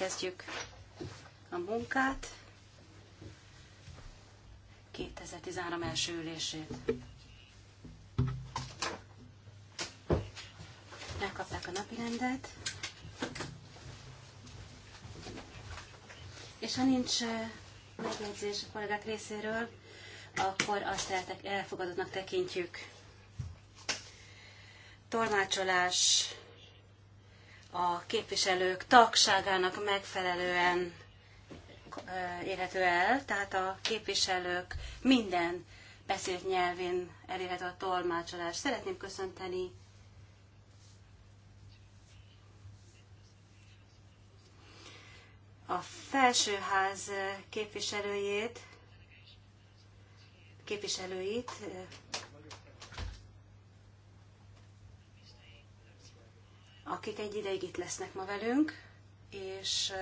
elkezdjük a munkát. 2013 első ülését. Megkapták a napirendet. És ha nincs eh, megjegyzés a kollégák részéről, akkor azt elfogadottnak tekintjük. Tolmácsolás a képviselők tagságának megfelelően érhető el, tehát a képviselők minden beszélt nyelvén elérhető a tolmácsolás. Szeretném köszönteni a felsőház képviselőjét, képviselőit, akik egy ideig itt lesznek ma velünk, és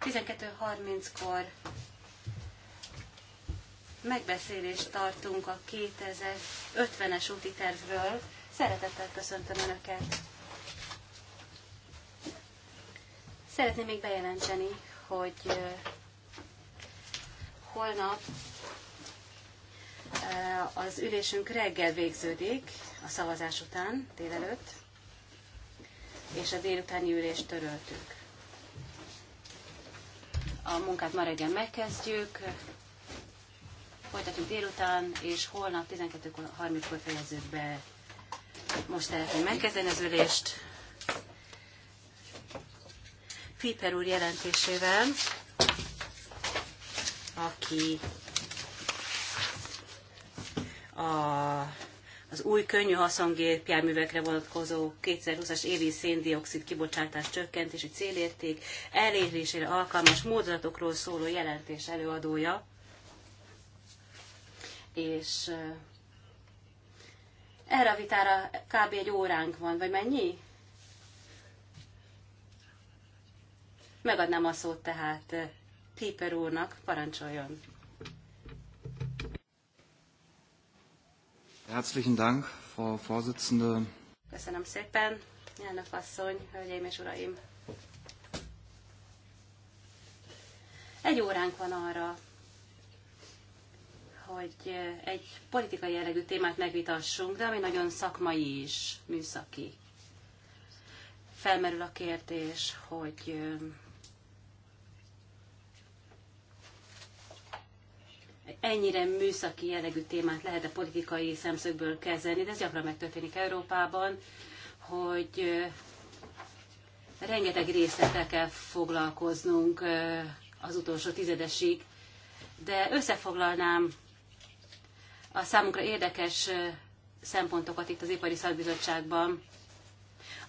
12.30-kor megbeszélést tartunk a 2050-es úti tervről. Szeretettel köszöntöm Önöket! Szeretném még bejelenteni, hogy holnap az ülésünk reggel végződik, a szavazás után, délelőtt és a délutáni ülést töröltük. A munkát ma reggel megkezdjük, folytatjuk délután, és holnap 12.30-kor fejezzük be. Most szeretném megkezdeni az ülést. Piper úr jelentésével, aki a az új könnyű haszongépjárművekre vonatkozó 2020-as évi széndiokszid kibocsátás csökkentési célérték elérésére alkalmas módozatokról szóló jelentés előadója. És eh, erre a vitára kb. egy óránk van, vagy mennyi? Megadnám a szót tehát eh, Piper úrnak, parancsoljon. Herzlichen Dank, Frau Vorsitzende. Köszönöm szépen, elnök asszony, hölgyeim és uraim. Egy óránk van arra, hogy egy politikai jellegű témát megvitassunk, de ami nagyon szakmai is, műszaki. Felmerül a kérdés, hogy ennyire műszaki jellegű témát lehet a politikai szemszögből kezelni, de ez gyakran megtörténik Európában, hogy rengeteg részlettel kell foglalkoznunk az utolsó tizedesig, de összefoglalnám a számunkra érdekes szempontokat itt az Ipari Szakbizottságban.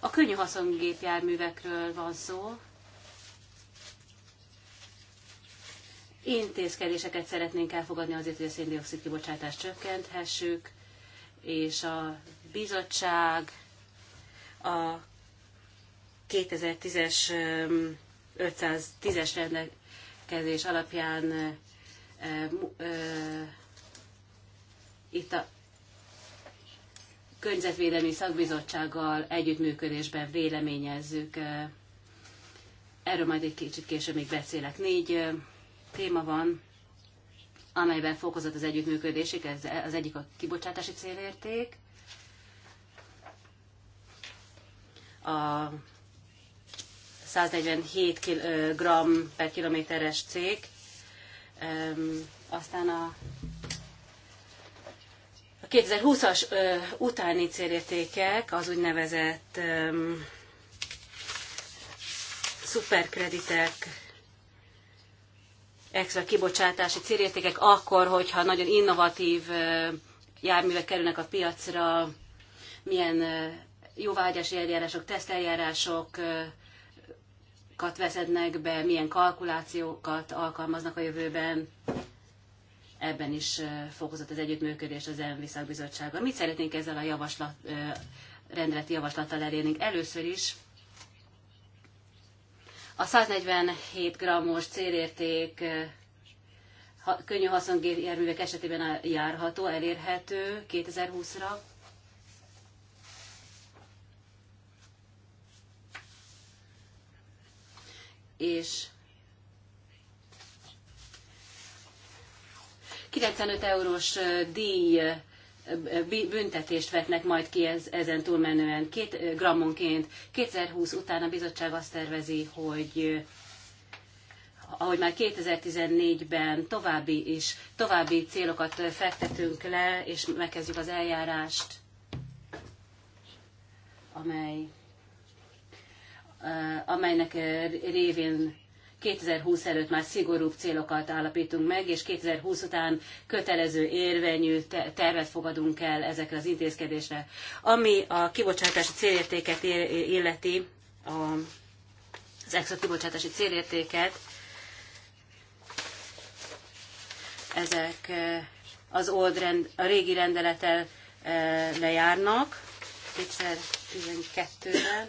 A könnyű haszongépjárművekről van szó, intézkedéseket szeretnénk elfogadni azért, hogy a széndiokszid kibocsátást csökkenthessük, és a bizottság a 2010-es 510-es rendelkezés alapján e, e, itt a környezetvédelmi szakbizottsággal együttműködésben véleményezzük. Erről majd egy kicsit később még beszélek. Négy téma van, amelyben fokozott az együttműködésük, ez az egyik a kibocsátási célérték, a 147 g per kilométeres cég, aztán a 2020-as utáni célértékek, az úgynevezett szuperkreditek extra kibocsátási célértékek akkor, hogyha nagyon innovatív járművek kerülnek a piacra, milyen jóvágyási eljárások, teszteljárásokat vezetnek be, milyen kalkulációkat alkalmaznak a jövőben. Ebben is fokozott az együttműködés az ENVI szakbizottsággal. Mit szeretnénk ezzel a javaslat, rendeleti javaslattal elérni? Először is a 147 g-os célérték eh, ha, könnyű haszongépjárművek esetében járható, elérhető 2020-ra. És 95 eurós eh, díj büntetést vetnek majd ki ez, ezen túlmenően két grammonként. 2020 után a bizottság azt tervezi, hogy ahogy már 2014-ben további is, további célokat fektetünk le, és megkezdjük az eljárást, amely amelynek révén 2020 előtt már szigorúbb célokat állapítunk meg, és 2020 után kötelező érvényű tervet fogadunk el ezekre az intézkedésre. Ami a kibocsátási célértéket illeti, az extra kibocsátási célértéket, ezek eh, az old rend, a régi rendelettel eh, lejárnak 2012-ben.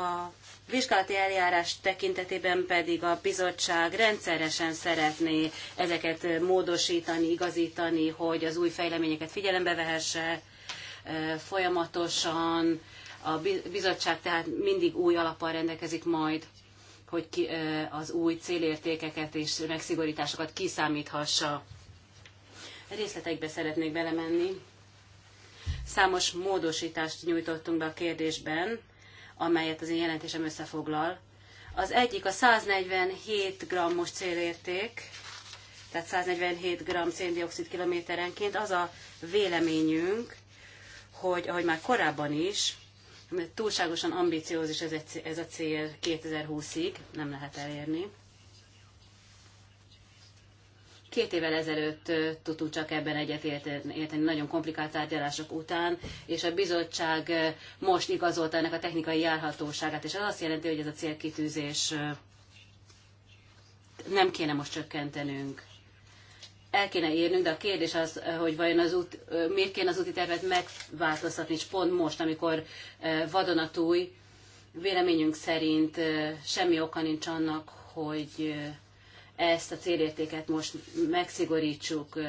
A vizsgálati eljárás tekintetében pedig a bizottság rendszeresen szeretné ezeket módosítani, igazítani, hogy az új fejleményeket figyelembe vehesse e, folyamatosan. A bizottság tehát mindig új alappal rendelkezik majd, hogy ki, e, az új célértékeket és megszigorításokat kiszámíthassa. Részletekbe szeretnék belemenni. Számos módosítást nyújtottunk be a kérdésben, amelyet az én jelentésem összefoglal. Az egyik a 147 g-os célérték, tehát 147 g széndiokszid kilométerenként. Az a véleményünk, hogy ahogy már korábban is, túlságosan ambiciózus ez, ez a cél 2020-ig, nem lehet elérni. Két évvel ezelőtt tudtunk csak ebben egyet érteni, nagyon komplikált tárgyalások után, és a bizottság most igazolta ennek a technikai járhatóságát, és ez azt jelenti, hogy ez a célkitűzés nem kéne most csökkentenünk. El kéne érnünk, de a kérdés az, hogy vajon az út, miért kéne az úti tervet megváltoztatni, és pont most, amikor vadonatúj, véleményünk szerint semmi oka nincs annak, hogy ezt a célértéket most megszigorítsuk.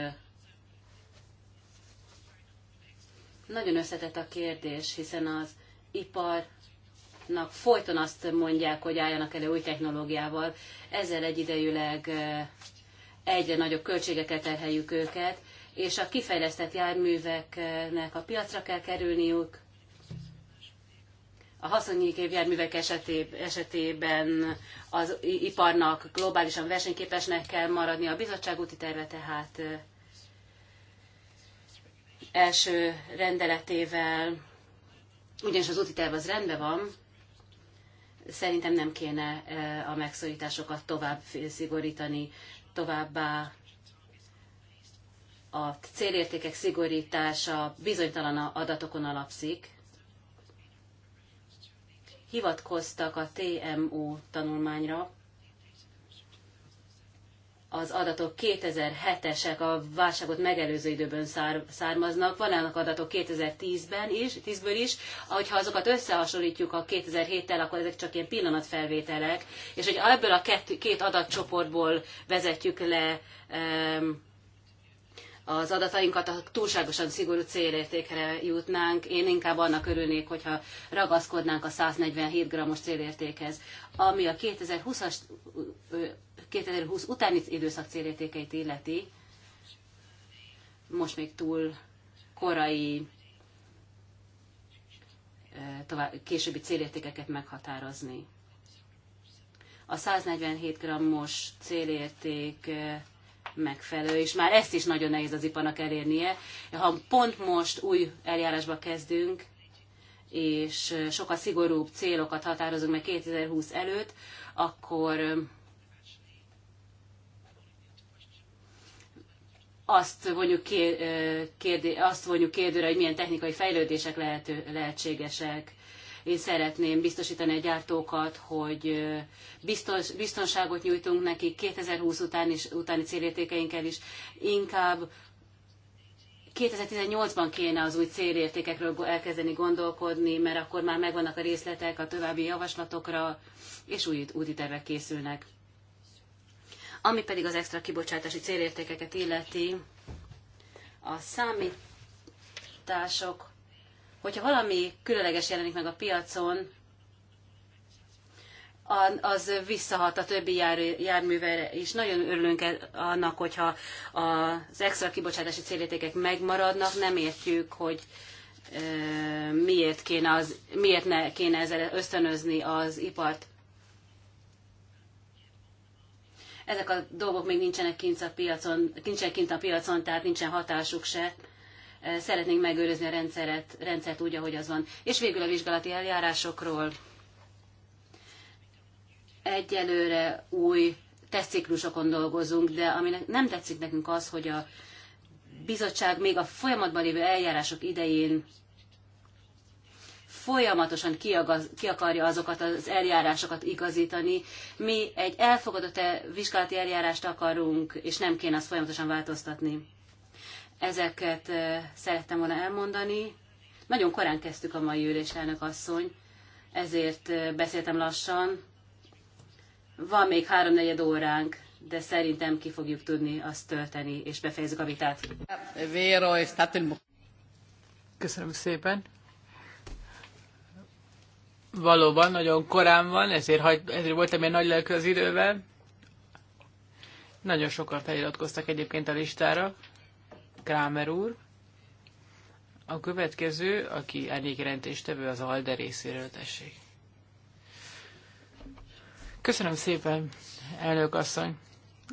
Nagyon összetett a kérdés, hiszen az iparnak folyton azt mondják, hogy álljanak elő új technológiával, ezzel egyidejűleg egyre nagyobb költségekkel terheljük őket, és a kifejlesztett járműveknek a piacra kell kerülniük, a járművek esetében az iparnak globálisan versenyképesnek kell maradni. A bizottság úti terve tehát első rendeletével, ugyanis az úti terv az rendben van, szerintem nem kéne a megszorításokat tovább szigorítani, továbbá a célértékek szigorítása bizonytalan adatokon alapszik, hivatkoztak a TMO tanulmányra, az adatok 2007-esek a válságot megelőző időben származnak, ennek adatok 2010-ben is, 10-ből is, ahogyha azokat összehasonlítjuk a 2007-tel, akkor ezek csak ilyen pillanatfelvételek, és hogy ebből a két, két adatcsoportból vezetjük le um, az adatainkat a túlságosan szigorú célértékre jutnánk. Én inkább annak örülnék, hogyha ragaszkodnánk a 147 g-os célértékhez, ami a 2020-as, 2020 utáni időszak célértékeit illeti. Most még túl korai tovább, későbbi célértékeket meghatározni. A 147 g-os célérték megfelelő, és már ezt is nagyon nehéz az iparnak elérnie. Ha pont most új eljárásba kezdünk, és sokkal szigorúbb célokat határozunk meg 2020 előtt, akkor azt vonjuk, kérdé, azt vonjuk kérdőre, hogy milyen technikai fejlődések lehető, lehetségesek. Én szeretném biztosítani a gyártókat, hogy biztos, biztonságot nyújtunk nekik 2020 után is, utáni célértékeinkkel is. Inkább 2018-ban kéne az új célértékekről elkezdeni gondolkodni, mert akkor már megvannak a részletek a további javaslatokra, és új úti tervek készülnek. Ami pedig az extra kibocsátási célértékeket illeti, a számítások hogyha valami különleges jelenik meg a piacon, az visszahat a többi jár, járművere és nagyon örülünk e, annak, hogyha az extra kibocsátási célértékek megmaradnak, nem értjük, hogy e, miért, kéne az, miért ne kéne ezzel ösztönözni az ipart. Ezek a dolgok még nincsenek kint a piacon, nincsenek kint a piacon, tehát nincsen hatásuk se szeretnénk megőrizni a rendszeret, rendszert úgy, ahogy az van. És végül a vizsgálati eljárásokról egyelőre új tesztciklusokon dolgozunk, de ami nem tetszik nekünk az, hogy a bizottság még a folyamatban lévő eljárások idején folyamatosan kiagaz, ki akarja azokat az eljárásokat igazítani. Mi egy elfogadott vizsgálati eljárást akarunk, és nem kéne azt folyamatosan változtatni. Ezeket szerettem volna elmondani. Nagyon korán kezdtük a mai ülés, elnök asszony, ezért beszéltem lassan. Van még háromnegyed óránk, de szerintem ki fogjuk tudni azt tölteni, és befejezzük a vitát. Köszönöm szépen. Valóban, nagyon korán van, ezért, hagy, ezért voltam ilyen nagy lelkű az idővel. Nagyon sokan feliratkoztak egyébként a listára. Kramer úr. A következő, aki elégjelentéstevő az ALDE részéről, tessék. Köszönöm szépen, elnök asszony.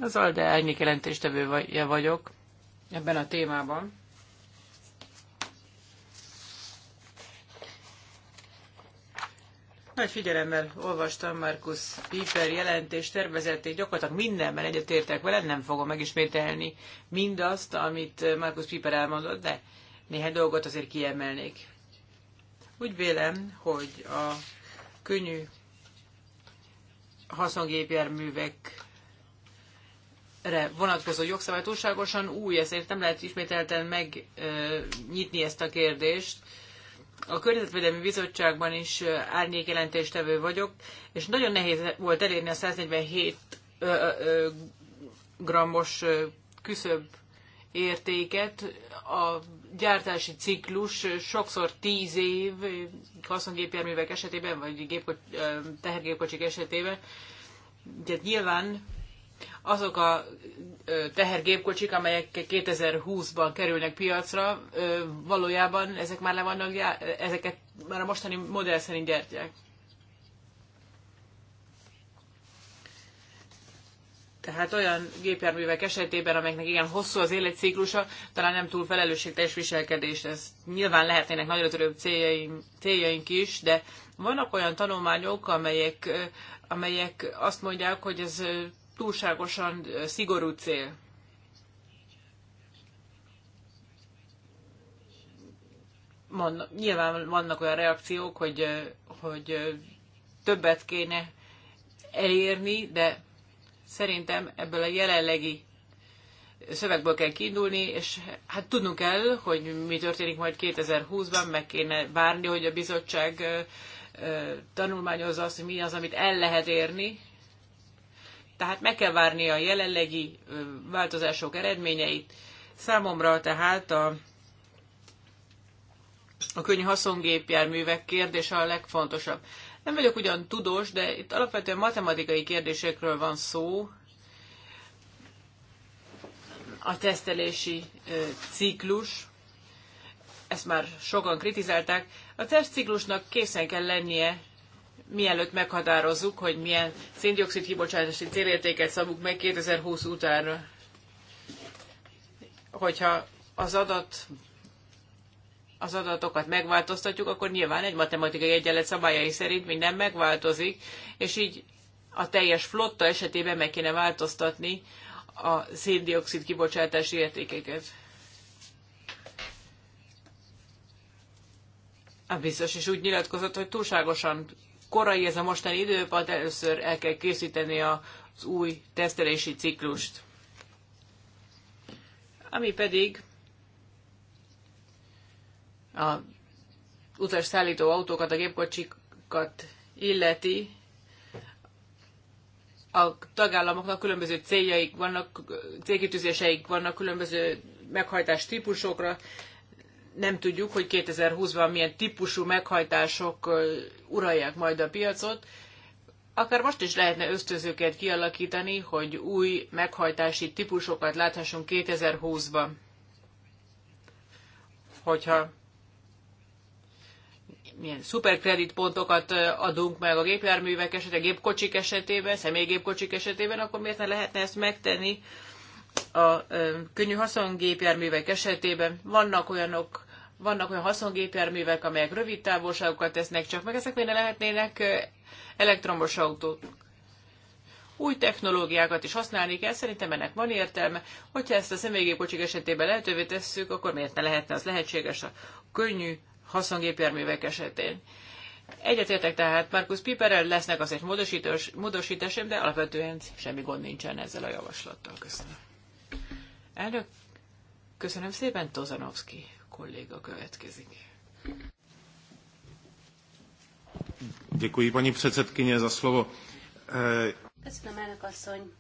Az ALDE jelentéstevője vagyok ebben a témában. Nagy figyelemmel olvastam Markus Piper jelentés tervezetét, gyakorlatilag mindenben egyetértek vele, nem fogom megismételni mindazt, amit Markus Piper elmondott, de néhány dolgot azért kiemelnék. Úgy vélem, hogy a könnyű haszongépjárművekre vonatkozó jogszabály túlságosan új, ezért nem lehet ismételten megnyitni ezt a kérdést, a Környezetvédelmi Bizottságban is árnyékjelentéstevő vagyok, és nagyon nehéz volt elérni a 147 grammos küszöbb értéket. A gyártási ciklus sokszor 10 év haszongépjárművek esetében, vagy gépko- tehergépkocsik esetében. Ugye nyilván azok a tehergépkocsik, amelyek 2020-ban kerülnek piacra, valójában ezek már le vannak, ezeket már a mostani modell szerint gyártják. Tehát olyan gépjárművek esetében, amelyeknek igen hosszú az életciklusa, talán nem túl felelősségteljes viselkedés. Ez nyilván lehetnének nagyra törőbb céljaink, céljaink is, de vannak olyan tanulmányok, amelyek, amelyek azt mondják, hogy ez túlságosan szigorú cél. Mond, nyilván vannak olyan reakciók, hogy, hogy többet kéne elérni, de szerintem ebből a jelenlegi szövegből kell kiindulni, és hát tudnunk kell, hogy mi történik majd 2020-ban, meg kéne várni, hogy a bizottság tanulmányozza azt, hogy mi az, amit el lehet érni, tehát meg kell várni a jelenlegi változások eredményeit. Számomra tehát a, a könnyű haszongépjárművek kérdése a legfontosabb. Nem vagyok ugyan tudós, de itt alapvetően matematikai kérdésekről van szó, a tesztelési ciklus, ezt már sokan kritizálták, a tesztciklusnak készen kell lennie mielőtt meghatározzuk, hogy milyen széndiokszid kibocsátási célértéket szabunk meg 2020 utánra. Hogyha az adat az adatokat megváltoztatjuk, akkor nyilván egy matematikai egyenlet szabályai szerint minden megváltozik, és így a teljes flotta esetében meg kéne változtatni a széndiokszid kibocsátási értékeket. A biztos is úgy nyilatkozott, hogy túlságosan korai ez a mostani időpont, először el kell készíteni az új tesztelési ciklust. Ami pedig a utas szállító autókat, a gépkocsikat illeti, a tagállamoknak különböző céljaik vannak, célkitűzéseik vannak különböző meghajtás típusokra, nem tudjuk, hogy 2020-ban milyen típusú meghajtások uralják majd a piacot. Akár most is lehetne ösztözőket kialakítani, hogy új meghajtási típusokat láthassunk 2020-ban. Hogyha milyen szuperkreditpontokat adunk meg a gépjárművek esetében, gépkocsik esetében, személygépkocsik esetében, akkor miért ne lehetne ezt megtenni a könnyű haszongépjárművek esetében vannak olyanok, vannak olyan haszongépjárművek, amelyek rövid távolságokat tesznek csak, meg ezek ne lehetnének elektromos autók. Új technológiákat is használni kell, szerintem ennek van értelme. Hogyha ezt a személygépkocsik esetében lehetővé tesszük, akkor miért ne lehetne az lehetséges a könnyű haszongépjárművek esetén. Egyetértek tehát Markus Piperrel, lesznek az egy módosítás, módosításom, de alapvetően semmi gond nincsen ezzel a javaslattal. Köszönöm. Elnök, köszönöm szépen, Tozanovski kolléga következik. Děkuji, paní předsedkyně, za slovo. Köszönöm, elnök asszony.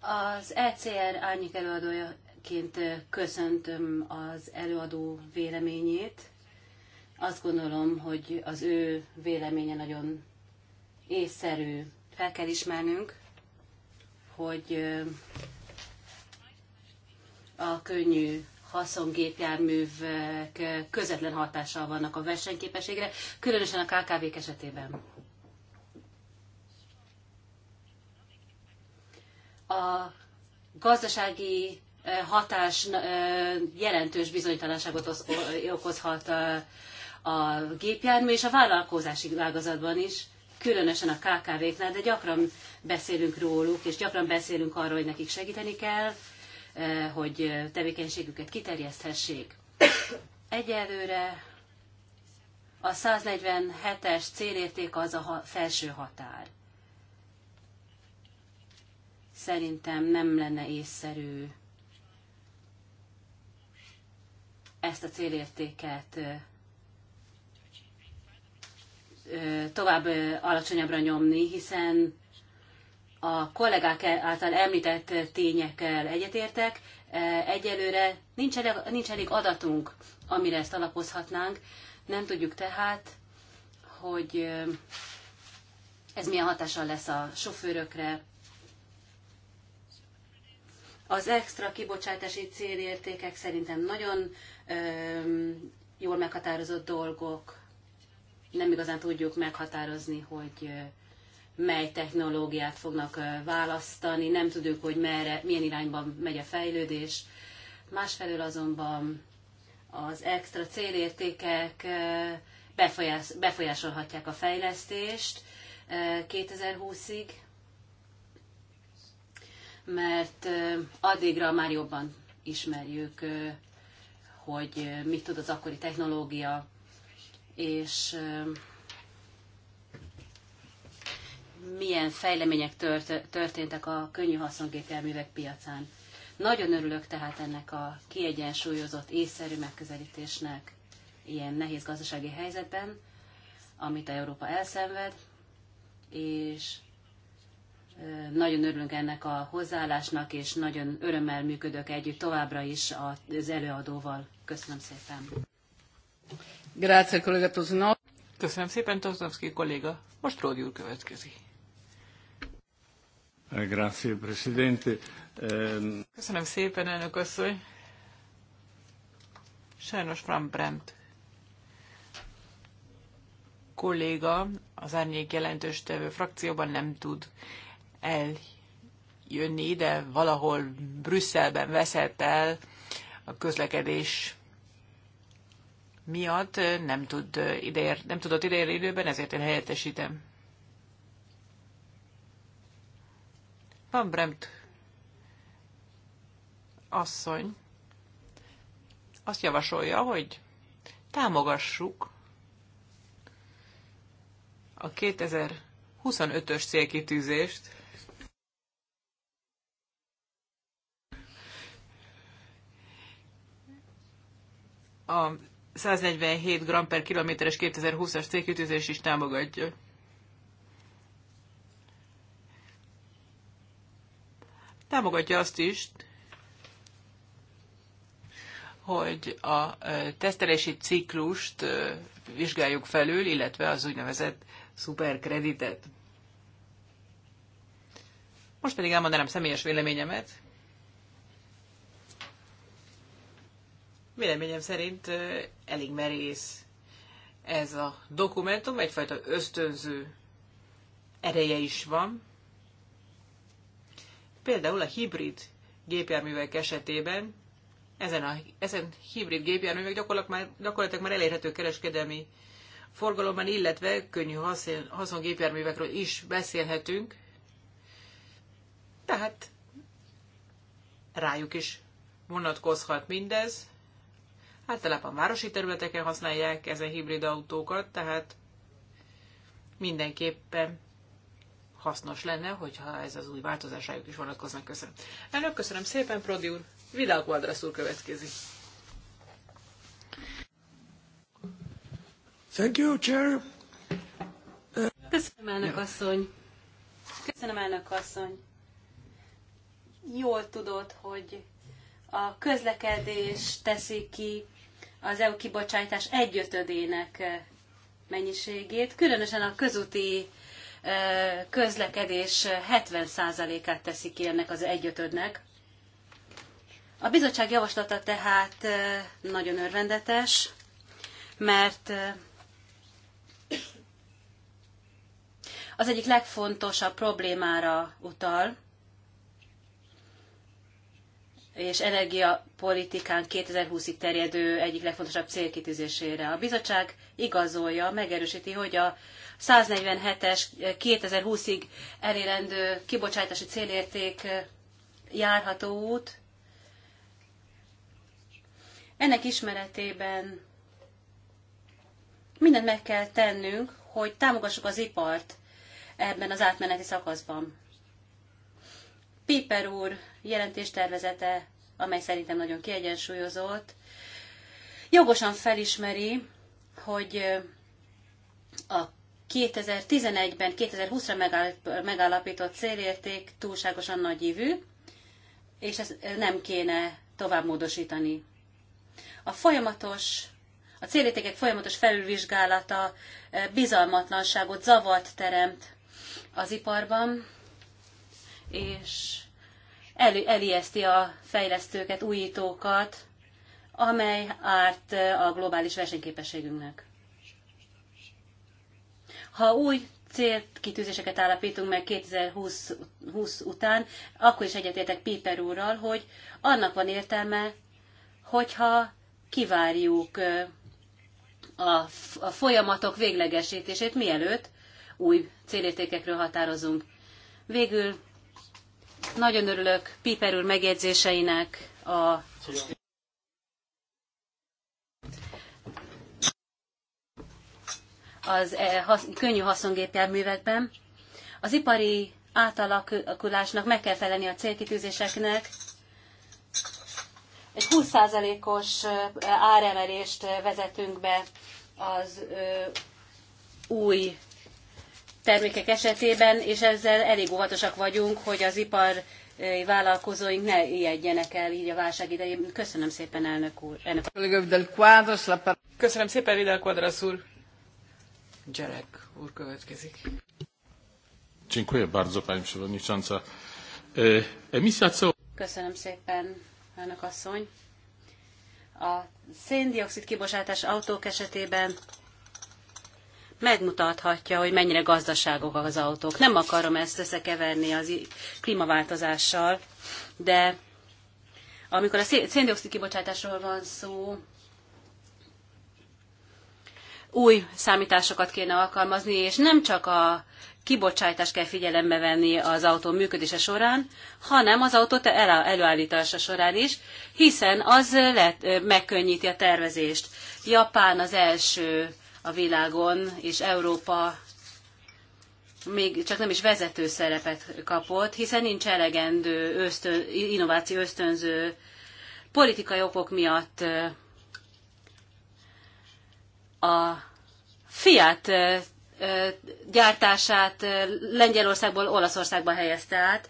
Az ECR árnyék előadójaként köszöntöm az előadó véleményét. Azt gondolom, hogy az ő véleménye nagyon észszerű. Fel kell ismernünk, hogy a könnyű haszongépjárművek közvetlen hatással vannak a versenyképességre, különösen a KKV-k esetében. A gazdasági hatás jelentős bizonytalanságot okozhat a gépjármű és a vállalkozási ágazatban is, különösen a KKV-knál, de gyakran beszélünk róluk, és gyakran beszélünk arról, hogy nekik segíteni kell, eh, hogy tevékenységüket kiterjeszthessék. Egyelőre a 147-es célérték az a felső határ. Szerintem nem lenne észszerű ezt a célértéket eh, tovább alacsonyabbra nyomni, hiszen a kollégák e- által említett tényekkel egyetértek. Egyelőre nincs elég, nincs elég adatunk, amire ezt alapozhatnánk. Nem tudjuk tehát, hogy ez milyen hatással lesz a sofőrökre. Az extra kibocsátási célértékek szerintem nagyon jól meghatározott dolgok nem igazán tudjuk meghatározni, hogy mely technológiát fognak választani, nem tudjuk, hogy merre, milyen irányban megy a fejlődés. Másfelől azonban az extra célértékek befolyás, befolyásolhatják a fejlesztést 2020-ig, mert addigra már jobban ismerjük, hogy mit tud az akkori technológia, és milyen fejlemények tört, történtek a könnyű haszongépjárművek piacán. Nagyon örülök tehát ennek a kiegyensúlyozott, észszerű megközelítésnek ilyen nehéz gazdasági helyzetben, amit a Európa elszenved, és nagyon örülünk ennek a hozzáállásnak, és nagyon örömmel működök együtt továbbra is az előadóval. Köszönöm szépen! Köszönöm szépen, Tozanovszki kolléga. Most Ródi úr következik. Eh, ehm, Köszönöm szépen, elnök asszony. Sajnos Frank Brandt kolléga az árnyék jelentős tevő frakcióban nem tud eljönni, de valahol Brüsszelben veszett el a közlekedés miatt nem, tud ideér, nem tudott ideérni időben, ezért én helyettesítem. Van Bremt asszony azt javasolja, hogy támogassuk a 2025-ös célkitűzést, a 147 g per kilométeres 2020-as célkütőzés is támogatja. Támogatja azt is, hogy a tesztelési ciklust vizsgáljuk felül, illetve az úgynevezett szuperkreditet. Most pedig elmondanám személyes véleményemet. Véleményem szerint elég merész ez a dokumentum, egyfajta ösztönző ereje is van. Például a hibrid gépjárművek esetében ezen a ezen hibrid gépjárművek gyakorlatilag már, gyakorlatilag már elérhető kereskedelmi forgalomban, illetve könnyű haszon, gépjárművekről is beszélhetünk. Tehát rájuk is vonatkozhat mindez. Általában városi területeken használják ezen hibrid autókat, tehát mindenképpen hasznos lenne, hogyha ez az új változásájuk is vonatkoznak. Köszönöm. Elnök, köszönöm szépen, Prodi úr. Vidal úr következik. Thank you, Chair. Köszönöm, elnök asszony. Köszönöm, elnök asszony. Jól tudod, hogy a közlekedés teszi ki az EU kibocsátás egyötödének eh, mennyiségét, különösen a közúti eh, közlekedés 70%-át eh, teszi ki ennek az egyötödnek. A bizottság javaslata tehát nagyon örvendetes, mert az egyik legfontosabb problémára utal, és energiapolitikán 2020-ig terjedő egyik legfontosabb célkitűzésére. A bizottság igazolja, megerősíti, hogy a 147-es 2020-ig elérendő kibocsátási célérték járható út. Ennek ismeretében mindent meg kell tennünk, hogy támogassuk az ipart ebben az átmeneti szakaszban. Piper úr jelentéstervezete, amely szerintem nagyon kiegyensúlyozott, jogosan felismeri, hogy a 2011-ben, 2020-ra megállapított célérték túlságosan nagy és ezt nem kéne tovább módosítani. A folyamatos, a célértékek folyamatos felülvizsgálata bizalmatlanságot, zavart teremt az iparban, és elő, elijeszti a fejlesztőket, újítókat, amely árt a globális versenyképességünknek. Ha új célkitűzéseket állapítunk meg 2020 20 után, akkor is egyetértek Piper úrral, hogy annak van értelme, hogyha kivárjuk a, a folyamatok véglegesítését, mielőtt új célértékekről határozunk. Végül nagyon örülök Piper úr megjegyzéseinek a az e- könnyű haszongépjárművekben. Az ipari átalakulásnak meg kell felelni a célkitűzéseknek. Egy 20%-os áremelést vezetünk be az új termékek esetében, és ezzel elég óvatosak vagyunk, hogy az ipar vállalkozóink ne ijedjenek el így a válság idején. Köszönöm szépen, elnök úr. Elnök. Köszönöm szépen, Vidal Quadras úr. Gyerek úr következik. Dziękuję bardzo, pani przewodnicząca. E, emisja co... Köszönöm szépen, elnök asszony. A széndiokszid kibocsátás autók esetében megmutathatja, hogy mennyire gazdaságok az autók. Nem akarom ezt összekeverni az klímaváltozással, de amikor a széndiokszid kibocsátásról van szó, új számításokat kéne alkalmazni, és nem csak a kibocsátást kell figyelembe venni az autó működése során, hanem az autó előállítása során is, hiszen az lehet, megkönnyíti a tervezést. Japán az első a világon, és Európa még csak nem is vezető szerepet kapott, hiszen nincs elegendő ösztön, innováció ösztönző politikai okok miatt eh, a Fiat eh, eh, gyártását Lengyelországból Olaszországba helyezte át,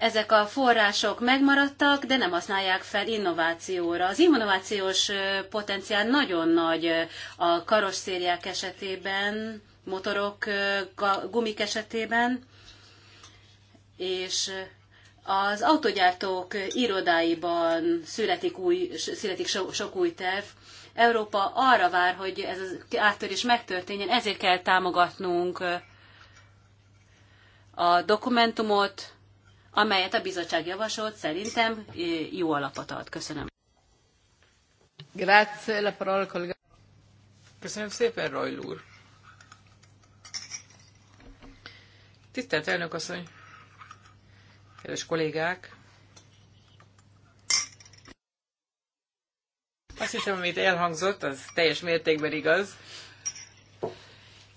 ezek a források megmaradtak, de nem használják fel innovációra. Az innovációs potenciál nagyon nagy a karosszériák esetében, motorok, gumik esetében, és az autogyártók irodáiban születik, új, születik so, sok új terv. Európa arra vár, hogy ez az áttörés megtörténjen, ezért kell támogatnunk a dokumentumot, amelyet a bizottság javasolt, szerintem eh, jó alapot ad. Köszönöm. Köszönöm szépen, Rajl úr. Tisztelt elnök asszony, kedves kollégák, Azt hiszem, amit elhangzott, az teljes mértékben igaz.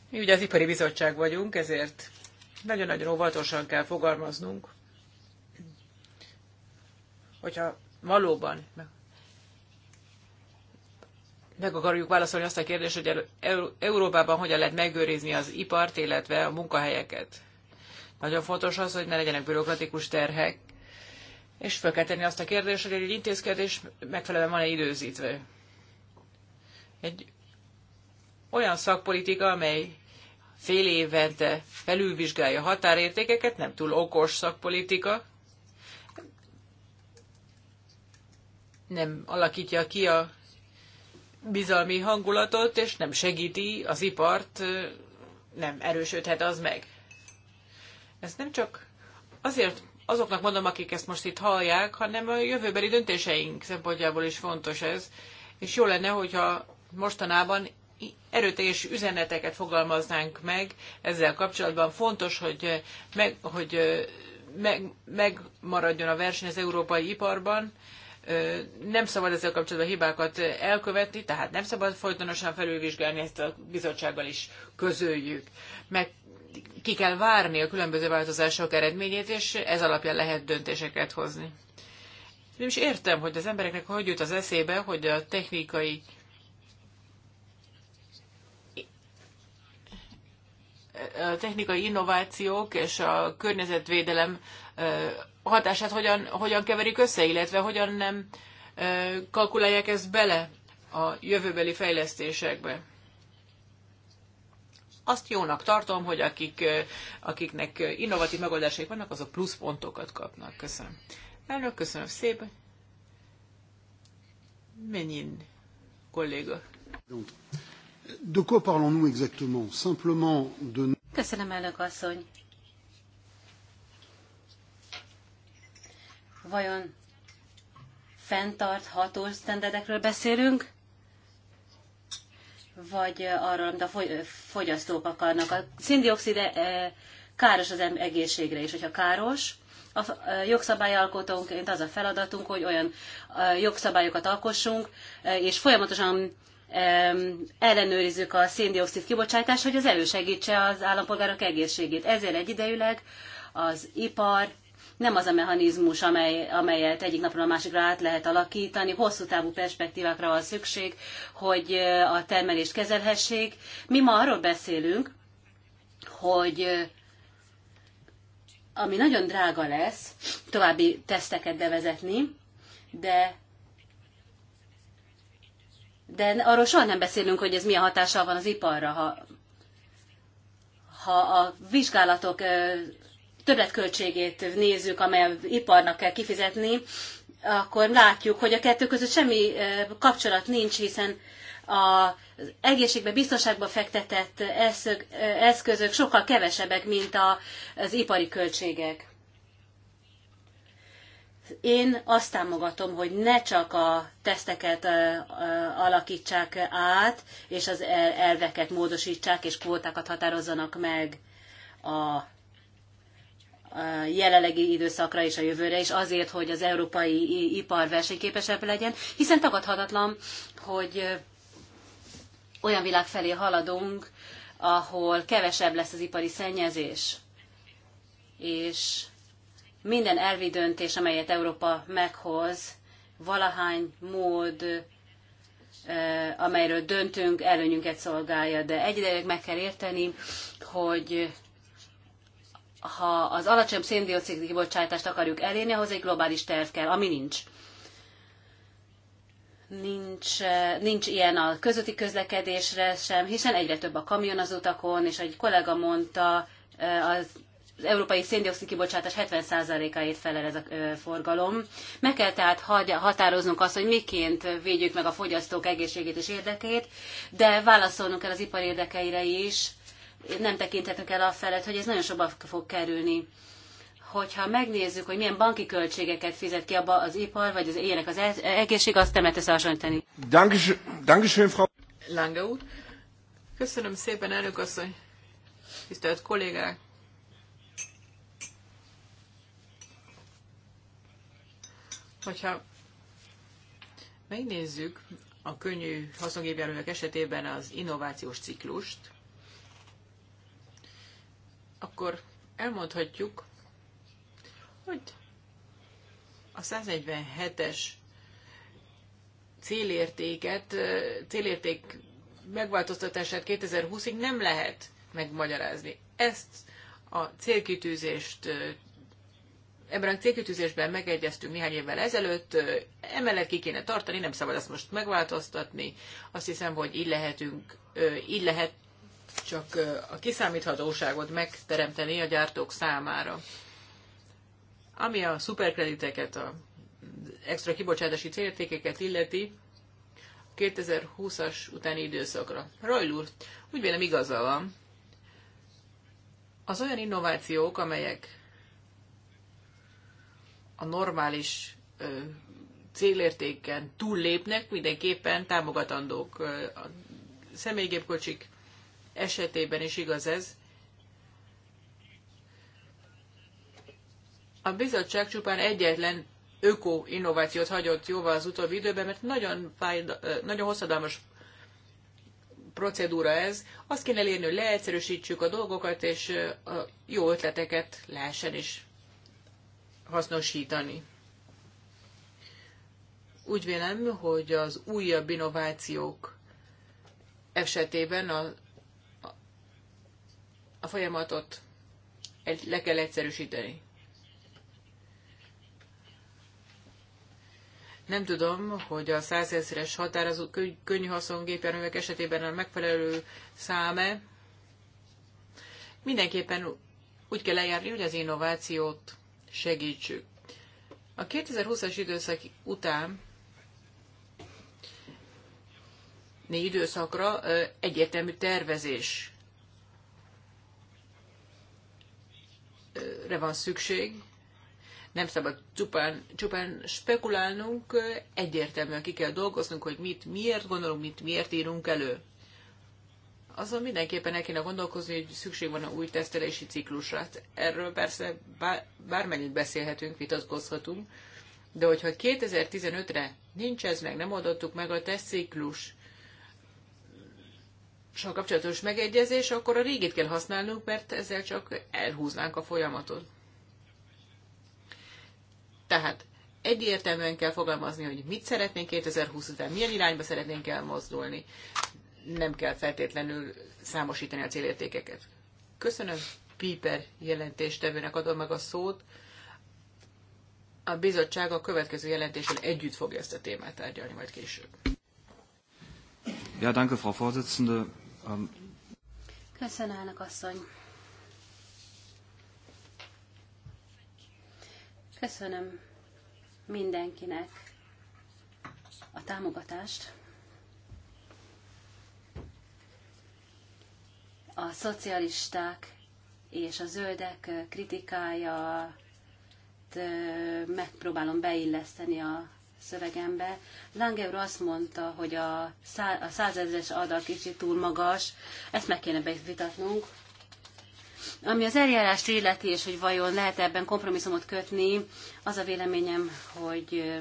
Mi ugye az Ipari Bizottság vagyunk, ezért nagyon-nagyon óvatosan kell fogalmaznunk hogyha valóban meg akarjuk válaszolni azt a kérdést, hogy Európában hogyan lehet megőrizni az ipart, illetve a munkahelyeket. Nagyon fontos az, hogy ne legyenek bürokratikus terhek, és fel kell tenni azt a kérdést, hogy egy intézkedés megfelelően van-e időzítve. Egy olyan szakpolitika, amely fél évente felülvizsgálja határértékeket, nem túl okos szakpolitika, nem alakítja ki a bizalmi hangulatot, és nem segíti az ipart, nem erősödhet az meg. Ez nem csak azért azoknak mondom, akik ezt most itt hallják, hanem a jövőbeli döntéseink szempontjából is fontos ez, és jó lenne, hogyha mostanában erőteljes üzeneteket fogalmaznánk meg ezzel kapcsolatban. Fontos, hogy, meg, hogy meg, megmaradjon a verseny az európai iparban, nem szabad ezzel kapcsolatban hibákat elkövetni, tehát nem szabad folytonosan felülvizsgálni, ezt a bizottsággal is közöljük. Meg ki kell várni a különböző változások eredményét, és ez alapján lehet döntéseket hozni. Nem is értem, hogy az embereknek hogy jut az eszébe, hogy a technikai a technikai innovációk és a környezetvédelem hatását hogyan, hogyan keverik össze, illetve hogyan nem kalkulálják ezt bele a jövőbeli fejlesztésekbe. Azt jónak tartom, hogy akik, akiknek innovatív megoldásaik vannak, azok plusz pontokat kapnak. Köszönöm. Elnök, köszönöm szépen. Menin kolléga. De quoi parlons-nous exactement? Simplement de... Köszönöm, elnök asszony. vajon fenntartható sztenderdekről beszélünk, vagy arról, amit a fogyasztók akarnak. A szindioxid eh, káros az egészségre is, hogyha káros, a eh, jogszabályalkotónként az a feladatunk, hogy olyan eh, jogszabályokat alkossunk, és folyamatosan ellenőrizzük a széndiokszid kibocsátást, hogy az elősegítse az állampolgárok egészségét. Ezért egyidejűleg az ipar nem az a mechanizmus, amely, amelyet egyik napról a másikra át lehet alakítani. Hosszú távú perspektívákra van szükség, hogy a termelést kezelhessék. Mi ma arról beszélünk, hogy ami nagyon drága lesz, további teszteket bevezetni, de de arról soha nem beszélünk, hogy ez milyen hatással van az iparra, ha, ha a vizsgálatok többletköltségét nézzük, amely iparnak kell kifizetni, akkor látjuk, hogy a kettő között semmi eh, kapcsolat nincs, hiszen az egészségbe, biztonságba fektetett eh, eszközök sokkal kevesebbek, mint az ipari költségek. Én azt támogatom, hogy ne csak a teszteket eh, alakítsák át, és az elveket módosítsák, és kvótákat határozzanak meg a jelenlegi időszakra és a jövőre is, azért, hogy az európai ipar versenyképesebb legyen, hiszen tagadhatatlan, hogy olyan világ felé haladunk, ahol kevesebb lesz az ipari szennyezés, és minden elvi döntés, amelyet Európa meghoz, valahány mód, amelyről döntünk, előnyünket szolgálja, de egyidejűleg meg kell érteni, hogy ha az alacsony dioxid kibocsátást akarjuk elérni, ahhoz egy globális terv kell, ami nincs. Nincs, nincs ilyen a közötti közlekedésre sem, hiszen egyre több a kamion az utakon, és egy kollega mondta, az eh, az európai széndiokszid kibocsátás 70%-áért felel ez a forgalom. Meg kell tehát határoznunk azt, hogy miként védjük meg a fogyasztók egészségét és érdekét, de válaszolnunk kell az ipar érdekeire is, nem tekinthetünk el a felett, hogy ez nagyon sokba fog kerülni. Hogyha megnézzük, hogy milyen banki költségeket fizet ki abba az ipar, vagy az ilyenek az e- egészség, azt nem lehet hasonlítani. Dankeschön, Frau Lange úr. Köszönöm szépen, elnök asszony, tisztelt kollégák. Hogyha megnézzük a könnyű haszongépjárművek esetében az innovációs ciklust, akkor elmondhatjuk, hogy a 147-es célértéket, célérték megváltoztatását 2020-ig nem lehet megmagyarázni. Ezt a célkitűzést ebben a célkitűzésben megegyeztünk néhány évvel ezelőtt, emellett ki kéne tartani, nem szabad ezt most megváltoztatni. Azt hiszem, hogy így lehetünk, így lehet csak a kiszámíthatóságot megteremteni a gyártók számára. Ami a szuperkrediteket, a extra kibocsátási céltékeket illeti, 2020-as utáni időszakra. Rajl úr, úgy vélem igaza van. Az olyan innovációk, amelyek a normális ö, célértéken túllépnek, mindenképpen támogatandók a személygépkocsik esetében is igaz ez. A bizottság csupán egyetlen öko-innovációt hagyott jóvá az utóbbi időben, mert nagyon, fájda, nagyon hosszadalmas procedúra ez. Azt kéne elérni, hogy leegyszerűsítsük a dolgokat, és a jó ötleteket lehessen is hasznosítani. Úgy vélem, hogy az újabb innovációk esetében a a folyamatot egy, le kell egyszerűsíteni. Nem tudom, hogy a 100 ezeres határozó könnyű haszongépjárművek esetében a megfelelő száme. Mindenképpen úgy kell eljárni, hogy az innovációt segítsük. A 2020-as időszak után négy időszakra egyértelmű tervezés re van szükség, nem szabad csupán, csupán spekulálnunk, egyértelműen ki kell dolgoznunk, hogy mit miért gondolunk, mit miért írunk elő. Azon mindenképpen el kéne gondolkozni, hogy szükség van a új tesztelési ciklusra. Hát erről persze bár, bármennyit beszélhetünk, vitatkozhatunk, de hogyha 2015-re nincs ez meg, nem oldottuk meg a tesztciklus, soha kapcsolatos megegyezés, akkor a régit kell használnunk, mert ezzel csak elhúznánk a folyamatot. Tehát egyértelműen kell fogalmazni, hogy mit szeretnénk 2020 után, milyen irányba szeretnénk elmozdulni. Nem kell feltétlenül számosítani a célértékeket. Köszönöm Piper jelentéstevőnek adom meg a szót. A bizottság a következő jelentéssel együtt fogja ezt a témát tárgyalni majd később. Ja, danke, Frau Vorsitzende. Köszönöm, elnök asszony. Köszönöm mindenkinek a támogatást. A szocialisták és a zöldek kritikája megpróbálom beilleszteni a szövegembe. Langeur azt mondta, hogy a, szá, a százezres adag kicsit túl magas, ezt meg kéne vitatnunk. Ami az eljárást illeti, és hogy vajon lehet -e ebben kompromisszumot kötni, az a véleményem, hogy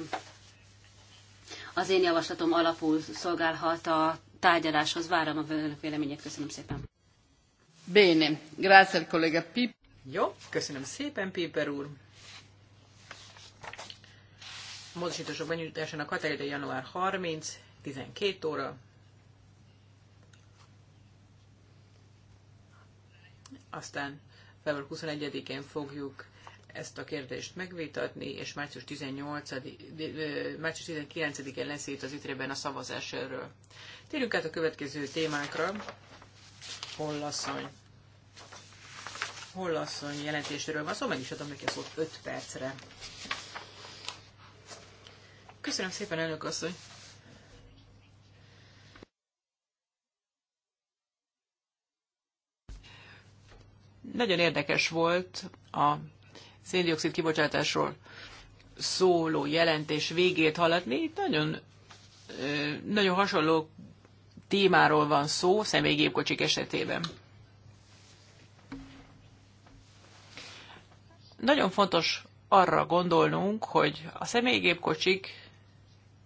az én javaslatom alapul szolgálhat a tárgyaláshoz. Várom a önök véleményét. Köszönöm szépen. Bene, grazie kollega Pip. Jó, köszönöm szépen, Piper úr. A módosítások benyújtásának határidő január 30, 12 óra. Aztán február 21-én fogjuk ezt a kérdést megvitatni, és március, 18, március 19-én lesz itt az ütrében a szavazás erről. Térjünk át a következő témákra. Hollasszony. Hollasszony jelentéséről van szó, szóval meg is adom neki szót 5 percre. Köszönöm szépen, elnök asszony! Nagyon érdekes volt a széndiokszid kibocsátásról szóló jelentés végét hallatni. Itt nagyon, nagyon hasonló témáról van szó személygépkocsik esetében. Nagyon fontos arra gondolnunk, hogy a személygépkocsik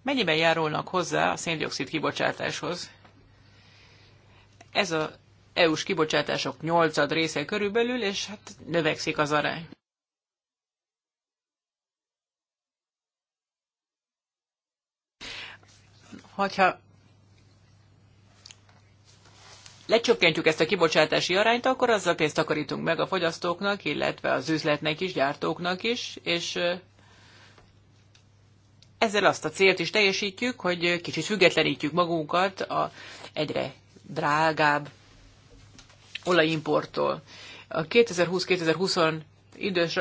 mennyiben járulnak hozzá a széndiokszid kibocsátáshoz. Ez a EU-s kibocsátások nyolcad része körülbelül, és hát növekszik az arány. Hogyha lecsökkentjük ezt a kibocsátási arányt, akkor azzal pénzt takarítunk meg a fogyasztóknak, illetve az üzletnek is, gyártóknak is, és ezzel azt a célt is teljesítjük, hogy kicsit függetlenítjük magunkat a egyre drágább olajimporttól. A 2020-2020 idős,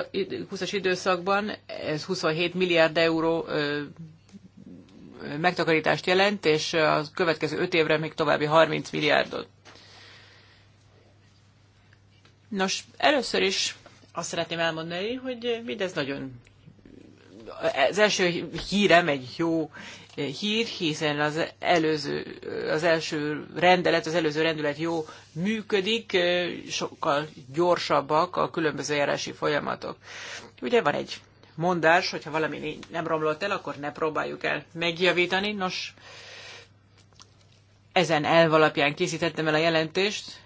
as időszakban ez 27 milliárd euró megtakarítást jelent, és a következő 5 évre még további 30 milliárdot. Nos, először is azt szeretném elmondani, hogy mindez nagyon az első hírem egy jó hír, hiszen az előző, az első rendelet, az előző rendelet jó működik, sokkal gyorsabbak a különböző járási folyamatok. Ugye van egy mondás, hogyha valami nem romlott el, akkor ne próbáljuk el megjavítani. Nos, ezen elv alapján készítettem el a jelentést,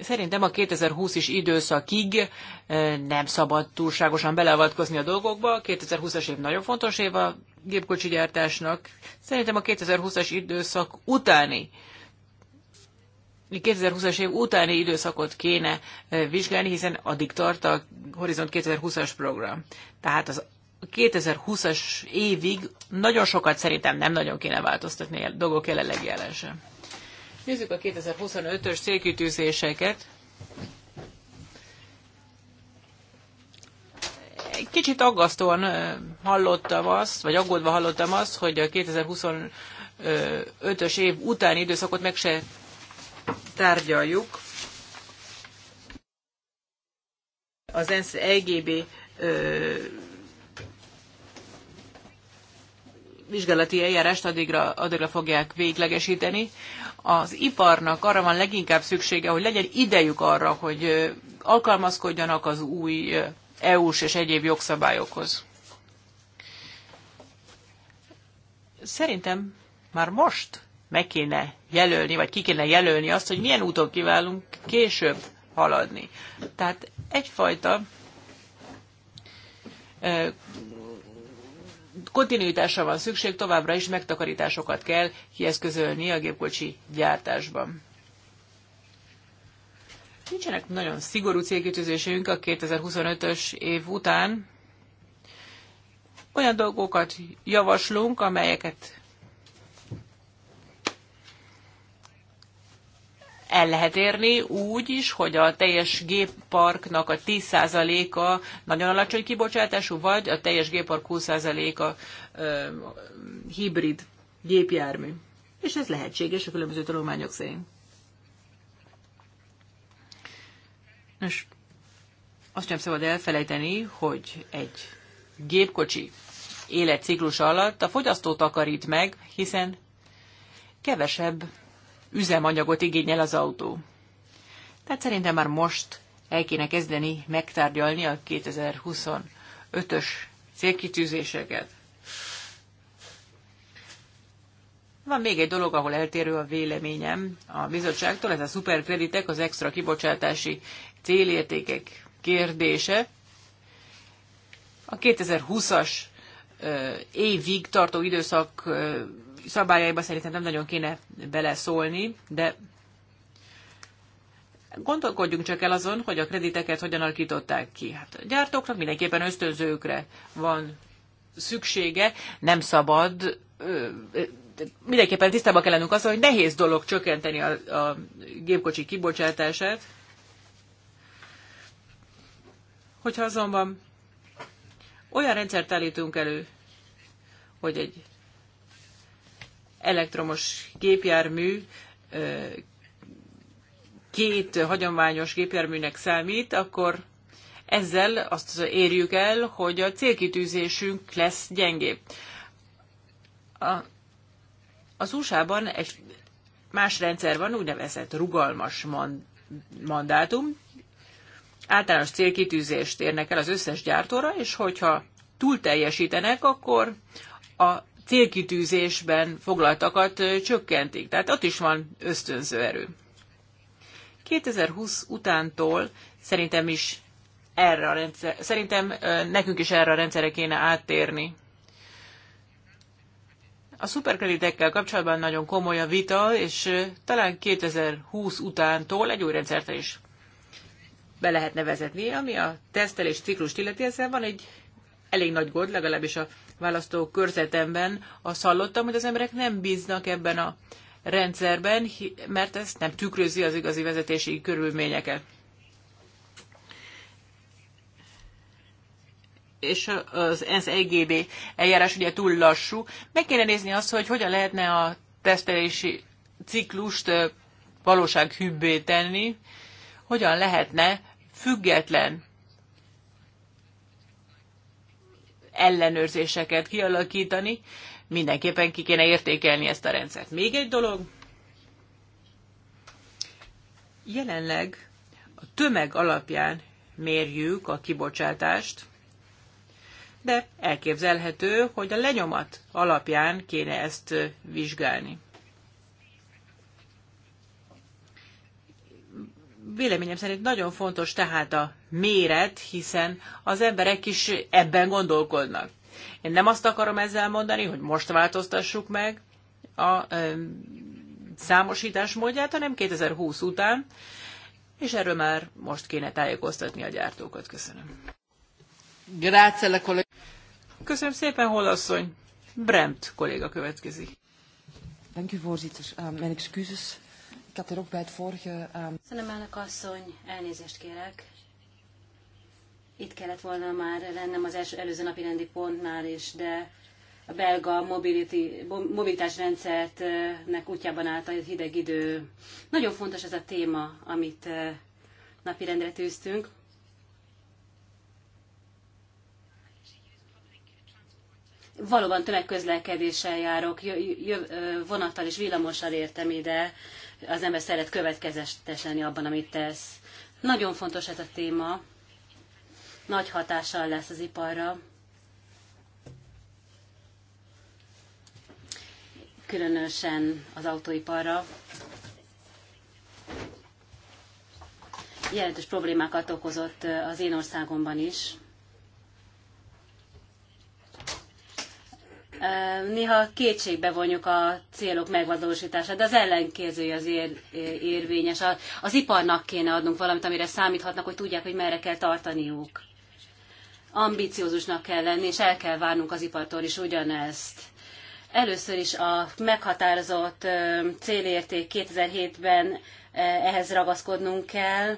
Szerintem a 2020-is időszakig eh, nem szabad túlságosan beleavatkozni a dolgokba. 2020-as év nagyon fontos év a gépkocsi gyártásnak. Szerintem a 2020-as időszak utáni 2020-as év utáni időszakot kéne eh, vizsgálni, hiszen addig tart a Horizont 2020-as program. Tehát az 2020-as évig nagyon sokat szerintem nem nagyon kéne változtatni a dolgok jelenlegi ellensem nézzük a 2025-ös célkitűzéseket, egy kicsit aggasztóan hallottam azt, vagy aggódva hallottam azt, hogy a 2025-ös év utáni időszakot meg se tárgyaljuk. Az ENSZ EGB vizsgálati eljárást addigra, addigra fogják véglegesíteni. Az iparnak arra van leginkább szüksége, hogy legyen idejük arra, hogy alkalmazkodjanak az új EU-s és egyéb jogszabályokhoz. Szerintem már most meg kéne jelölni, vagy ki kéne jelölni azt, hogy milyen úton kiválunk később haladni. Tehát egyfajta kontinuitásra van szükség, továbbra is megtakarításokat kell kieszközölni a gépkocsi gyártásban. Nincsenek nagyon szigorú célkitűzéseink a 2025-ös év után. Olyan dolgokat javaslunk, amelyeket el lehet érni úgy is, hogy a teljes gépparknak a 10%-a nagyon alacsony kibocsátású, vagy a teljes géppark 20%-a hibrid gépjármű. És ez lehetséges a különböző tanulmányok szerint. Nos, azt nem szabad elfelejteni, hogy egy gépkocsi életciklus alatt a fogyasztó takarít meg, hiszen kevesebb üzemanyagot igényel az autó. Tehát szerintem már most el kéne kezdeni megtárgyalni a 2025-ös célkitűzéseket. Van még egy dolog, ahol eltérő a véleményem a bizottságtól, ez a szuperkreditek, az extra kibocsátási célértékek kérdése. A 2020-as évig tartó időszak szabályaiba szerintem nem nagyon kéne beleszólni, de gondolkodjunk csak el azon, hogy a krediteket hogyan alakították ki. Hát a gyártóknak mindenképpen ösztönzőkre van szüksége, nem szabad mindenképpen tisztában kell lennünk azzal, hogy nehéz dolog csökkenteni a, a gépkocsi kibocsátását. Hogyha azonban olyan rendszert állítunk elő, hogy egy elektromos gépjármű két hagyományos gépjárműnek számít, akkor ezzel azt érjük el, hogy a célkitűzésünk lesz gyengébb. A, az USA-ban egy más rendszer van, úgynevezett rugalmas mandátum. Általános célkitűzést érnek el az összes gyártóra, és hogyha túl teljesítenek, akkor a célkitűzésben foglaltakat csökkentik. Tehát ott is van ösztönző erő. 2020 utántól szerintem is erre a rendszer, szerintem nekünk is erre a rendszerre kéne áttérni. A szuperkreditekkel kapcsolatban nagyon komoly a vita, és talán 2020 utántól egy új rendszert is be lehetne vezetni, ami a tesztelés ciklust illeti, ezzel van egy elég nagy gond, legalábbis a választó körzetemben azt hallottam, hogy az emberek nem bíznak ebben a rendszerben, mert ez nem tükrözi az igazi vezetési körülményeket. és az ENSZ EGB eljárás ugye túl lassú. Meg kéne nézni azt, hogy hogyan lehetne a tesztelési ciklust valósághűbbé tenni, hogyan lehetne független ellenőrzéseket kialakítani, mindenképpen ki kéne értékelni ezt a rendszert. Még egy dolog, jelenleg a tömeg alapján mérjük a kibocsátást, de elképzelhető, hogy a lenyomat alapján kéne ezt vizsgálni. Véleményem szerint nagyon fontos tehát a méret, hiszen az emberek is ebben gondolkodnak. Én nem azt akarom ezzel mondani, hogy most változtassuk meg a ö, számosítás módját, hanem 2020 után, és erről már most kéne tájékoztatni a gyártókat. Köszönöm. Grazie, Köszönöm szépen, holasszony. Bremt kolléga következik. Köszönöm, u, voorzitter. Uh, mijn excuses had er bij het vorige... Um... elnök asszony, elnézést kérek. Itt kellett volna már lennem az első, előző napi rendi pontnál is, de a belga mobility, mobilitás rendszertnek útjában állt a hideg idő. Nagyon fontos ez a téma, amit eh, napirendre tűztünk. Valóban tömegközlekedéssel járok, jö, jö, vonattal és villamossal értem ide, az ember szeret következetes lenni abban, amit tesz. Nagyon fontos ez a téma, nagy hatással lesz az iparra, különösen az autóiparra. Jelentős problémákat okozott az én országomban is. néha kétségbe vonjuk a célok megvalósítását, de az ellenkezője az ér, érvényes. Az iparnak kéne adnunk valamit, amire számíthatnak, hogy tudják, hogy merre kell tartaniuk. Ambiciózusnak kell lenni, és el kell várnunk az ipartól is ugyanezt. Először is a meghatározott célérték 2007-ben ehhez ragaszkodnunk kell,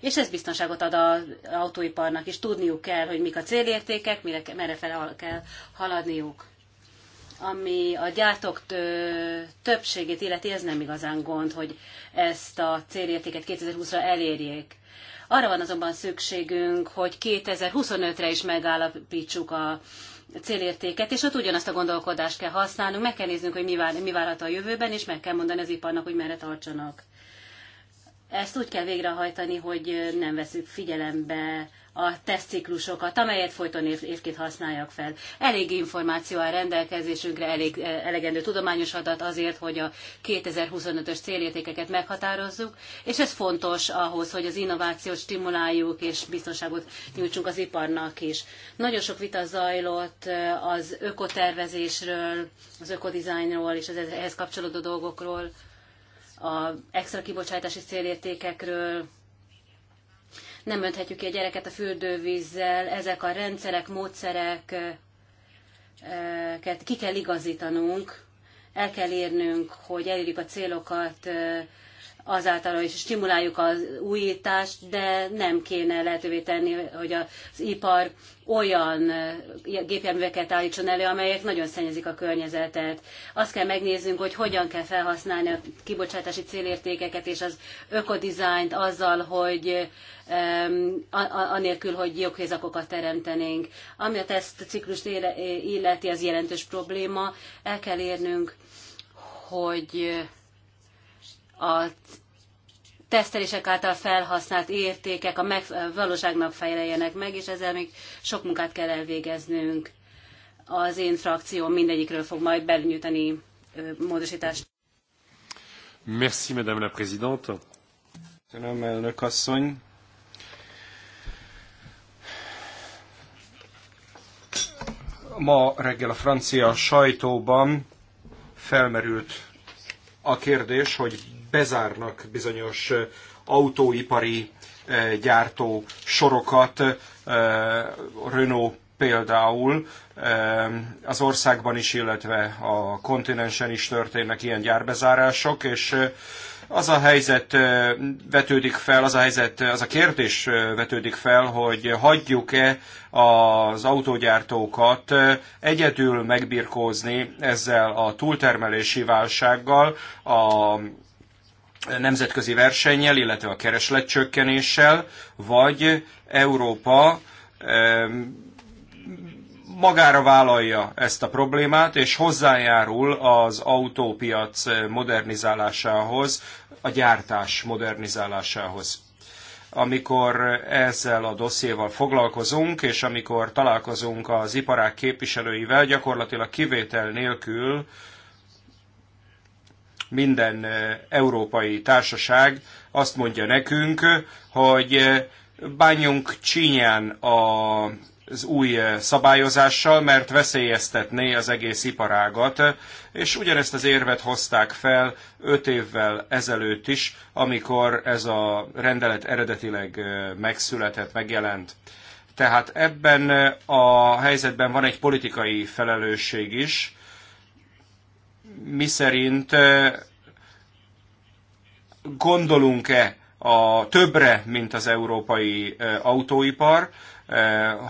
és ez biztonságot ad az autóiparnak is. Tudniuk kell, hogy mik a célértékek, mire, merre fel kell haladniuk. Ami a gyártók többségét illeti, ez nem igazán gond, hogy ezt a célértéket 2020-ra elérjék. Arra van azonban szükségünk, hogy 2025-re is megállapítsuk a célértéket, és ott ugyanazt a gondolkodást kell használnunk, meg kell néznünk, hogy mi, vár, mi a jövőben, és meg kell mondani az iparnak, hogy merre tartsanak. Ezt úgy kell végrehajtani, hogy nem veszük figyelembe a tesztciklusokat, amelyet folyton év, évként használják fel. Elég információ áll rendelkezésünkre, elég, e, elegendő tudományos adat azért, hogy a 2025-ös célértékeket meghatározzuk, és ez fontos ahhoz, hogy az innovációt stimuláljuk és biztonságot nyújtsunk az iparnak is. Nagyon sok vita zajlott e, az ökotervezésről, az ökodizájnról és az ehhez kapcsolódó dolgokról, a extra kibocsátási célértékekről, nem önthetjük ki a gyereket a fürdővízzel, ezek a rendszerek, módszereket ki kell igazítanunk, el kell érnünk, hogy elérjük a célokat azáltal is stimuláljuk az újítást, de nem kéne lehetővé tenni, hogy az ipar olyan eh, gépjárműveket állítson elő, amelyek nagyon szennyezik a környezetet. Azt kell megnéznünk, hogy hogyan kell felhasználni a kibocsátási célértékeket és az ökodizájnt azzal, hogy anélkül, hogy joghézakokat teremtenénk. Ami a tesztciklust illeti, az jelentős probléma. El kell érnünk, hogy a tesztelések által felhasznált értékek a meg, a valóságnak meg, és ezzel még sok munkát kell elvégeznünk. Az én frakcióm mindegyikről fog majd belnyújtani módosítást. Merci, Madame la Présidente. Köszönöm, elnök asszony. Ma reggel a francia sajtóban felmerült a kérdés, hogy bezárnak bizonyos autóipari gyártó sorokat, Renault például az országban is, illetve a kontinensen is történnek ilyen gyárbezárások, és az a helyzet vetődik fel, az a helyzet, az a kérdés vetődik fel, hogy hagyjuk-e az autógyártókat egyedül megbirkózni ezzel a túltermelési válsággal, a nemzetközi versennyel, illetve a keresletcsökkenéssel, vagy Európa magára vállalja ezt a problémát, és hozzájárul az autópiac modernizálásához, a gyártás modernizálásához. Amikor ezzel a dossziéval foglalkozunk, és amikor találkozunk az iparák képviselőivel, gyakorlatilag kivétel nélkül minden európai társaság azt mondja nekünk, hogy bánjunk csínyán a, az új szabályozással, mert veszélyeztetné az egész iparágat, és ugyanezt az érvet hozták fel öt évvel ezelőtt is, amikor ez a rendelet eredetileg megszületett, megjelent. Tehát ebben a helyzetben van egy politikai felelősség is, mi szerint gondolunk-e a többre, mint az európai autóipar,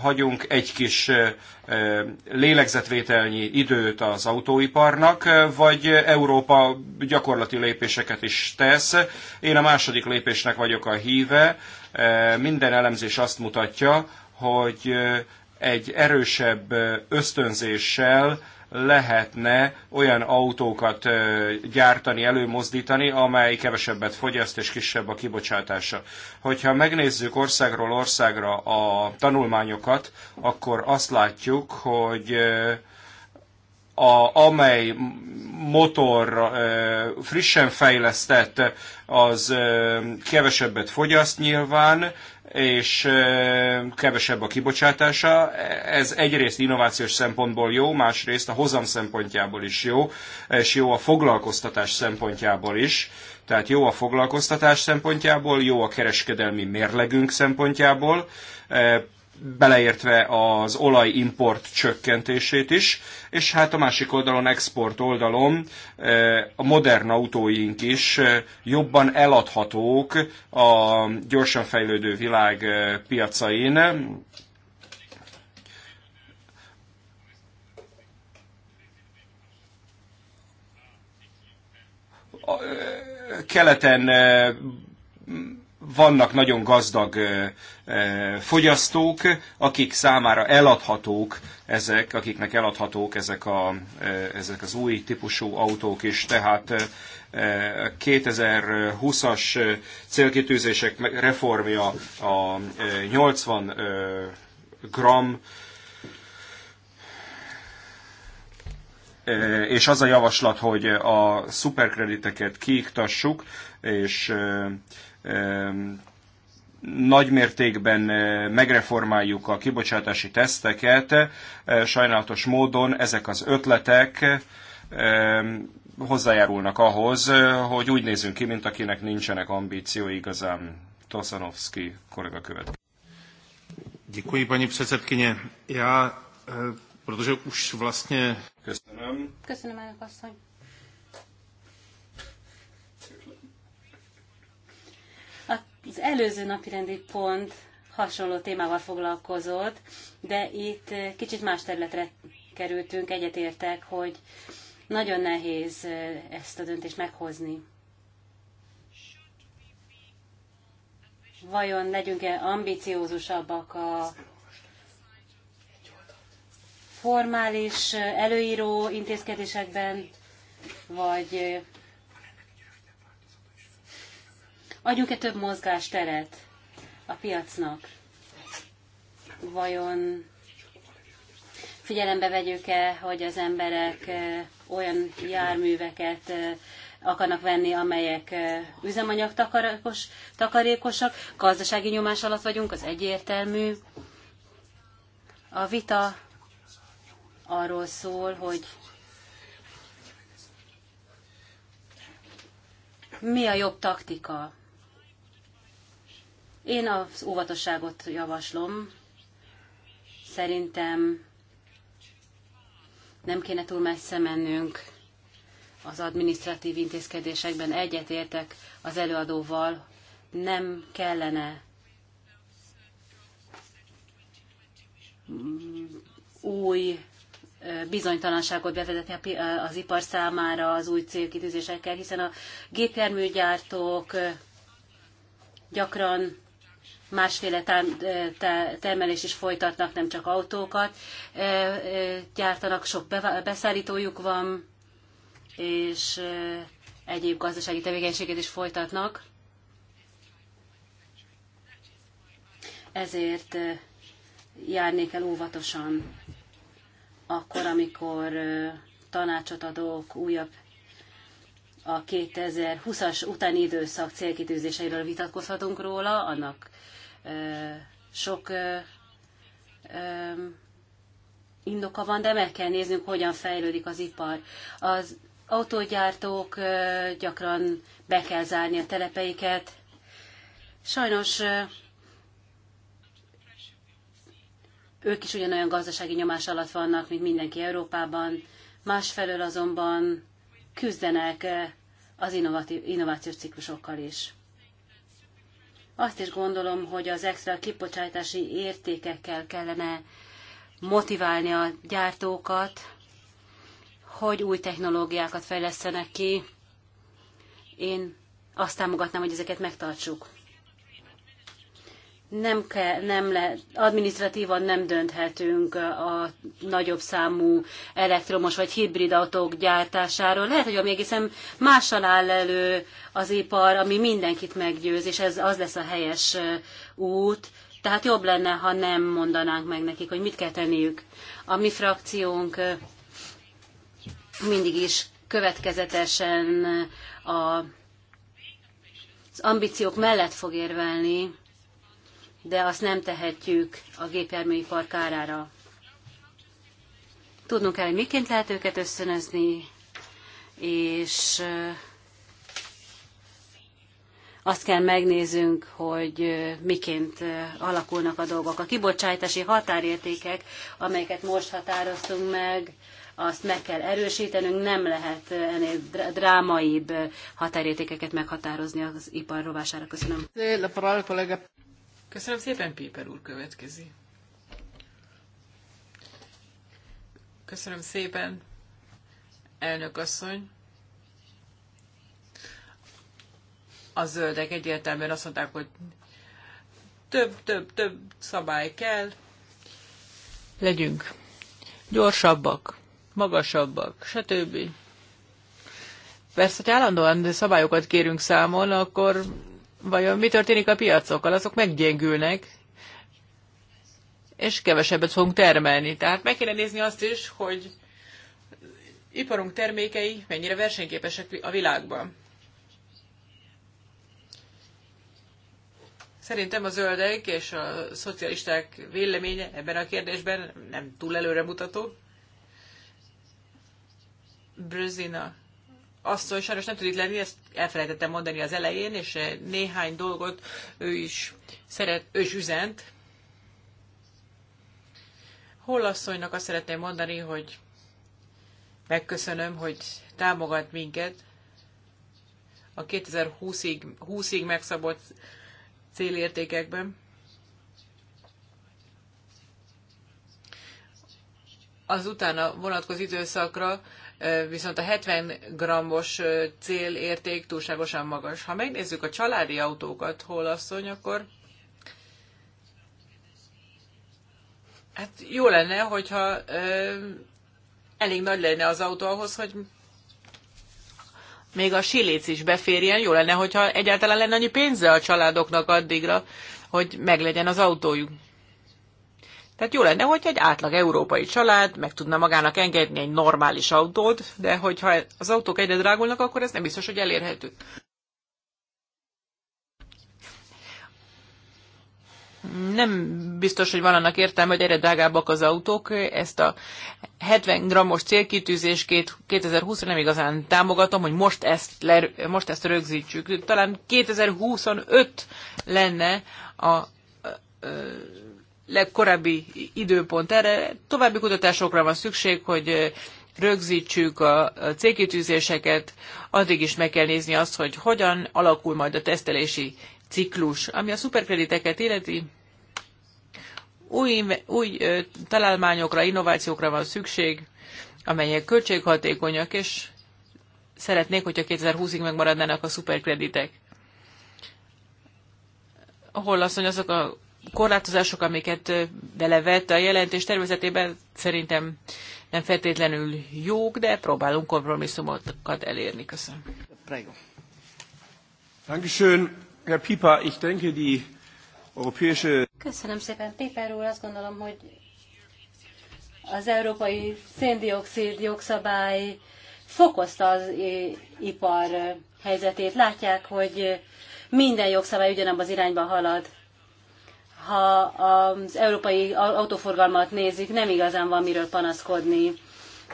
hagyunk egy kis lélegzetvételnyi időt az autóiparnak, vagy Európa gyakorlati lépéseket is tesz. Én a második lépésnek vagyok a híve. Minden elemzés azt mutatja, hogy egy erősebb ösztönzéssel lehetne olyan autókat gyártani, előmozdítani, amely kevesebbet fogyaszt és kisebb a kibocsátása. Hogyha megnézzük országról országra a tanulmányokat, akkor azt látjuk, hogy a, amely motor frissen fejlesztett, az kevesebbet fogyaszt nyilván, és kevesebb a kibocsátása. Ez egyrészt innovációs szempontból jó, másrészt a hozam szempontjából is jó, és jó a foglalkoztatás szempontjából is. Tehát jó a foglalkoztatás szempontjából, jó a kereskedelmi mérlegünk szempontjából, beleértve az olajimport csökkentését is, és hát a másik oldalon, export oldalon eh, a modern autóink is eh, jobban eladhatók a gyorsan fejlődő világ eh, piacain. Keleten vannak nagyon gazdag fogyasztók, akik számára eladhatók ezek, akiknek eladhatók ezek, a, ezek az új típusú autók is. Tehát 2020-as célkitűzések reformja a 80 gram és az a javaslat, hogy a szuperkrediteket kiiktassuk, és nagy mértékben megreformáljuk a kibocsátási teszteket, sajnálatos módon ezek az ötletek hozzájárulnak ahhoz, hogy úgy nézünk ki, mint akinek nincsenek ambíció igazán. Tosanovski kollega követ. Děkuji, paní předsedkyně. Já, eh, protože už vlastně... Köszönöm. Köszönöm, elnök asszony. Az előző napi rendi pont hasonló témával foglalkozott, de itt kicsit más területre kerültünk, egyetértek, hogy nagyon nehéz ezt a döntést meghozni. Vajon legyünk-e ambiciózusabbak a formális előíró intézkedésekben, vagy Adjunk-e több mozgásteret a piacnak? Vajon figyelembe vegyük-e, hogy az emberek olyan járműveket akarnak venni, amelyek üzemanyag takarékos, takarékosak, gazdasági nyomás alatt vagyunk, az egyértelmű. A vita arról szól, hogy mi a jobb taktika. Én az óvatosságot javaslom. Szerintem nem kéne túl messze mennünk az administratív intézkedésekben. Egyetértek az előadóval, nem kellene új bizonytalanságot bevezetni az ipar számára az új célkitűzésekkel, hiszen a gépjárműgyártók gyakran másféle termelés is folytatnak, nem csak autókat gyártanak, sok beszállítójuk van, és egyéb gazdasági tevékenységet is folytatnak. Ezért járnék el óvatosan akkor, amikor tanácsot adok újabb a 2020-as utáni időszak célkitűzéseiről vitatkozhatunk róla, annak sok indoka van, de meg kell néznünk, hogyan fejlődik az ipar. Az autógyártók gyakran be kell zárni a telepeiket. Sajnos ők is ugyanolyan gazdasági nyomás alatt vannak, mint mindenki Európában. Másfelől azonban küzdenek az innovatív, innovációs ciklusokkal is. Azt is gondolom, hogy az extra kibocsátási értékekkel kellene motiválni a gyártókat, hogy új technológiákat fejlesztenek ki. Én azt támogatnám, hogy ezeket megtartsuk nem, kell, nem le, administratívan nem dönthetünk a nagyobb számú elektromos vagy hibrid autók gyártásáról. Lehet, hogy még egészen mással áll elő az ipar, ami mindenkit meggyőz, és ez az lesz a helyes út. Tehát jobb lenne, ha nem mondanánk meg nekik, hogy mit kell tenniük. A mi frakciónk mindig is következetesen a, az ambíciók mellett fog érvelni, de azt nem tehetjük a gépjárműipar kárára. Tudnunk kell, hogy miként lehet őket összönözni, és azt kell megnézünk, hogy miként alakulnak a dolgok. A kibocsátási határértékek, amelyeket most határoztunk meg, azt meg kell erősítenünk, nem lehet ennél drámaibb határértékeket meghatározni az ipar rovására. Köszönöm. Köszönöm szépen, Péper úr következi. Köszönöm szépen, elnök asszony. A zöldek egyértelműen azt mondták, hogy több, több, több szabály kell. Legyünk gyorsabbak, magasabbak, stb. Persze, hogy állandóan szabályokat kérünk számon, akkor vajon mi történik a piacokkal? Azok meggyengülnek, és kevesebbet fogunk termelni. Tehát meg kéne nézni azt is, hogy iparunk termékei mennyire versenyképesek a világban. Szerintem a zöldek és a szocialisták véleménye ebben a kérdésben nem túl előremutató. Brözina asszony sajnos nem tud itt lenni, ezt elfelejtettem mondani az elején, és eh, néhány dolgot ő is szeret, ő is üzent. Hol asszonynak azt szeretném mondani, hogy megköszönöm, hogy támogat minket a 2020-ig 20 megszabott célértékekben. Azután a vonatkozó időszakra viszont a 70 g-os célérték túlságosan magas. Ha megnézzük a családi autókat, hol asszony, akkor hát jó lenne, hogyha elég nagy lenne az autó ahhoz, hogy még a siléc is beférjen. Jó lenne, hogyha egyáltalán lenne annyi pénze a családoknak addigra, hogy meglegyen az autójuk. Tehát jó lenne, hogy egy átlag európai család meg tudna magának engedni egy normális autót, de hogyha az autók egyre drágulnak, akkor ez nem biztos, hogy elérhető. nem biztos, hogy van annak értelme, hogy egyre drágábbak az autók. Ezt a 70 grammos célkitűzés 2020-ra nem igazán támogatom, hogy most ezt, le, most ezt rögzítsük. Talán 2025 lenne a, a, a legkorábbi időpont erre. További kutatásokra van szükség, hogy rögzítsük a célkitűzéseket, addig is meg kell nézni azt, hogy hogyan alakul majd a tesztelési ciklus. Ami a szuperkrediteket illeti, új, új találmányokra, innovációkra van szükség, amelyek költséghatékonyak, és szeretnék, hogyha 2020-ig megmaradnának a szuperkreditek. Hol azt mondja, azok a korlátozások, amiket belevett a jelentés tervezetében, szerintem nem feltétlenül jók, de próbálunk kompromisszumokat elérni. Köszönöm. Prego. Dankeschön, Herr Pieper. Ich denke, die europäische... Köszönöm szépen, Péper úr. Azt gondolom, hogy az európai széndiokszid jogszabály fokozta az ipar helyzetét. Látják, hogy minden jogszabály ugyanabban az irányba halad ha az európai autóforgalmat nézik, nem igazán van miről panaszkodni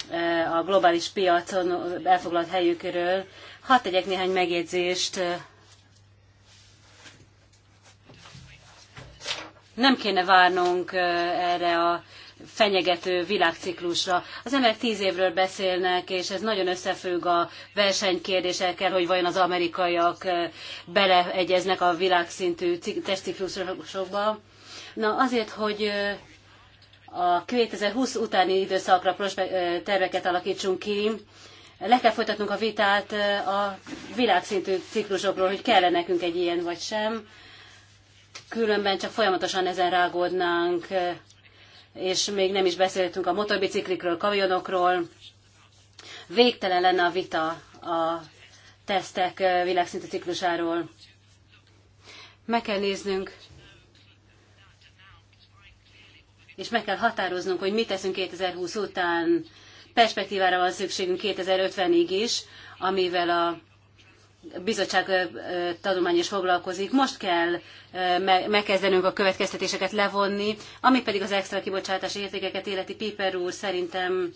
e, a globális piacon elfoglalt helyükről. Hadd tegyek néhány megjegyzést. Nem kéne várnunk e, erre a fenyegető világciklusra. Az emberek tíz évről beszélnek, és ez nagyon összefügg a versenykérdésekkel, hogy vajon az amerikaiak eh, beleegyeznek a világszintű testciklusokba. Na azért, hogy eh, a 2020 utáni időszakra eh, terveket alakítsunk ki, le kell folytatnunk a vitát a világszintű ciklusokról, hogy kell -e nekünk egy ilyen vagy sem. Különben csak folyamatosan ezen rágódnánk, és még nem is beszéltünk a motorbiciklikről, kamionokról. Végtelen lenne a vita a tesztek világszintű ciklusáról. Meg kell néznünk, és meg kell határoznunk, hogy mit teszünk 2020 után. Perspektívára van szükségünk 2050-ig is, amivel a bizottság tanulmány is foglalkozik. Most kell megkezdenünk a következtetéseket levonni, ami pedig az extra kibocsátási értékeket életi Piper úr szerintem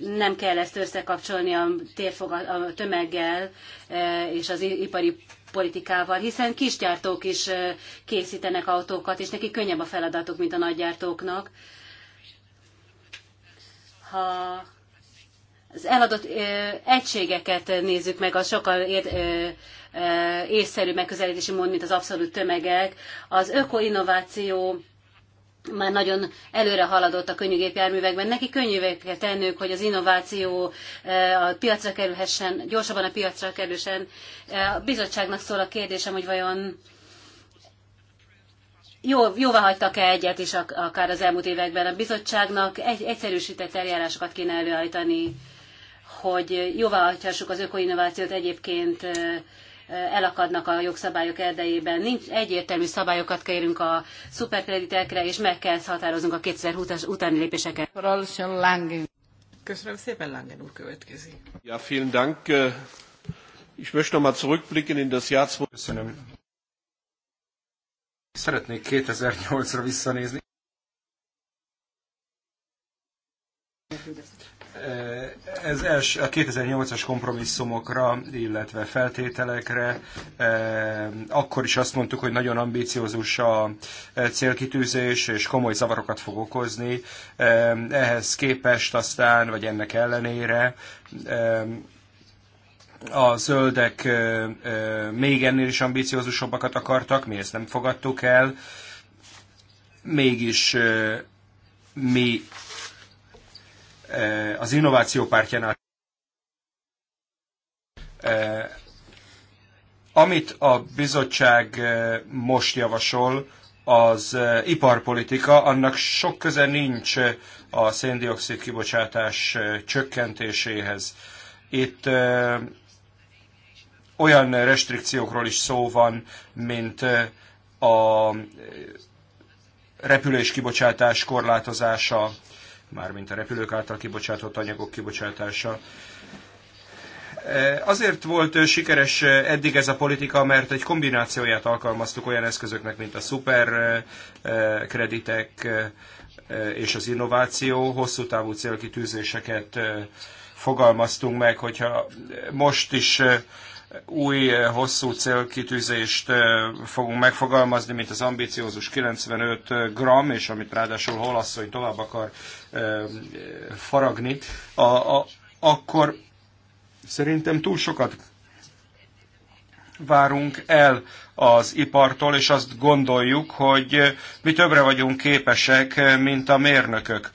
nem kell ezt összekapcsolni a, térfoga, a tömeggel és az ipari politikával, hiszen kisgyártók is készítenek autókat, és neki könnyebb a feladatuk, mint a nagygyártóknak. Ha az eladott ö, egységeket nézzük meg, az sokkal ér, ö, ö, észszerű megközelítési mód, mint az abszolút tömegek. Az ökoinnováció már nagyon előre haladott a könnyű gépjárművekben. Neki könnyűvé kell tennünk, hogy az innováció a piacra kerülhessen, gyorsabban a piacra kerülhessen. A bizottságnak szól a kérdésem, hogy vajon jó, jóvá hagytak-e egyet is akár az elmúlt években a bizottságnak, egy, egyszerűsített eljárásokat kéne előállítani hogy jóváhagyhassuk az ökoinnovációt, egyébként elakadnak a jogszabályok erdejében. Nincs egyértelmű szabályokat kérünk a szuperkreditekre, és meg kell határoznunk a 2020 utáni lépéseket. Köszönöm szépen, Langen úr következik. Ja, vielen Dank. Ich möchte nochmal zurückblicken in das Jahr 2000. Köszönöm. Szeretnék 2008-ra visszanézni. Eh, ez els, a 2008-as kompromisszumokra, illetve feltételekre, eh, akkor is azt mondtuk, hogy nagyon ambíciózus a eh, célkitűzés, és komoly zavarokat fog okozni. Ehhez képest aztán, vagy ennek ellenére, a zöldek még ennél is ambíciózusabbakat akartak, mi ezt nem fogadtuk el, mégis mi Eh, az innováció pártjánál. Eh, amit a bizottság eh, most javasol, az iparpolitika, annak sok köze nincs a széndiokszid kibocsátás csökkentéséhez. Itt olyan restrikciókról is szó van, mint a repülés kibocsátás korlátozása, mármint a repülők által kibocsátott anyagok kibocsátása. E, azért volt sikeres e, eddig ez a politika, mert egy kombinációját alkalmaztuk olyan eszközöknek, mint a szuperkreditek e, és az innováció, hosszú távú célkitűzéseket fogalmaztunk meg, hogyha most is új eh, hosszú célkitűzést eh, fogunk megfogalmazni, mint az ambiciózus 95 eh, gram, és amit ráadásul holasszony tovább akar faragni, a, a, akkor szerintem túl sokat várunk el az ipartól, és azt gondoljuk, hogy mi többre vagyunk képesek, mint a mérnökök.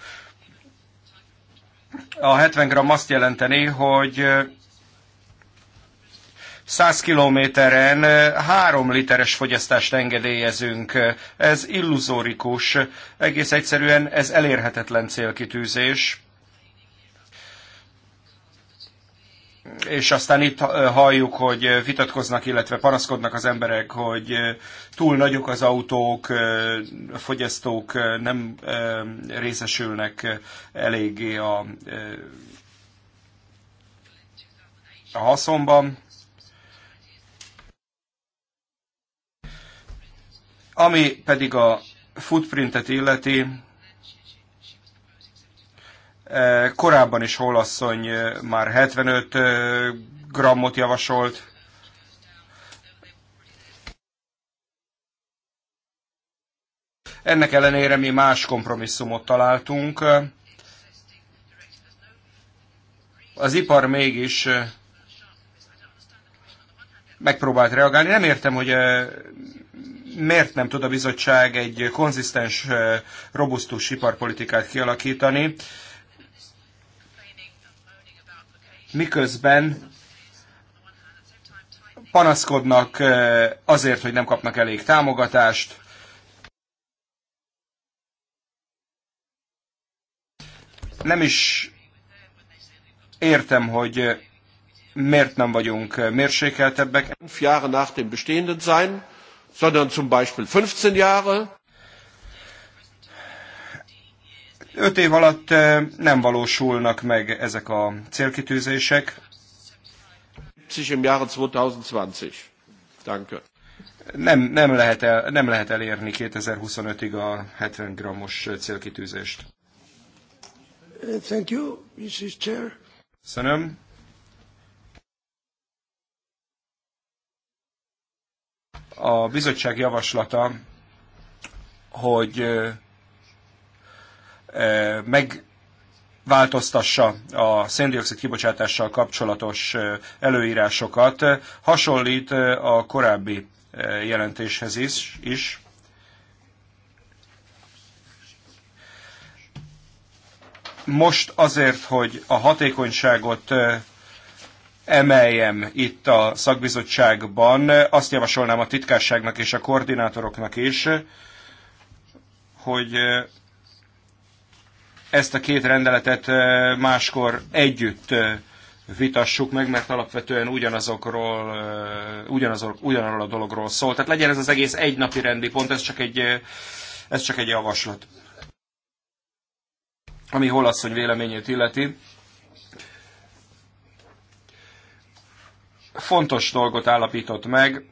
A 70 gram azt jelenteni, hogy 100 kilométeren 3 literes fogyasztást engedélyezünk. Ez illuzórikus, egész egyszerűen ez elérhetetlen célkitűzés. és aztán itt halljuk, hogy vitatkoznak, illetve panaszkodnak az emberek, hogy túl nagyok az autók, a fogyasztók nem részesülnek eléggé a, a haszonban. Ami pedig a footprintet illeti, eh, korábban is Holasszony eh, már 75 eh, grammot javasolt, Ennek ellenére mi más kompromisszumot találtunk. Az ipar mégis megpróbált reagálni. Nem értem, hogy miért nem tud a bizottság egy konzisztens, robusztus iparpolitikát kialakítani, miközben panaszkodnak azért, hogy nem kapnak elég támogatást, nem is értem, hogy miért nem vagyunk mérsékeltebbek. Jahre nach dem bestehenden sein, sondern zum Beispiel 15 Jahre. Öt év alatt nem valósulnak meg ezek a célkitűzések. Im Jahre 2020. Danke. Nem, nem, lehet el, nem lehet elérni 2025-ig a 70 grammos célkitűzést. Thank you, Mrs. Chair. Köszönöm. a bizottság javaslata, hogy meg változtassa a széndiokszid kibocsátással kapcsolatos előírásokat, hasonlít a korábbi jelentéshez is. is. Most azért, hogy a hatékonyságot emeljem itt a szakbizottságban. Azt javasolnám a titkárságnak és a koordinátoroknak is, hogy eh, ezt a két rendeletet eh, máskor együtt eh, vitassuk meg, mert alapvetően ugyanazokról, ugyanazok, ugyanarról a dologról szól. Tehát legyen ez az egész egy napi rendi pont, ez csak egy, ez csak egy javaslat. Ami hol az, hogy véleményét illeti fontos dolgot állapított meg,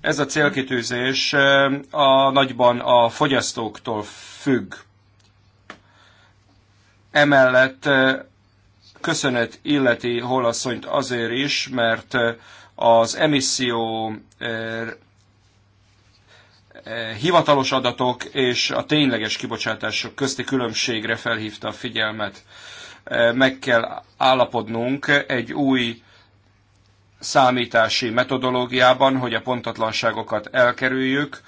ez a célkitűzés a nagyban a fogyasztóktól függ. Emellett köszönet illeti holasszonyt azért is, mert az emisszió E, hivatalos adatok és a tényleges kibocsátások közti különbségre felhívta a figyelmet. E, meg kell állapodnunk egy új számítási metodológiában, hogy a pontatlanságokat elkerüljük,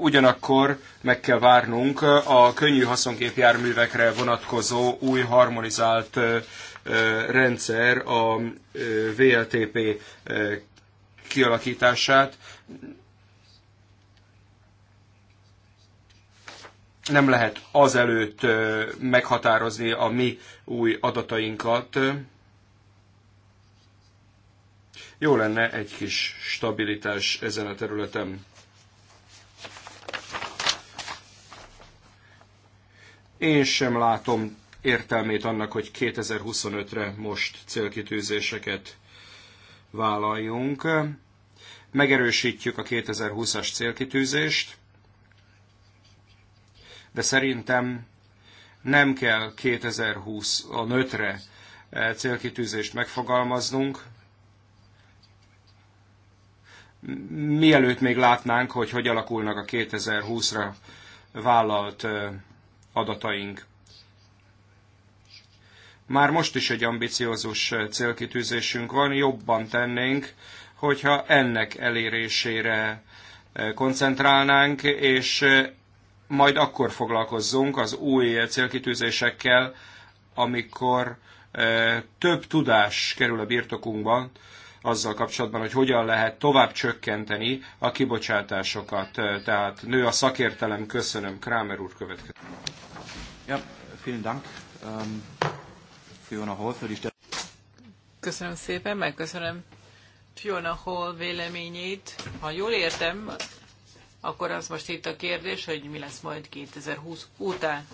ugyanakkor meg kell várnunk a könnyű haszonképjárművekre vonatkozó új harmonizált e, rendszer, a VLTP kialakítását nem lehet azelőtt meghatározni a mi új adatainkat. Jó lenne egy kis stabilitás ezen a területen. Én sem látom értelmét annak, hogy 2025-re most célkitűzéseket vállaljunk. Megerősítjük a 2020-as célkitűzést, de szerintem nem kell 2020 a nötre e, célkitűzést megfogalmaznunk, mielőtt még látnánk, hogy hogy alakulnak a 2020-ra vállalt e, adataink. Már most is egy ambiciózus célkitűzésünk van, jobban tennénk, hogyha ennek elérésére koncentrálnánk, és majd akkor foglalkozzunk az új célkitűzésekkel, amikor több tudás kerül a birtokunkban, azzal kapcsolatban, hogy hogyan lehet tovább csökkenteni a kibocsátásokat. Tehát nő a szakértelem, köszönöm. Krámer úr következik. Ja, vielen Dank. Um... Fiona Hall föl is Köszönöm szépen, megköszönöm Fiona Hall véleményét. Ha jól értem, akkor az most itt a kérdés, hogy mi lesz majd 2020 után.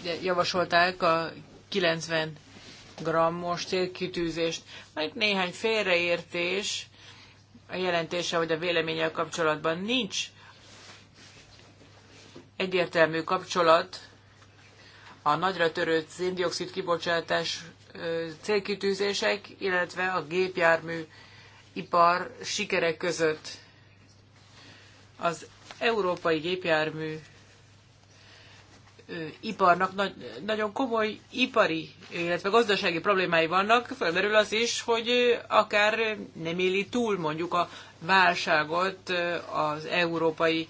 Ugye javasolták a 90 grammos célkitűzést, Majd néhány félreértés a jelentése, hogy a véleménnyel kapcsolatban nincs egyértelmű kapcsolat a nagyra törött széndiokszid kibocsátás célkitűzések, illetve a gépjármű ipar sikere között. Az európai gépjármű iparnak nagy, nagyon komoly ipari, illetve gazdasági problémái vannak, felmerül az is, hogy akár nem éli túl mondjuk a válságot az európai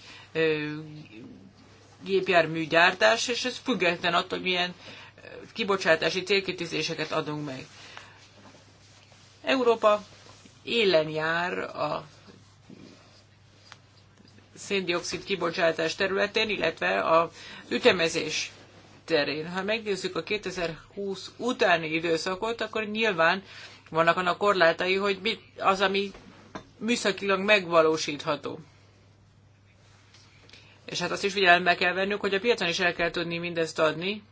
gépjárműgyártás, és ez független attól, hogy milyen eh, kibocsátási célkitűzéseket adunk meg. Európa élen jár a széndiokszid kibocsátás területén, illetve a ütemezés terén. Ha megnézzük a 2020 utáni időszakot, akkor nyilván vannak annak korlátai, hogy mit az, ami műszakilag megvalósítható és hát azt is figyelembe kell vennünk, hogy a piacon is el kell tudni mindezt adni,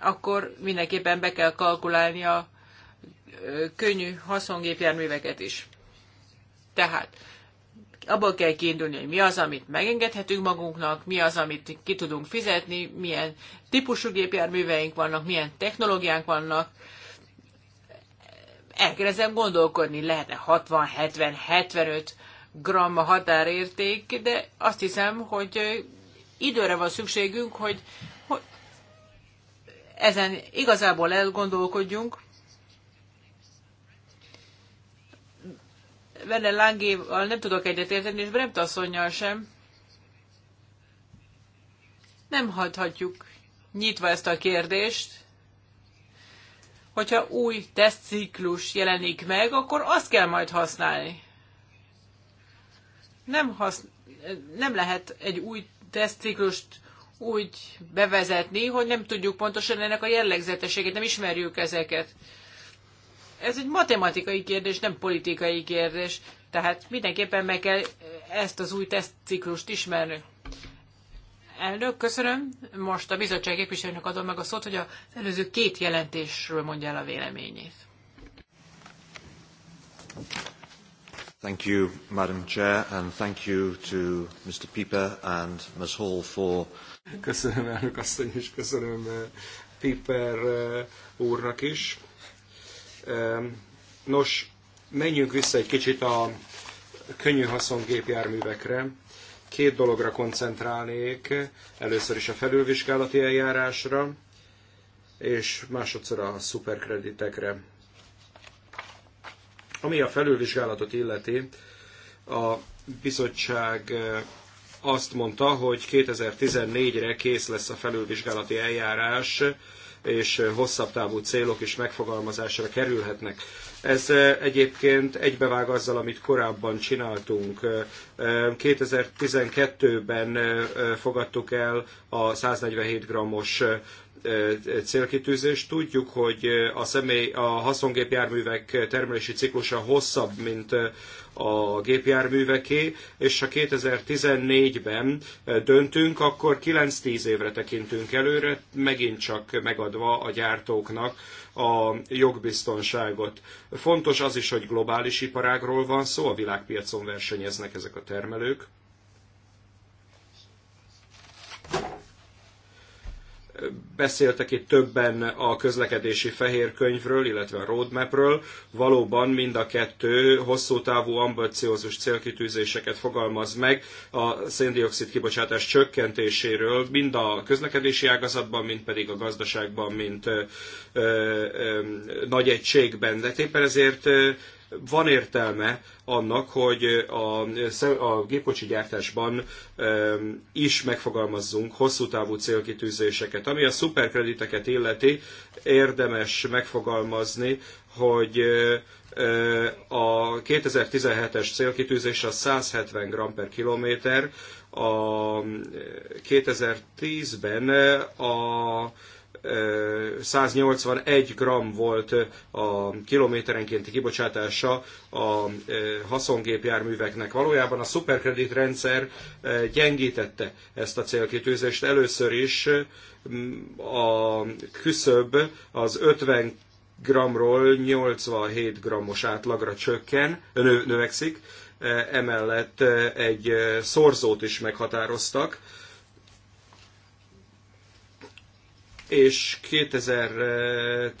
akkor mindenképpen be kell kalkulálni a könnyű haszongépjárműveket is. Tehát abból kell kiindulni, hogy mi az, amit megengedhetünk magunknak, mi az, amit ki tudunk fizetni, milyen típusú gépjárműveink vannak, milyen technológiánk vannak. Elkezdem gondolkodni, lehetne 60, 70, 75 gramma határérték, de azt hiszem, hogy időre van szükségünk, hogy, hogy ezen igazából elgondolkodjunk. Vele Lángéval nem tudok egyet érteni, és Bremt asszonynal sem. Nem hagyhatjuk nyitva ezt a kérdést hogyha új tesztciklus jelenik meg, akkor azt kell majd használni nem, hasz, nem lehet egy új tesztciklust úgy bevezetni, hogy nem tudjuk pontosan ennek a jellegzetességét, nem ismerjük ezeket. Ez egy matematikai kérdés, nem politikai kérdés, tehát mindenképpen meg kell ezt az új tesztciklust ismerni. Elnök, köszönöm. Most a bizottság képviselőnek adom meg a szót, hogy az előző két jelentésről mondja el a véleményét. Thank you, Madam Chair, and thank you to Mr. Pieper and Ms. Hall for... Köszönöm elnök asszony, és köszönöm eh, Piper eh, úrnak is. Eh, nos, menjünk vissza egy kicsit a könnyű haszongépjárművekre. Két dologra koncentrálnék, először is a felülvizsgálati eljárásra, és másodszor a szuperkreditekre. Ami a felülvizsgálatot illeti, a bizottság azt mondta, hogy 2014-re kész lesz a felülvizsgálati eljárás, és hosszabb távú célok is megfogalmazásra kerülhetnek. Ez egyébként egybevág azzal, amit korábban csináltunk. 2012-ben fogadtuk el a 147 grammos célkitűzést. Tudjuk, hogy a, személy, a haszongépjárművek termelési ciklusa hosszabb, mint a gépjárműveké, és ha 2014-ben döntünk, akkor 9-10 évre tekintünk előre, megint csak megadva a gyártóknak a jogbiztonságot. Fontos az is, hogy globális iparágról van szó, a világpiacon versenyeznek ezek a termelők, beszéltek itt többen a közlekedési fehér könyvről, illetve a roadmapről. Valóban mind a kettő hosszú távú ambiciózus célkitűzéseket fogalmaz meg a széndiokszid kibocsátás csökkentéséről, mind a közlekedési ágazatban, mind pedig a gazdaságban, mint ö, ö, ö, nagy egységben. De éppen ezért van értelme annak, hogy a, a gépkocsi gyártásban is megfogalmazzunk hosszú távú célkitűzéseket. Ami a szuperkrediteket illeti, érdemes megfogalmazni, hogy eh, a 2017-es célkitűzés a 170 g per kilométer, a 2010-ben eh, eh, a 181 g volt a kilométerenkénti kibocsátása a haszongépjárműveknek. Valójában a szuperkredit rendszer gyengítette ezt a célkitűzést. Először is a küszöb az 50 gramról 87 grammos átlagra csökken, növekszik, emellett egy szorzót is meghatároztak, és 2017-ről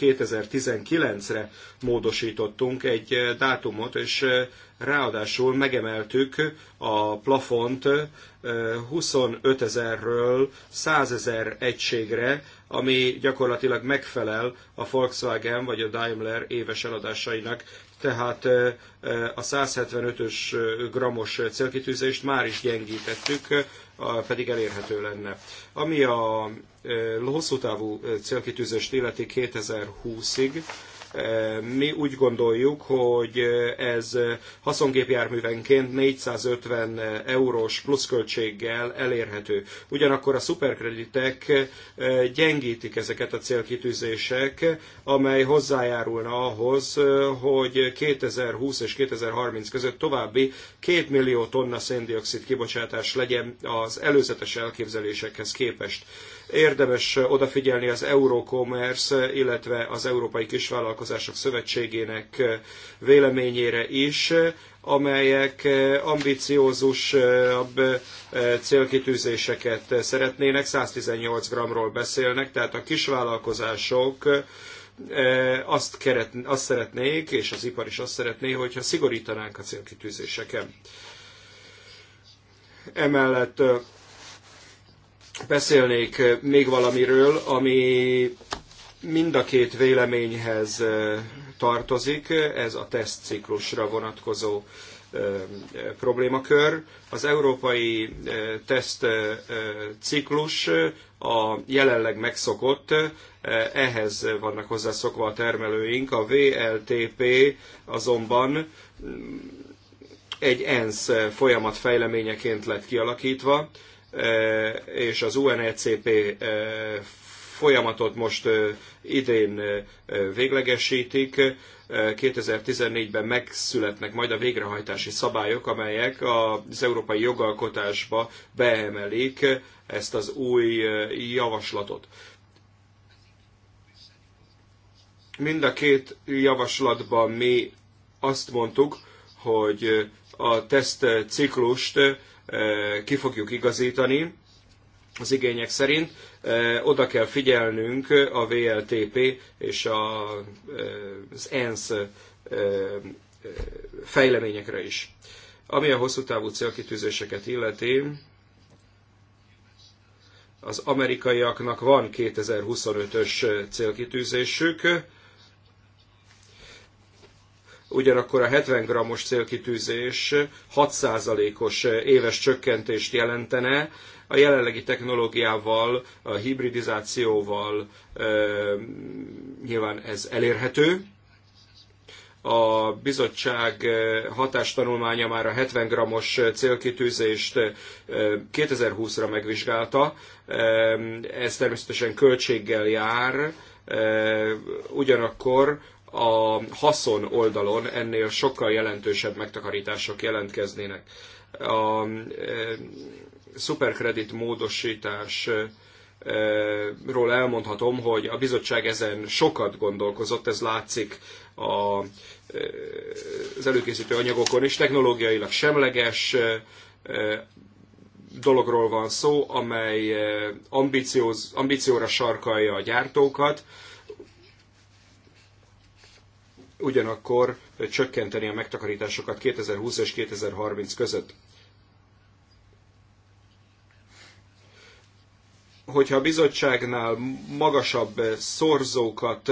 2019-re módosítottunk egy eh, dátumot, és eh, ráadásul megemeltük a plafont 25 eh, ezerről 100 ezer egységre, ami gyakorlatilag megfelel a Volkswagen vagy a Daimler éves eladásainak tehát a 175-ös gramos célkitűzést már is gyengítettük pedig elérhető lenne. Ami a hosszú távú célkitűzést illeti 2020-ig, mi úgy gondoljuk, hogy ez haszongépjárművenként 450 eurós pluszköltséggel elérhető. Ugyanakkor a szuperkreditek eh, gyengítik ezeket a célkitűzések, amely hozzájárulna ahhoz, eh, hogy 2020 és 2030 között további 2 millió tonna széndiokszid kibocsátás legyen az előzetes elképzelésekhez képest. Érdemes odafigyelni az Eurocommerce, illetve az Európai Kisvállalkozások Szövetségének véleményére is, amelyek ambiciózusabb eh, célkitűzéseket szeretnének, 118 g-ról beszélnek, tehát a kisvállalkozások eh, azt, keret, azt szeretnék, és az ipar is azt szeretné, hogyha szigorítanánk a célkitűzéseken. Emellett eh, beszélnék még valamiről, ami mind a két véleményhez tartozik, ez a tesztciklusra vonatkozó problémakör. Az európai tesztciklus a jelenleg megszokott, ehhez vannak hozzászokva a termelőink. A VLTP azonban mm, egy ENSZ folyamat fejleményeként lett kialakítva, és az UNECP folyamatot most idén véglegesítik. 2014-ben megszületnek majd a végrehajtási szabályok, amelyek az európai jogalkotásba beemelik ezt az új javaslatot. Mind a két javaslatban mi azt mondtuk, hogy a teszt ciklust ki fogjuk igazítani az igények szerint. Oda kell figyelnünk a VLTP és az ENSZ fejleményekre is. Ami a hosszú távú célkitűzéseket illeti, az amerikaiaknak van 2025-ös célkitűzésük, ugyanakkor a 70 g-os célkitűzés 6%-os éves csökkentést jelentene, a jelenlegi technológiával, a hibridizációval nyilván ez elérhető. A bizottság hatástanulmánya már a 70 g-os célkitűzést 2020-ra megvizsgálta. Ez természetesen költséggel jár, ugyanakkor a haszon oldalon ennél sokkal jelentősebb megtakarítások jelentkeznének. A e, szuperkredit módosítás ról elmondhatom, hogy a bizottság ezen sokat gondolkozott, ez látszik a, e, az előkészítő anyagokon is, technológiailag semleges e, dologról van szó, amely ambícióz, ambícióra sarkalja a gyártókat, ugyanakkor csökkenteni a megtakarításokat 2020 és 2030 között. hogyha a bizottságnál magasabb szorzókat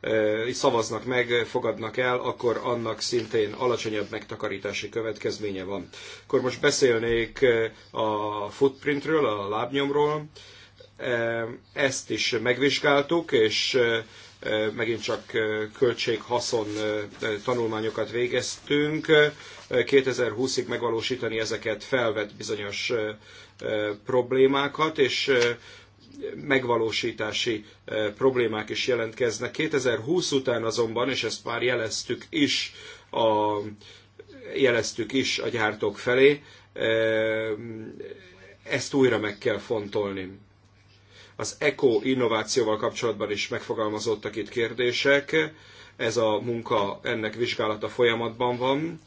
eh, szavaznak meg, fogadnak el, akkor annak szintén alacsonyabb megtakarítási következménye van. Akkor most beszélnék eh, a footprintről, a lábnyomról. Eh, ezt is megvizsgáltuk, és Eh, megint csak eh, költség-haszon eh, tanulmányokat végeztünk. 2020-ig megvalósítani ezeket felvet bizonyos problémákat, és megvalósítási problémák is jelentkeznek. 2020 után azonban, és ezt már jeleztük is a, jeleztük is a gyártók felé, ezt újra meg kell fontolni. Az eko innovációval kapcsolatban is megfogalmazódtak itt kérdések. Ez a munka, ennek vizsgálata folyamatban van.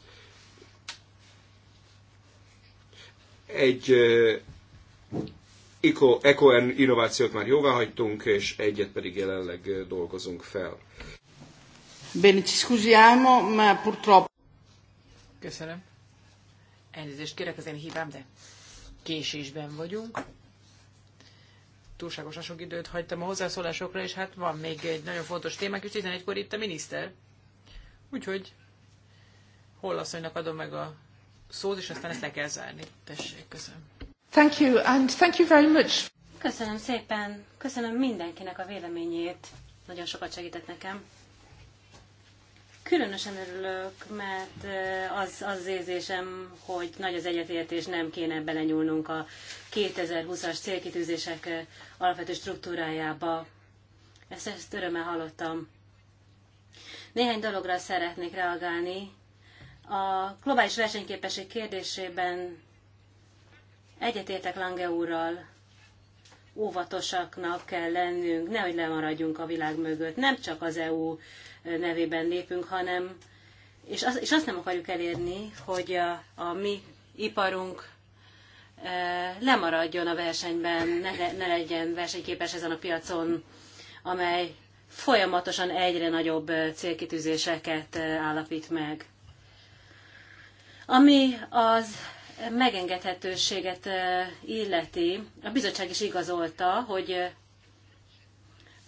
Egy eko innovációt már jóvá hagytunk, és egyet pedig jelenleg dolgozunk fel. Bene, ci scusiamo, ma purtroppo... Köszönöm. Elnézést kérek az én hibám, de késésben vagyunk túlságosan sok időt hagytam a hozzászólásokra, és hát van még egy nagyon fontos témák, és 11-kor itt a miniszter. Úgyhogy hol asszonynak adom meg a szót, és aztán ezt le kell zárni. Tessék, köszönöm. Thank you, and thank you very much. Köszönöm szépen. Köszönöm mindenkinek a véleményét. Nagyon sokat segített nekem. Különösen örülök, mert eh, az, az érzésem, hogy nagy az egyetértés, nem kéne belenyúlnunk a 2020-as célkitűzések eh, alapvető struktúrájába. Ezt, ezt örömmel hallottam. Néhány dologra szeretnék reagálni. A globális versenyképesség kérdésében egyetértek Lange úrral, óvatosaknak kell lennünk, nehogy lemaradjunk a világ mögött. Nem csak az EU nevében lépünk, hanem és, az, és azt nem akarjuk elérni, hogy a, a mi iparunk e, lemaradjon a versenyben, ne, ne legyen versenyképes ezen a piacon, amely folyamatosan egyre nagyobb e, célkitűzéseket e, állapít meg. Ami az megengedhetőséget e, illeti, a bizottság is igazolta, hogy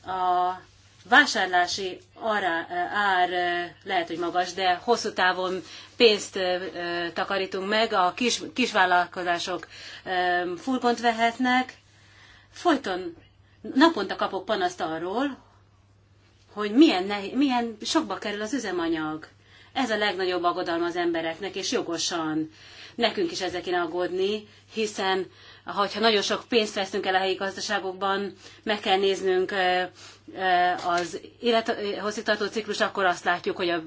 a vásárlási ár lehet, hogy magas, de hosszú távon pénzt takarítunk meg, a kis, kisvállalkozások furgont vehetnek. Folyton naponta kapok panaszt arról, hogy milyen, milyen sokba kerül az üzemanyag. Ez a legnagyobb aggodalma az embereknek, és jogosan nekünk is ezekén aggódni, hiszen hogyha nagyon sok pénzt veszünk el a helyi gazdaságokban, meg kell néznünk az tartó ciklus, akkor azt látjuk, hogy a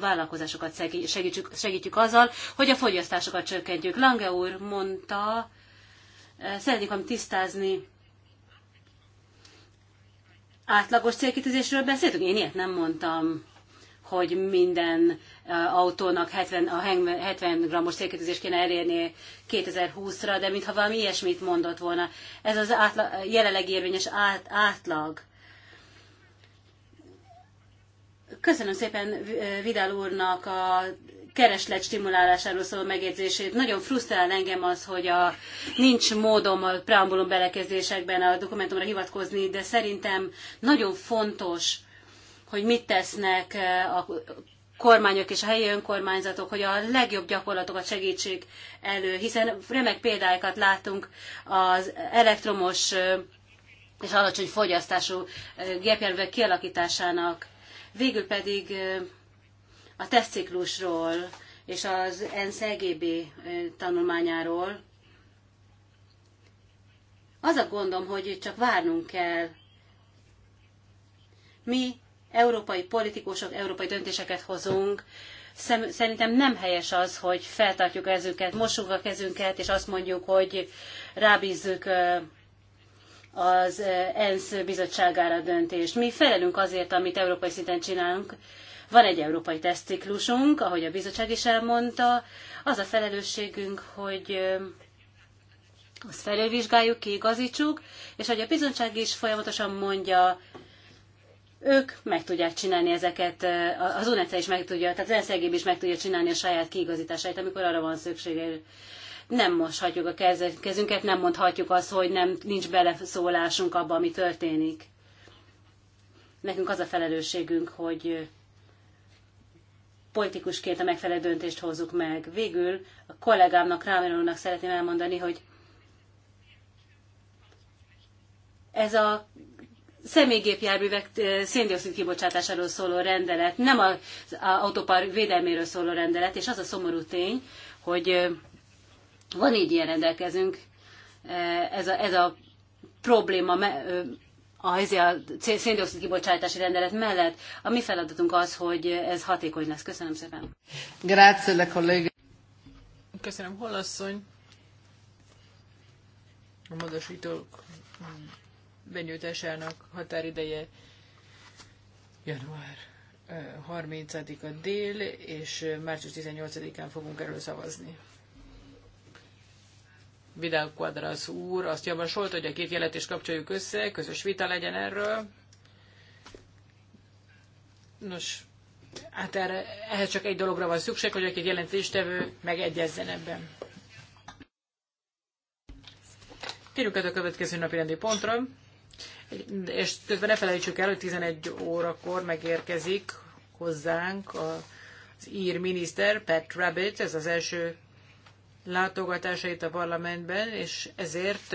vállalkozásokat segítjük, segítjük azzal, hogy a fogyasztásokat csökkentjük. Lange úr mondta, szeretnék tisztázni, átlagos célkitűzésről beszéltünk? Én ilyet nem mondtam hogy minden eh, autónak 70, a 70 g-os célkötözést kéne elérni 2020-ra, de mintha valami ilyesmit mondott volna. Ez az átla, jelenleg érvényes át, átlag. Köszönöm szépen eh, Vidal úrnak a kereslet stimulálásáról szóló megjegyzését. Nagyon frusztrál engem az, hogy a, nincs módom a preambulum belekezdésekben a dokumentumra hivatkozni, de szerintem nagyon fontos hogy mit tesznek eh, a kormányok és a helyi önkormányzatok, hogy a legjobb gyakorlatokat segítsék elő, hiszen remek példákat látunk az elektromos eh, és alacsony fogyasztású eh, gépjárművek kialakításának. Végül pedig a tesztciklusról és az ENSZ-EGB tanulmányáról. Az a gondom, hogy csak várnunk kell. Mi európai politikusok, európai döntéseket hozunk. Szerintem nem helyes az, hogy feltartjuk ezüket, mossuk a kezünket, és azt mondjuk, hogy rábízzük az ENSZ bizottságára a döntést. Mi felelünk azért, amit európai szinten csinálunk. Van egy európai tesztciklusunk, ahogy a bizottság is elmondta. Az a felelősségünk, hogy azt felülvizsgáljuk, kiigazítsuk, és hogy a bizottság is folyamatosan mondja, ők meg tudják csinálni ezeket, az UNECE is meg tudja, tehát az NSZGB is meg tudja csinálni a saját kiigazításait, amikor arra van szüksége. Nem moshatjuk a kezünket, nem mondhatjuk azt, hogy nem, nincs beleszólásunk abba, ami történik. Nekünk az a felelősségünk, hogy politikusként a megfelelő döntést hozzuk meg. Végül a kollégámnak, Rámer szeretném elmondani, hogy ez a személygépjárművek eh, széndiokszid kibocsátásáról szóló rendelet, nem az autópark védelméről szóló rendelet, és az a szomorú tény, hogy eh, van így ilyen rendelkezünk, eh, ez a, ez a probléma a, a széndiokszid kibocsátási rendelet mellett. A mi feladatunk az, hogy ez hatékony lesz. Köszönöm szépen. Grazie, le kolléga. Köszönöm, hol asszony? A módosítók benyújtásának határideje január 30-a dél, és március 18-án fogunk erről szavazni. Vidal Quadras úr azt javasolt, hogy a két jelentést kapcsoljuk össze, közös vita legyen erről. Nos, hát erre, ehhez csak egy dologra van szükség, hogy a két jelentéstevő megegyezzen ebben. Térjünk át a következő napi rendi pontra és közben ne felejtsük el, hogy 11 órakor megérkezik hozzánk az ír miniszter, Pat Rabbit, ez az első látogatása itt a parlamentben, és ezért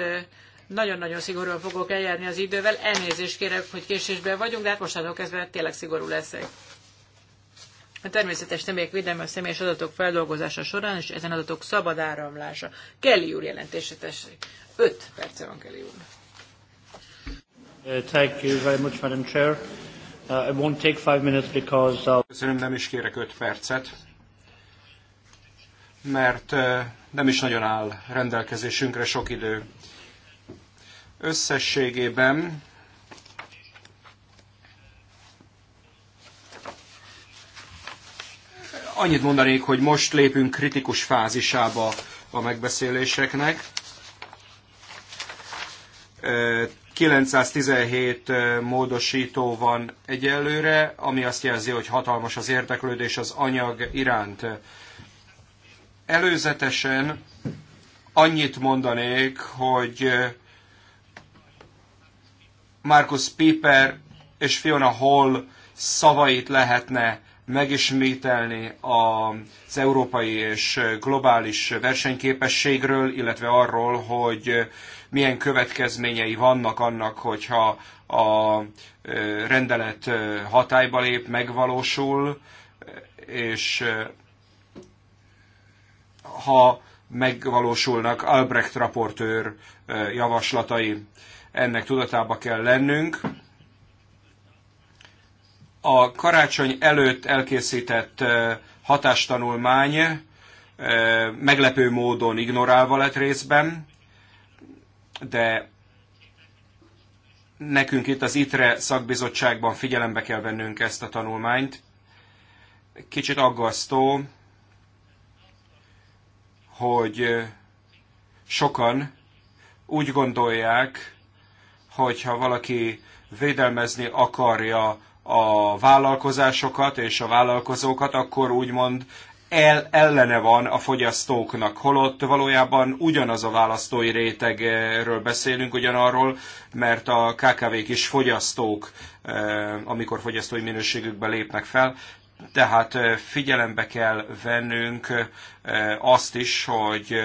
nagyon-nagyon szigorúan fogok eljárni az idővel. Elnézést kérek, hogy késésben vagyunk, de hát mostanában kezdve tényleg szigorú leszek. A természetes személyek védelme a személyes adatok feldolgozása során, és ezen adatok szabad áramlása. Kelly úr jelentése tessék. 5 perce van Kelly úrnak. Uh, uh, Köszönöm, nem is kérek öt percet, mert uh, nem is nagyon áll rendelkezésünkre sok idő. Összességében annyit mondanék, hogy most lépünk kritikus fázisába a megbeszéléseknek 917 módosító van egyelőre, ami azt jelzi, hogy hatalmas az érdeklődés az anyag iránt. Előzetesen annyit mondanék, hogy Markus Piper és Fiona Hall szavait lehetne megismételni az európai és globális versenyképességről, illetve arról, hogy milyen következményei vannak annak, hogyha a rendelet hatályba lép, megvalósul, és ha megvalósulnak Albrecht raportőr javaslatai. Ennek tudatába kell lennünk. A karácsony előtt elkészített hatástanulmány meglepő módon ignorálva lett részben de nekünk itt az ITRE szakbizottságban figyelembe kell vennünk ezt a tanulmányt. Kicsit aggasztó, hogy sokan úgy gondolják, hogy ha valaki védelmezni akarja a vállalkozásokat és a vállalkozókat, akkor úgymond el, ellene van a fogyasztóknak, holott valójában ugyanaz a választói rétegről beszélünk, ugyanarról, mert a KKV-k is fogyasztók, eh, amikor fogyasztói minőségükbe lépnek fel, tehát eh, figyelembe kell vennünk eh, azt is, hogy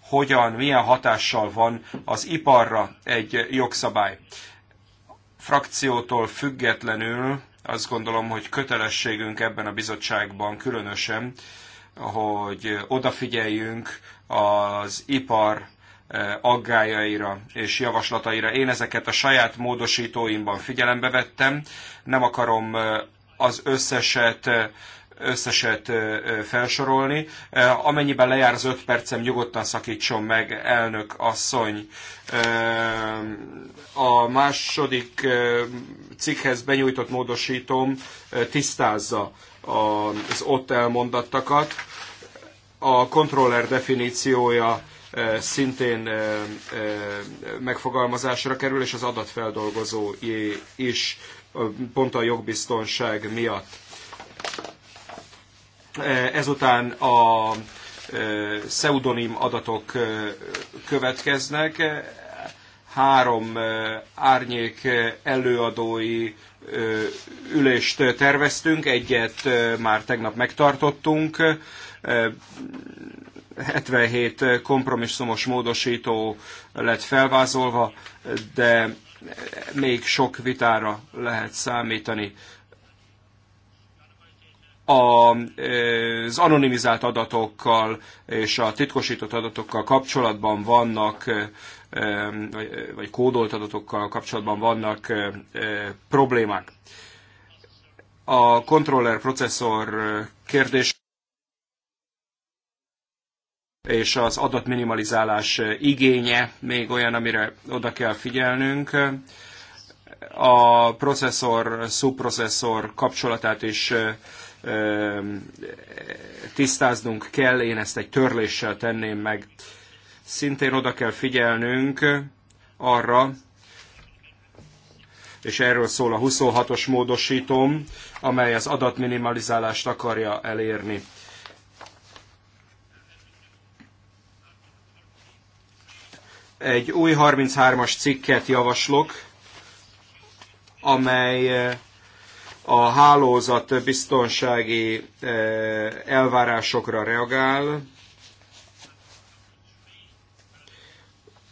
hogyan, milyen hatással van az iparra egy jogszabály. Frakciótól függetlenül azt gondolom, hogy kötelességünk ebben a bizottságban különösen hogy odafigyeljünk az ipar e, aggályaira és javaslataira. Én ezeket a saját módosítóimban figyelembe vettem. Nem akarom e, az összeset e, összeset felsorolni. Amennyiben lejár az öt percem, nyugodtan szakítson meg, elnök asszony. A második cikkhez benyújtott módosítom tisztázza az ott elmondattakat. A kontroller definíciója e, szintén e, e, megfogalmazásra kerül, és az adatfeldolgozó is pont a jogbiztonság miatt. Ezután a pseudonim adatok következnek három árnyék előadói ülést terveztünk, egyet már tegnap megtartottunk. 77 kompromisszumos módosító lett felvázolva, de még sok vitára lehet számítani. Az anonimizált adatokkal és a titkosított adatokkal kapcsolatban vannak vagy, vagy kódolt adatokkal kapcsolatban vannak problémák. A controller processzor kérdés és az adatminimalizálás igénye még olyan, amire oda kell figyelnünk. A processzor-szubprocesszor kapcsolatát is tisztáznunk kell, én ezt egy törléssel tenném meg szintén oda kell figyelnünk arra, és erről szól a 26-os módosítom, amely az adatminimalizálást akarja elérni. Egy új 33-as cikket javaslok, amely eh, a hálózat biztonsági eh, elvárásokra reagál,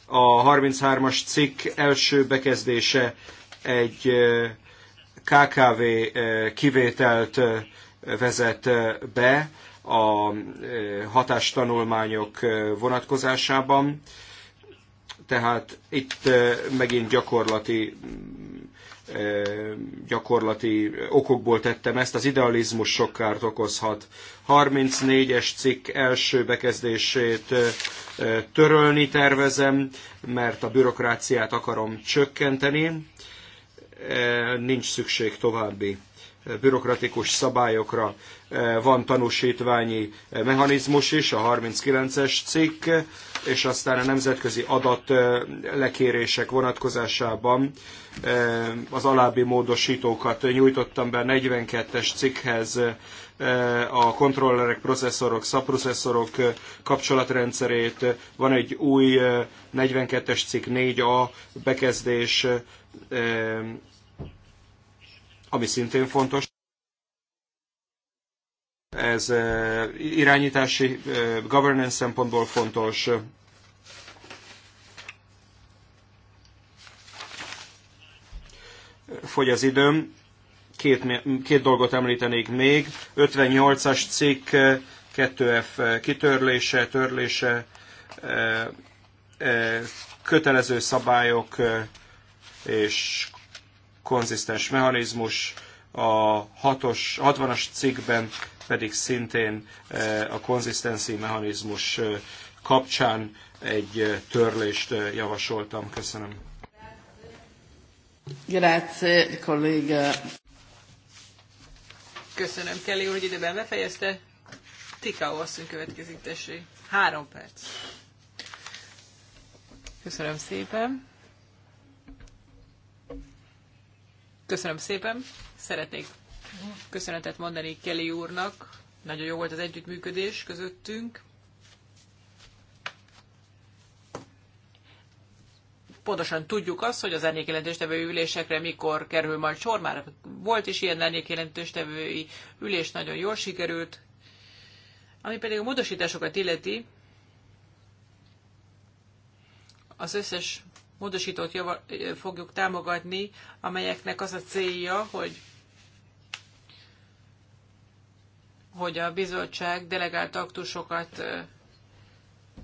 A 33-as cikk első bekezdése egy KKV kivételt vezet be a hatástanulmányok vonatkozásában. Tehát itt megint gyakorlati gyakorlati okokból tettem ezt, az idealizmus sok kárt okozhat. 34-es cikk első bekezdését törölni tervezem, mert a bürokráciát akarom csökkenteni. Nincs szükség további bürokratikus szabályokra. Eh, van tanúsítványi mechanizmus is, a 39-es cikk, és aztán a nemzetközi adat eh, lekérések vonatkozásában eh, az alábbi módosítókat nyújtottam be 42-es cikkhez a kontrollerek, processzorok, szapprocesszorok kapcsolatrendszerét. Van egy új 42-es cikk 4A bekezdés ami szintén fontos. Ez eh, irányítási eh, governance szempontból fontos. Fogy az időm. Két, két dolgot említenék még. 58-as cikk 2F eh, kitörlése, törlése, kötelező szabályok és konzisztens mechanizmus, a 60-as cikkben pedig szintén eh, a konzisztenci mechanizmus eh, kapcsán egy eh, törlést javasoltam. Köszönöm. Grazie, kolléga. Köszönöm, Kelly úr, hogy időben befejezte. Tikao asszony következik, tessék. Három perc. Köszönöm szépen. Köszönöm szépen. Szeretnék köszönetet mondani Kelly úrnak. Nagyon jó volt az együttműködés közöttünk. Pontosan tudjuk azt, hogy az árnyékjelentéstevő ülésekre mikor kerül majd sor. Már volt is ilyen árnyékjelentéstevői ülés, nagyon jól sikerült. Ami pedig a módosításokat illeti, az összes módosítót javaslatot fogjuk támogatni, amelyeknek az a célja, hogy hogy a bizottság delegált aktusokat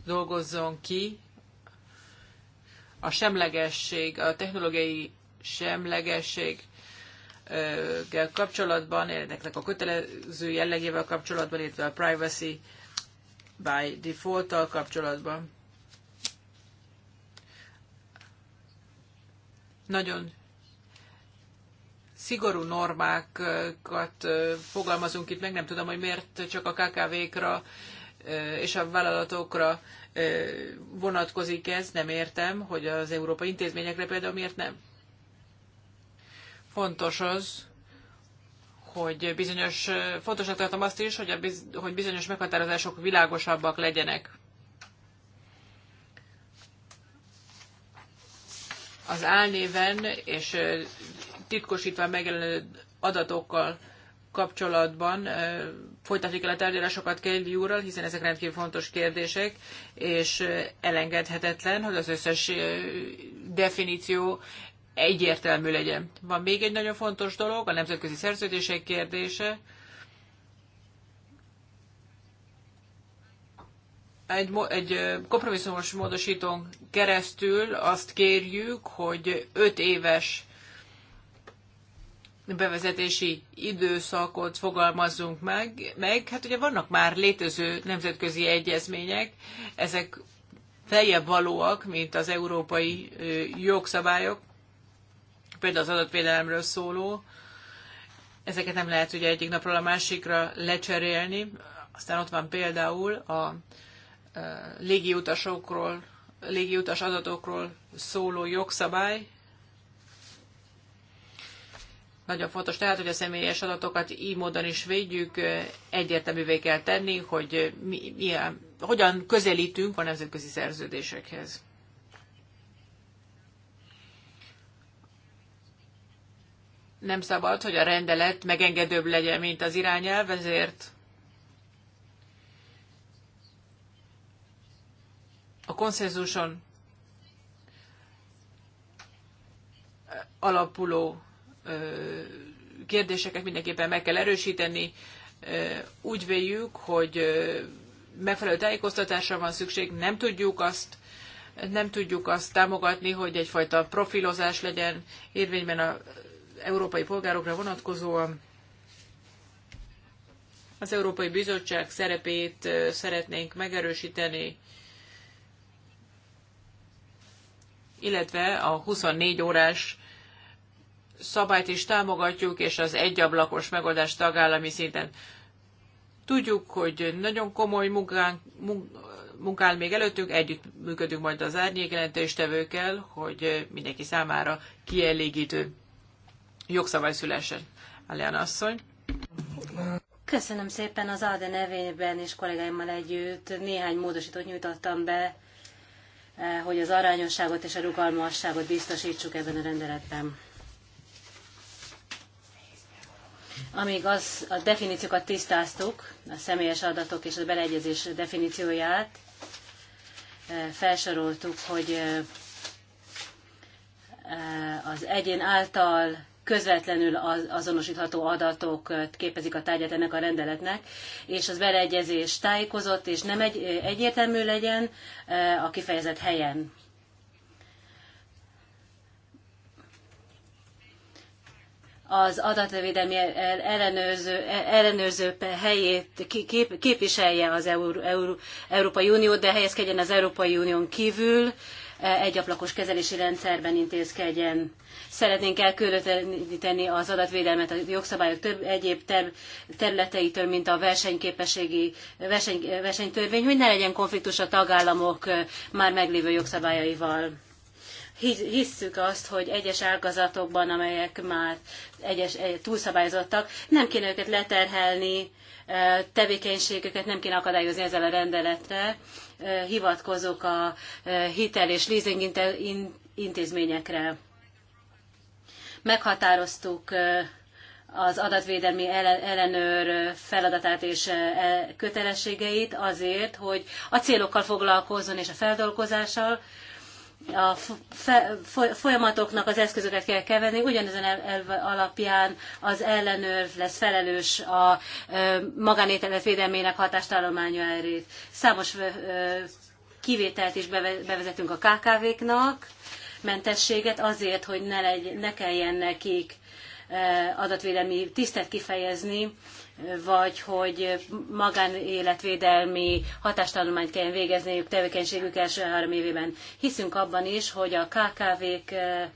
dolgozzon ki. A semlegesség, a technológiai semlegesség kapcsolatban, ennek a kötelező jellegével kapcsolatban, illetve a privacy by default-tal kapcsolatban. nagyon szigorú normákat fogalmazunk itt, meg nem tudom, hogy miért csak a KKV-kra és a vállalatokra vonatkozik ez, nem értem, hogy az európai intézményekre például miért nem. Fontos az, hogy bizonyos, fontosnak tartom azt is, hogy, a, hogy bizonyos meghatározások világosabbak legyenek. az álnéven és titkosítva megjelenő adatokkal kapcsolatban folytatni kell a tárgyalásokat Kelly úrral, hiszen ezek rendkívül fontos kérdések, és elengedhetetlen, hogy az összes definíció egyértelmű legyen. Van még egy nagyon fontos dolog, a nemzetközi szerződések kérdése. egy, egy kompromisszumos módosítón keresztül azt kérjük, hogy 5 éves bevezetési időszakot fogalmazzunk meg, meg. Hát ugye vannak már létező nemzetközi egyezmények, ezek feljebb valóak, mint az európai jogszabályok, például az adatvédelemről szóló. Ezeket nem lehet ugye egyik napról a másikra lecserélni. Aztán ott van például a Eh, légiutasokról, légiutas adatokról szóló jogszabály. Nagyon fontos tehát, hogy a személyes adatokat így módon is védjük, eh, egyértelművé kell tenni, hogy eh, mi, milyen, hogyan közelítünk a nemzetközi szerződésekhez. nem szabad, hogy a rendelet megengedőbb legyen, mint az irányelv, ezért a konszenzuson alapuló kérdéseket mindenképpen meg kell erősíteni. Úgy véljük, hogy megfelelő tájékoztatásra van szükség, nem tudjuk azt, nem tudjuk azt támogatni, hogy egyfajta profilozás legyen érvényben a európai polgárokra vonatkozóan. Az Európai Bizottság szerepét szeretnénk megerősíteni, illetve a 24 órás szabályt is támogatjuk, és az egyablakos megoldást tagállami szinten. Tudjuk, hogy nagyon komoly munkánk, munkál még előttünk, együtt működünk majd az árnyékjelentéstevőkkel, hogy mindenki számára kielégítő jogszabály szülesen. Alian asszony. Köszönöm szépen az ALDE nevében és kollégáimmal együtt. Néhány módosítót nyújtottam be Eh, hogy az arányosságot és a rugalmasságot biztosítsuk ebben a rendeletben. Amíg az, a definíciókat tisztáztuk, a személyes adatok és a beleegyezés definícióját, eh, felsoroltuk, hogy eh, az egyén által közvetlenül azonosítható adatok képezik a tárgyát ennek a rendeletnek, és az beleegyezés tájékozott és nem egy, egyértelmű legyen a kifejezett helyen. az adatvédelmi ellenőrző, e-, ellenőrző helyét kép, képviselje az Euró, Euró, Európai Unió, de helyezkedjen az Európai Unión kívül, egyablakos kezelési rendszerben intézkedjen. Szeretnénk elkülöníteni az adatvédelmet a jogszabályok több egyéb ter- területeitől, mint a versenyképességi verseny, versenytörvény, hogy ne legyen konfliktus a tagállamok már meglévő jogszabályaival hisszük azt, hogy egyes ágazatokban, amelyek már egyes, eh, túlszabályozottak, nem kéne őket leterhelni, tevékenységüket nem kéne akadályozni ezzel a rendelettel, hivatkozok a eh, hitel és leasing intézményekre. Meghatároztuk eh, az adatvédelmi ellenőr feladatát és eh, kötelességeit azért, hogy a célokkal foglalkozzon és a feldolgozással, a folyamatoknak az eszközöket kell keverni, ugyanezen elv alapján az ellenőr lesz felelős a magánételet védelmének hatástallománya erét. Számos kivételt is bevezetünk a KKV-knak, mentességet azért, hogy ne, legy, ne kelljen nekik adatvédelmi tisztet kifejezni, vagy hogy magánéletvédelmi hatástanulmányt kell végezniük tevékenységük első három évében. Hiszünk abban is, hogy a KKV-k, eh,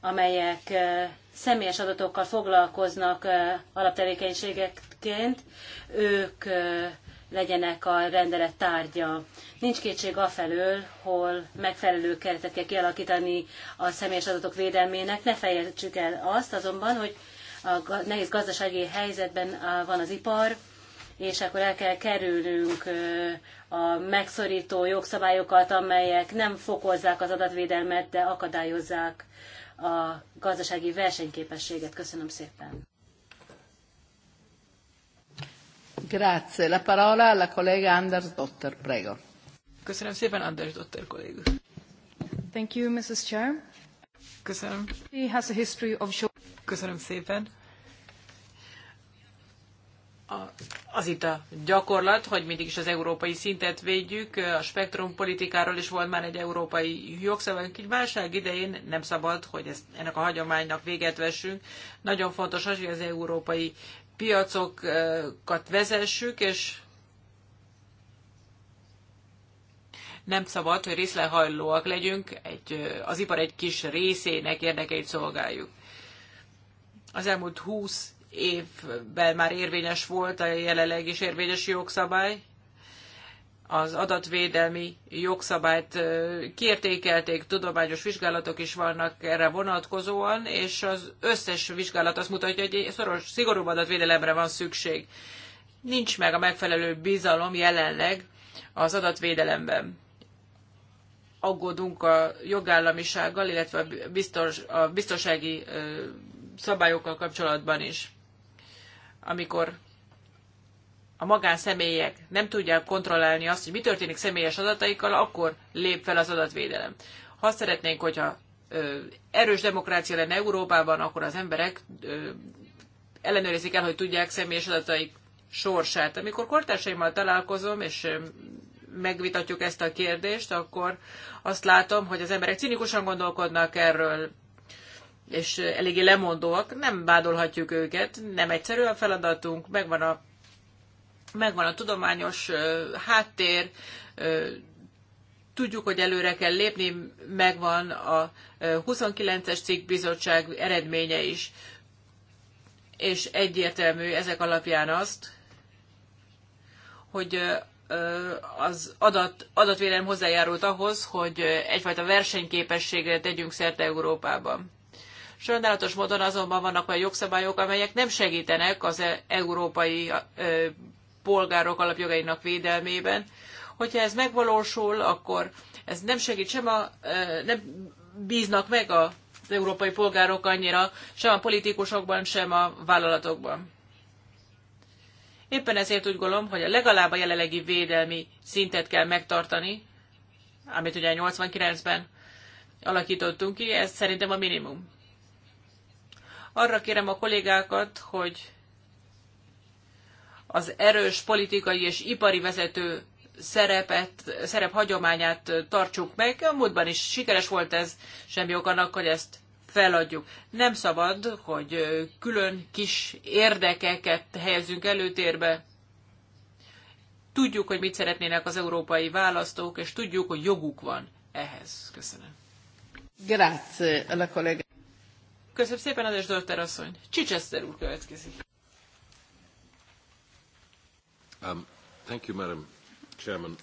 amelyek eh, személyes adatokkal foglalkoznak eh, alaptevékenységekként, ők legyenek a rendelet tárgya. Nincs kétség afelől, hol megfelelő keretet kell kialakítani a személyes adatok védelmének. Ne felejtsük el azt azonban, hogy a nehéz gazdasági helyzetben van az ipar, és akkor el kell kerülnünk a megszorító jogszabályokat, amelyek nem fokozzák az adatvédelmet, de akadályozzák a gazdasági versenyképességet. Köszönöm szépen. Grazie. La parola alla collega Anders Dotter, prego. Köszönöm szépen, Anders Dotter kolléga. Thank you, Mrs. Chair. Köszönöm. He has a history of Köszönöm szépen az itt a gyakorlat, hogy mindig is az európai szintet védjük, a spektrum politikáról is volt már egy európai jogszabály egy válság idején nem szabad, hogy ezt, ennek a hagyománynak véget vessünk. Nagyon fontos az, hogy az európai piacokat vezessük, és nem szabad, hogy részlehajlóak legyünk, egy, az ipar egy kis részének érdekeit szolgáljuk. Az elmúlt 20 évben már érvényes volt a jelenleg is érvényes jogszabály. Az adatvédelmi jogszabályt kiértékelték, tudományos vizsgálatok is vannak erre vonatkozóan, és az összes vizsgálat azt mutatja, hogy egy szoros, szigorúbb adatvédelemre van szükség. Nincs meg a megfelelő bizalom jelenleg az adatvédelemben aggódunk a jogállamisággal, illetve a, biztos, a biztonsági szabályokkal kapcsolatban is amikor a magánszemélyek nem tudják kontrollálni azt, hogy mi történik személyes adataikkal, akkor lép fel az adatvédelem. Ha azt szeretnénk, hogyha erős demokrácia lenne Európában, akkor az emberek ellenőrizik el, hogy tudják személyes adataik sorsát. Amikor kortársaimmal találkozom, és megvitatjuk ezt a kérdést, akkor azt látom, hogy az emberek cinikusan gondolkodnak erről, és eléggé lemondóak, nem bádolhatjuk őket, nem egyszerű a feladatunk, megvan a, megvan a tudományos háttér, tudjuk, hogy előre kell lépni, megvan a 29-es cikk bizottság eredménye is, és egyértelmű ezek alapján azt, hogy az adat, adatvédelem hozzájárult ahhoz, hogy egyfajta versenyképességre tegyünk szerte Európában. Sajnálatos módon azonban vannak olyan jogszabályok, amelyek nem segítenek az e- európai polgárok alapjogainak védelmében. Hogyha ez megvalósul, akkor ez nem segít sem a, nem bíznak meg az európai polgárok annyira, sem a politikusokban, sem a vállalatokban. Éppen ezért úgy gondolom, hogy legalább a jelenlegi védelmi szintet kell megtartani, amit ugye 89-ben alakítottunk ki, ez szerintem a minimum. Arra kérem a kollégákat, hogy az erős politikai és ipari vezető szerepet, szerep hagyományát tartsuk meg. A múltban is sikeres volt ez, semmi ok annak, hogy ezt feladjuk. Nem szabad, hogy külön kis érdekeket helyezünk előtérbe. Tudjuk, hogy mit szeretnének az európai választók, és tudjuk, hogy joguk van ehhez. Köszönöm. Grazie alla collega. Köszönöm szépen, Ades Dorter asszony. Csicseszter úr következik. Um, thank you, Madam Chairman.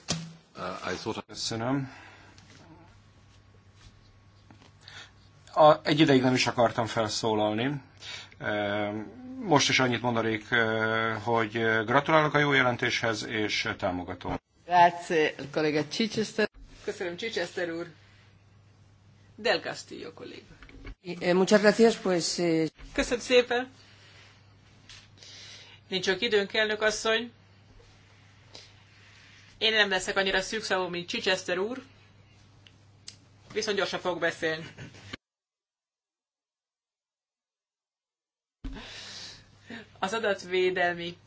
Uh, I thought I... Köszönöm. A, egy ideig nem is akartam felszólalni. Um, most is annyit mondanék, uh, hogy gratulálok a jó jelentéshez, és támogatom. Grazie, kollega Csicseszter. Köszönöm, Csicseszter úr. Del Castillo kolléga. Eh, muchas gracias, pues... Eh, Köszönöm szépen. Nincs csak időnk, elnök asszony. Én nem leszek annyira szűkszavú, mint Chichester úr, viszont gyorsan fogok beszélni. Az adatvédelmi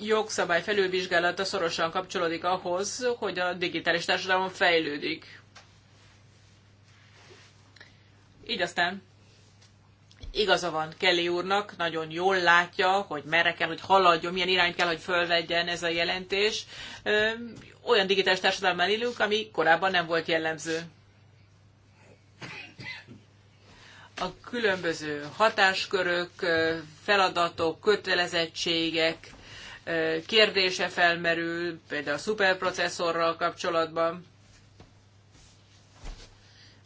jogszabály felülvizsgálata szorosan kapcsolódik ahhoz, hogy a digitális társadalom fejlődik. Így aztán igaza van Kelly úrnak, nagyon jól látja, hogy merre kell, hogy haladjon, milyen irányt kell, hogy fölvegyen ez a jelentés. Olyan digitális társadalomban élünk, ami korábban nem volt jellemző. A különböző hatáskörök, feladatok, kötelezettségek kérdése felmerül, például a szuperprocesszorral kapcsolatban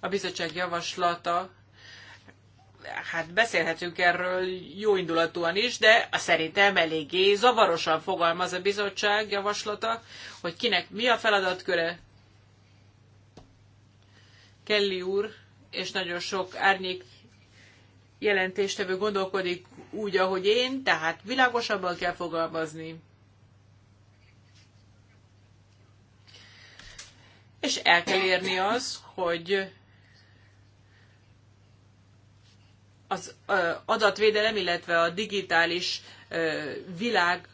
a bizottság javaslata, hát beszélhetünk erről jó indulatúan is, de a szerintem eléggé zavarosan fogalmaz a bizottság javaslata, hogy kinek mi a feladatköre. Kelly úr és nagyon sok árnyék jelentéstevő gondolkodik úgy, ahogy én, tehát világosabban kell fogalmazni. És el kell érni az, hogy az adatvédelem, illetve a digitális világ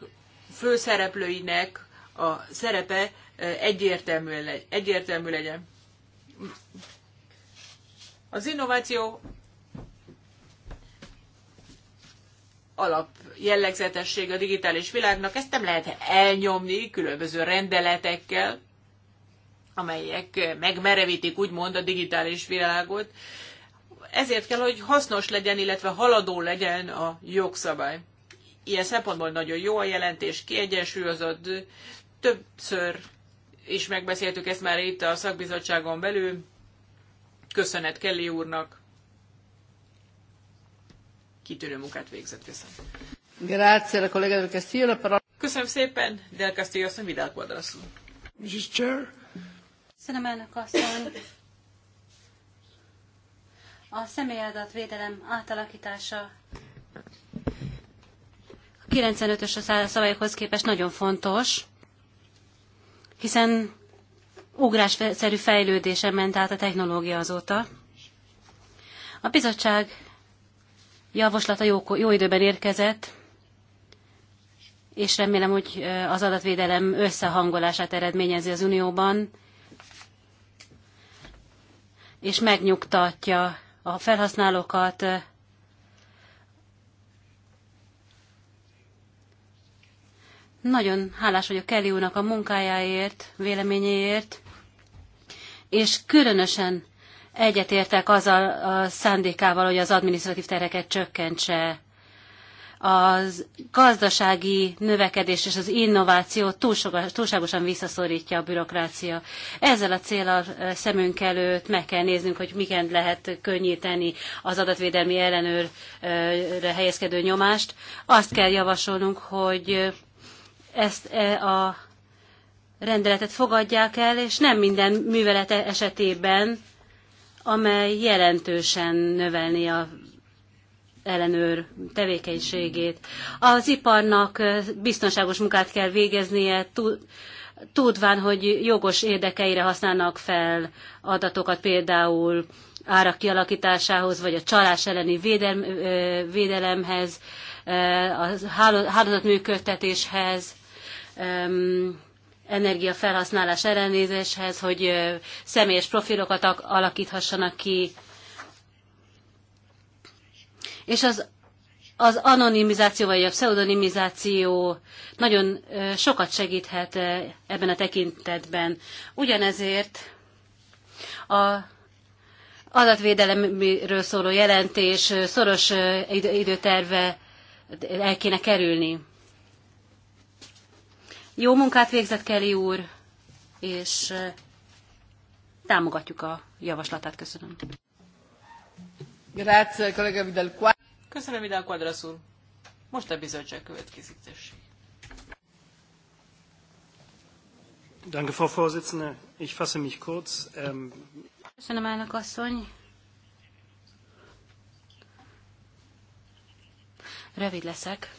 főszereplőinek a szerepe egyértelmű, egyértelmű legyen. Az innováció alap jellegzetesség a digitális világnak, ezt nem lehet elnyomni különböző rendeletekkel, amelyek megmerevítik úgymond a digitális világot ezért kell, hogy hasznos legyen, illetve haladó legyen a jogszabály. Ilyen szempontból nagyon jó a jelentés, kiegyensúlyozott, többször is megbeszéltük ezt már itt a szakbizottságon belül. Köszönet Kelly úrnak. Kitűnő munkát végzett, köszönöm. Grazie, la collega del Castillo, la parola. Köszönöm szépen, Del Castillo, asszony, Vidal Quadraszú. Mrs. Chair. Köszönöm, elnök asszony a személyadatvédelem átalakítása 95-ös szabályokhoz képest nagyon fontos, hiszen ugrásszerű fejlődésen ment át a technológia azóta. A bizottság javaslata jó, jó időben érkezett, és remélem, hogy az adatvédelem összehangolását eredményezi az Unióban, és megnyugtatja a felhasználókat Nagyon hálás vagyok Kelly úrnak a munkájáért, véleményéért, és különösen egyetértek azzal a szándékával, hogy az adminisztratív tereket csökkentse a gazdasági növekedés és az innováció túlságosan visszaszorítja a bürokrácia. Ezzel a célral szemünk előtt meg kell néznünk, hogy miken lehet könnyíteni az adatvédelmi ellenőrre helyezkedő nyomást. Azt kell javasolnunk, hogy ezt e, a rendeletet fogadják el, és nem minden művelet esetében, amely jelentősen növelni a ellenőr tevékenységét. Az iparnak biztonságos munkát kell végeznie, tudván, hogy jogos érdekeire használnak fel adatokat például árak kialakításához, vagy a csalás elleni védelem, védelemhez, a működtetéshez, energiafelhasználás ellenőrzéshez, hogy személyes profilokat alakíthassanak ki, és az, az anonimizáció vagy a pseudonimizáció nagyon sokat segíthet ebben a tekintetben. Ugyanezért a adatvédelemről szóló jelentés szoros időterve el kéne kerülni. Jó munkát végzett Kelly úr, és támogatjuk a javaslatát. Köszönöm. Grazie, kollega Vidal Köszönöm, Vidal Quadras úr. Most a bizottság következik, tessék. Danke, Frau Vorsitzende. Ich fasse mich kurz. Ähm... Köszönöm, elnök asszony. Rövid leszek.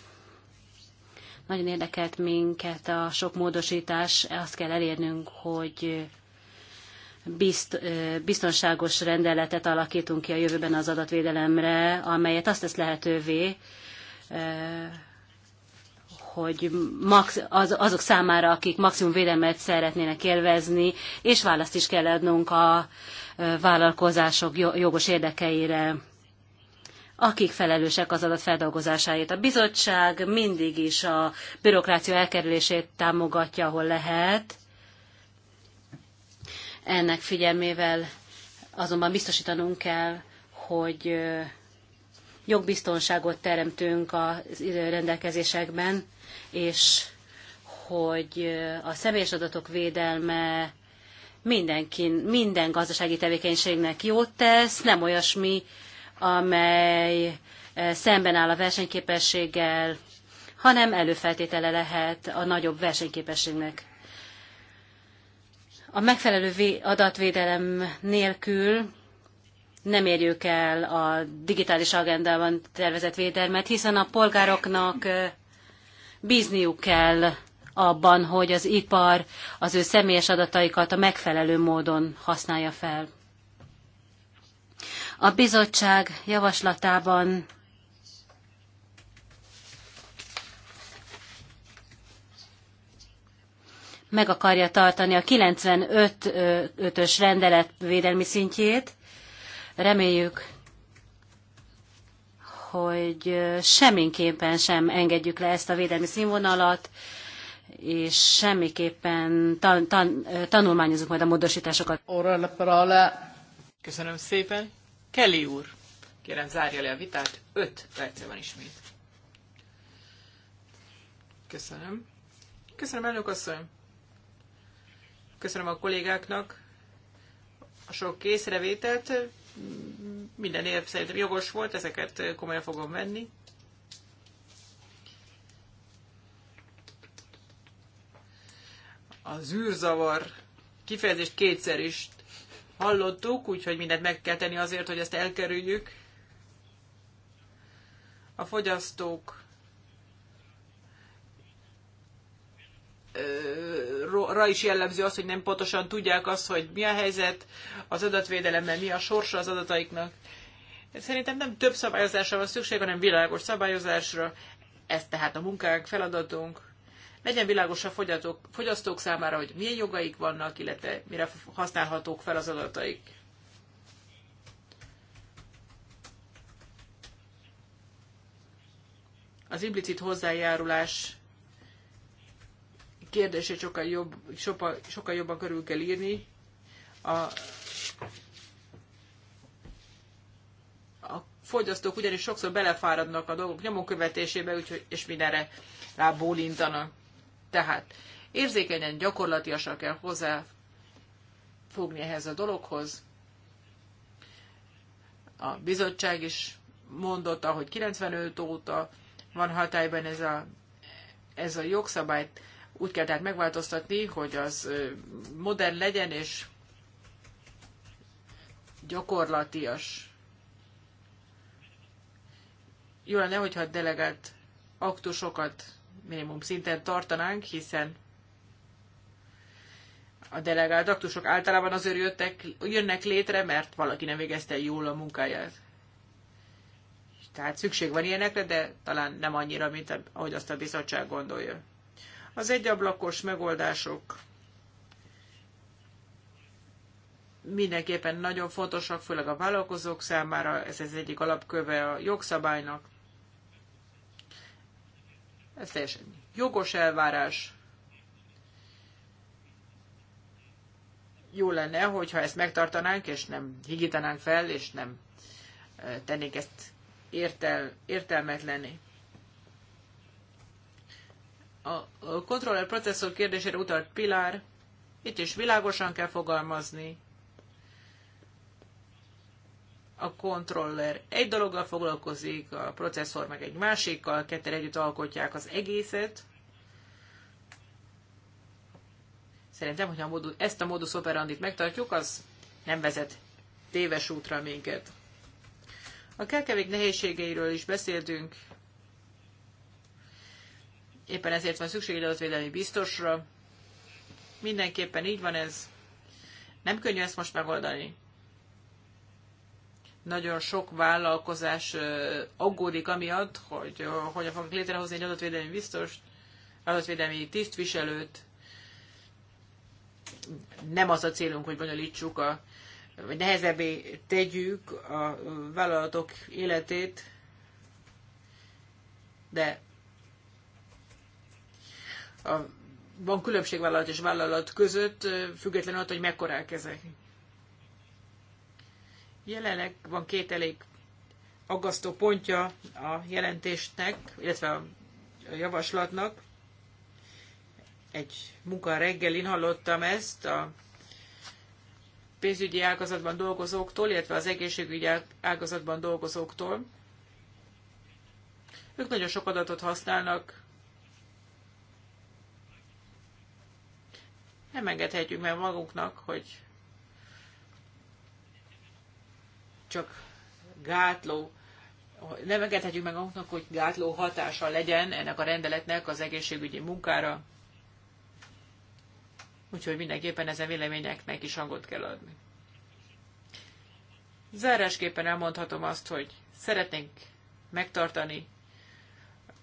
Nagyon érdekelt minket a sok módosítás. Azt kell elérnünk, hogy bizt, biztonságos rendeletet alakítunk ki a jövőben az adatvédelemre, amelyet azt tesz lehetővé, hogy max, az, azok számára, akik maximum védelmet szeretnének élvezni, és választ is kell adnunk a vállalkozások jogos érdekeire, akik felelősek az adat feldolgozásáért. A bizottság mindig is a bürokrácia elkerülését támogatja, ahol lehet, ennek figyelmével azonban biztosítanunk kell, hogy jogbiztonságot teremtünk a rendelkezésekben, és hogy a személyes adatok védelme mindenkin, minden gazdasági tevékenységnek jót tesz, nem olyasmi, amely szemben áll a versenyképességgel, hanem előfeltétele lehet a nagyobb versenyképességnek a megfelelő adatvédelem nélkül nem érjük el a digitális agendában tervezett védelmet, hiszen a polgároknak bízniuk kell abban, hogy az ipar az ő személyes adataikat a megfelelő módon használja fel. A bizottság javaslatában meg akarja tartani a 95-ös rendelet védelmi szintjét. Reméljük, hogy semminképpen sem engedjük le ezt a védelmi színvonalat, és semmiképpen tan, tan, tanulmányozunk majd a módosításokat. Köszönöm szépen. Kelly úr, kérem zárja le a vitát, 5 perce van ismét. Köszönöm. Köszönöm, elnök asszony. Köszönöm a kollégáknak a sok készrevételt. Minden év szerintem jogos volt, ezeket komolyan fogom venni. A zűrzavar kifejezést kétszer is hallottuk, úgyhogy mindent meg kell tenni azért, hogy ezt elkerüljük. A fogyasztók ra is jellemző az, hogy nem pontosan tudják azt, hogy mi a helyzet az adatvédelemmel, mi a sorsa az adataiknak. Szerintem nem több szabályozásra van szükség, hanem világos szabályozásra. Ez tehát a munkánk, feladatunk. Legyen világos a fogyatók, fogyasztók számára, hogy milyen jogaik vannak, illetve mire használhatók fel az adataik. Az implicit hozzájárulás kérdését sokkal, jobb, sokkal, sokkal jobban körül kell írni. A, a fogyasztók ugyanis sokszor belefáradnak a dolgok nyomókövetésébe, úgyhogy, és mindenre rábólintanak. Tehát érzékenyen, gyakorlatiasan kell hozzá fogni ehhez a dologhoz. A bizottság is mondotta, hogy 95 óta van hatályban ez a, ez a jogszabály. Úgy kell tehát megváltoztatni, hogy az modern legyen és gyakorlatias. Jó lenne, hogyha a delegált aktusokat minimum szinten tartanánk, hiszen a delegált aktusok általában azért jöttek, jönnek létre, mert valaki nem végezte jól a munkáját. Tehát szükség van ilyenekre, de talán nem annyira, mint ahogy azt a bizottság gondolja. Az egyablakos megoldások mindenképpen nagyon fontosak, főleg a vállalkozók számára, ez az egyik alapköve a jogszabálynak. Ez teljesen jogos elvárás. Jó lenne, hogyha ezt megtartanánk, és nem higítanánk fel, és nem eh, tennék ezt értel, értelmetlenné a kontroller processzor kérdésére utalt Pilár, itt is világosan kell fogalmazni. A kontroller egy dologgal foglalkozik, a processzor meg egy másikkal, ketten együtt alkotják az egészet. Szerintem, hogyha a modus, ezt a modus operandit megtartjuk, az nem vezet téves útra minket. A kelkevék nehézségeiről is beszéltünk, Éppen ezért van szükség ide az védelmi biztosra. Mindenképpen így van ez. Nem könnyű ezt most megoldani. Nagyon sok vállalkozás aggódik amiatt, hogy hogyan fognak létrehozni egy adatvédelmi biztost, adatvédelmi tisztviselőt. Nem az a célunk, hogy bonyolítsuk a vagy nehezebbé tegyük a vállalatok életét, de a, van különbség vállalat és vállalat között, függetlenül attól, hogy mekkora ezek. Jelenleg van két elég aggasztó pontja a jelentésnek, illetve a javaslatnak. Egy munka reggelin hallottam ezt a pénzügyi ágazatban dolgozóktól, illetve az egészségügyi ágazatban dolgozóktól. Ők nagyon sok adatot használnak Nem engedhetjük meg magunknak, hogy csak gátló, nem engedhetjük meg magunknak, hogy gátló hatása legyen ennek a rendeletnek az egészségügyi munkára. Úgyhogy mindenképpen ezen véleményeknek is hangot kell adni. Zárásképpen elmondhatom azt, hogy szeretnénk megtartani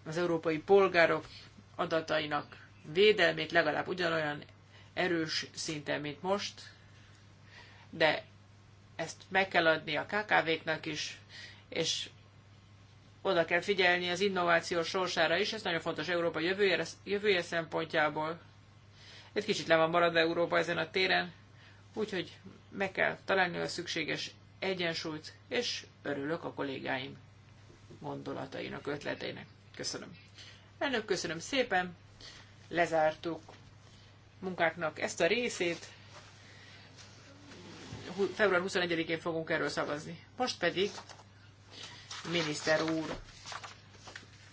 az európai polgárok adatainak védelmét legalább ugyanolyan erős szinten, mint most, de ezt meg kell adni a KKV-knak is, és oda kell figyelni az innováció sorsára is, ez nagyon fontos Európa jövője, jövője szempontjából. Egy kicsit le van maradva Európa ezen a téren, úgyhogy meg kell találni a szükséges egyensúlyt, és örülök a kollégáim gondolatainak, ötleteinek. Köszönöm. Elnök, köszönöm szépen. Lezártuk munkáknak ezt a részét. Február 21-én fogunk erről szavazni. Most pedig miniszter úr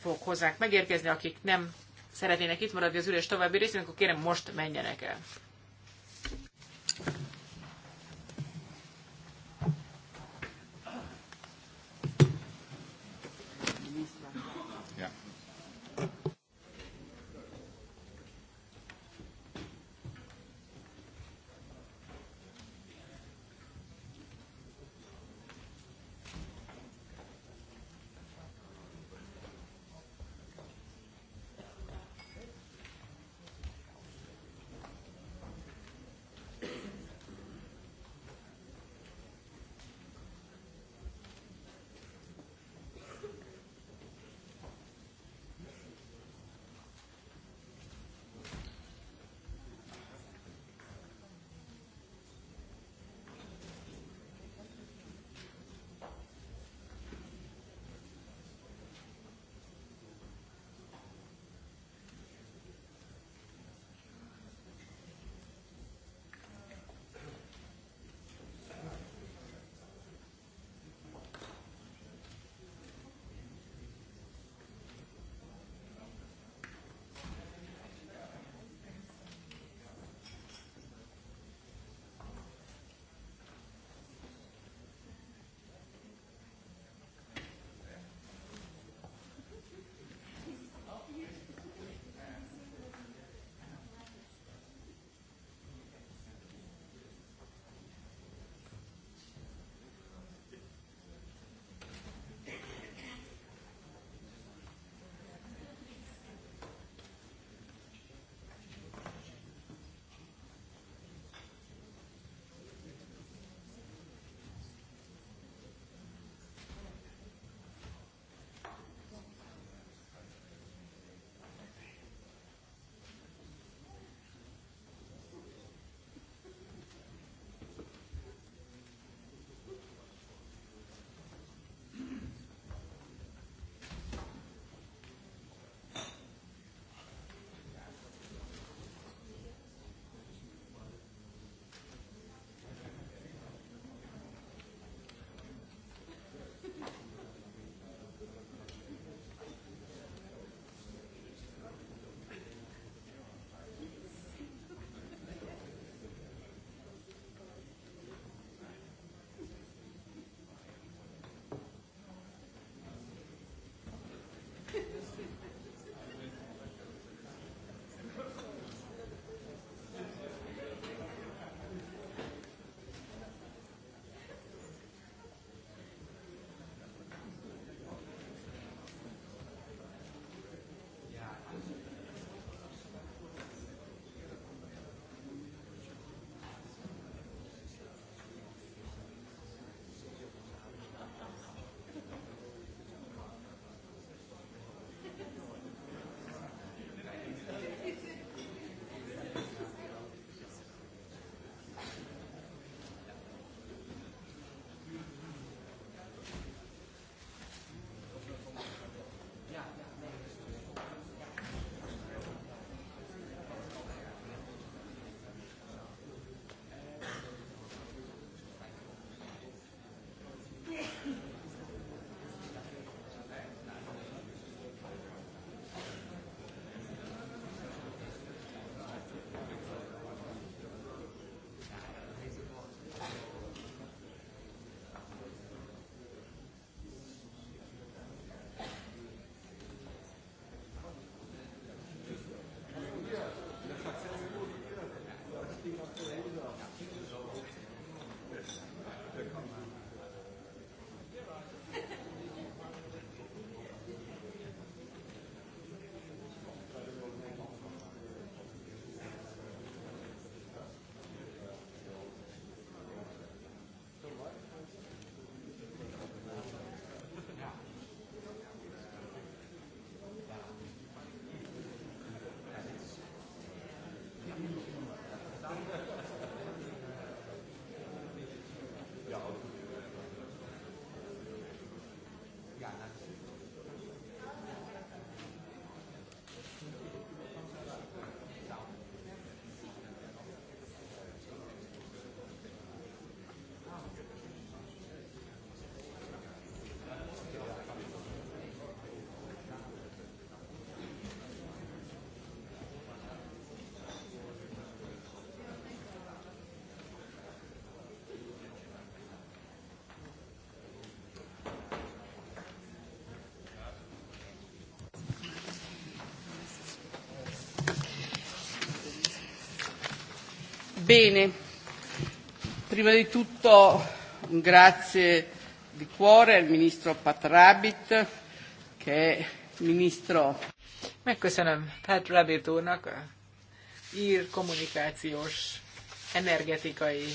fog hozzánk megérkezni, akik nem szeretnének itt maradni az ülés további részén, akkor kérem most menjenek el. Bene, prima di tutto un grazie di cuore al ministro Pat Rabbit, che è ministro. Megköszönöm Pat Rabbit úrnak, ír kommunikációs, energetikai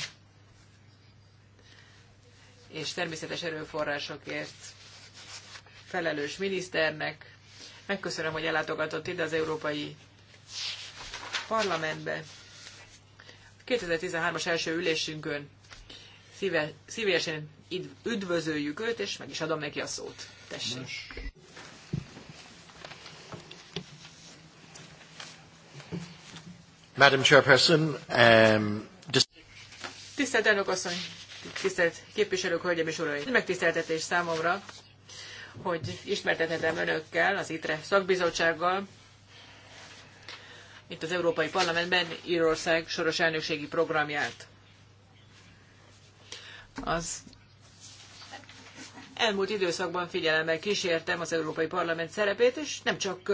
és természetes erőforrásokért felelős miniszternek. Megköszönöm, hogy ellátogatott ide az Európai Parlamentbe. 2013-as első ülésünkön szíve, szívesen üdvözöljük őt, és meg is adom neki a szót. Tessék. Madam Chairperson, um, Tisztelt elnök asszony, tisztelt képviselők, hölgyeim és uraim! Megtiszteltetés számomra, hogy ismertethetem önökkel, az ITRE szakbizottsággal itt az Európai Parlamentben Írország soros elnökségi programját. Az elmúlt időszakban figyelemmel kísértem az Európai Parlament szerepét, és nem csak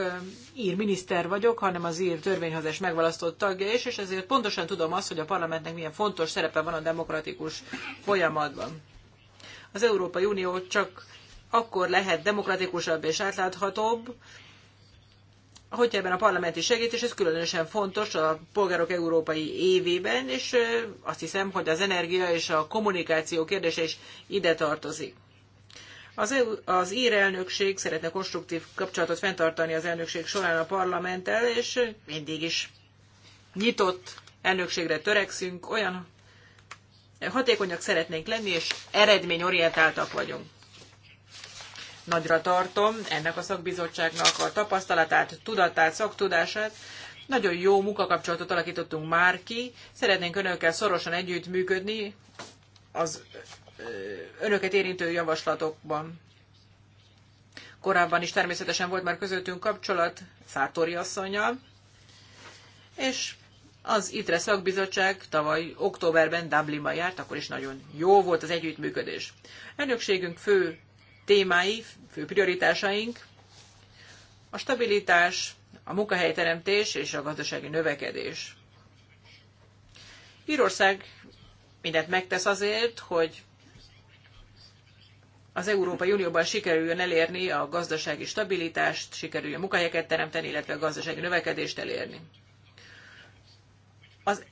ír miniszter vagyok, hanem az ír törvényhozás megválasztott tagja is, és ezért pontosan tudom azt, hogy a parlamentnek milyen fontos szerepe van a demokratikus folyamatban. Az Európai Unió csak akkor lehet demokratikusabb és átláthatóbb, hogyha ebben a parlamenti segítés, ez különösen fontos a polgárok európai évében, és azt hiszem, hogy az energia és a kommunikáció kérdése is ide tartozik. Az, EU, az ír elnökség szeretne konstruktív kapcsolatot fenntartani az elnökség során a parlamenttel, és mindig is nyitott elnökségre törekszünk, olyan hatékonyak szeretnénk lenni, és eredményorientáltak vagyunk. Nagyra tartom ennek a szakbizottságnak a tapasztalatát, tudatát, szaktudását. Nagyon jó munkakapcsolatot alakítottunk már ki. Szeretnénk önökkel szorosan együttműködni az önöket érintő javaslatokban. Korábban is természetesen volt már közöttünk kapcsolat Szátori asszonya, és az ITRE szakbizottság tavaly októberben Dublinban járt, akkor is nagyon jó volt az együttműködés. Elnökségünk fő témái, fő prioritásaink a stabilitás, a munkahelyteremtés és a gazdasági növekedés. Írország mindent megtesz azért, hogy az Európai Unióban sikerüljön elérni a gazdasági stabilitást, sikerüljön munkahelyeket teremteni, illetve a gazdasági növekedést elérni. Az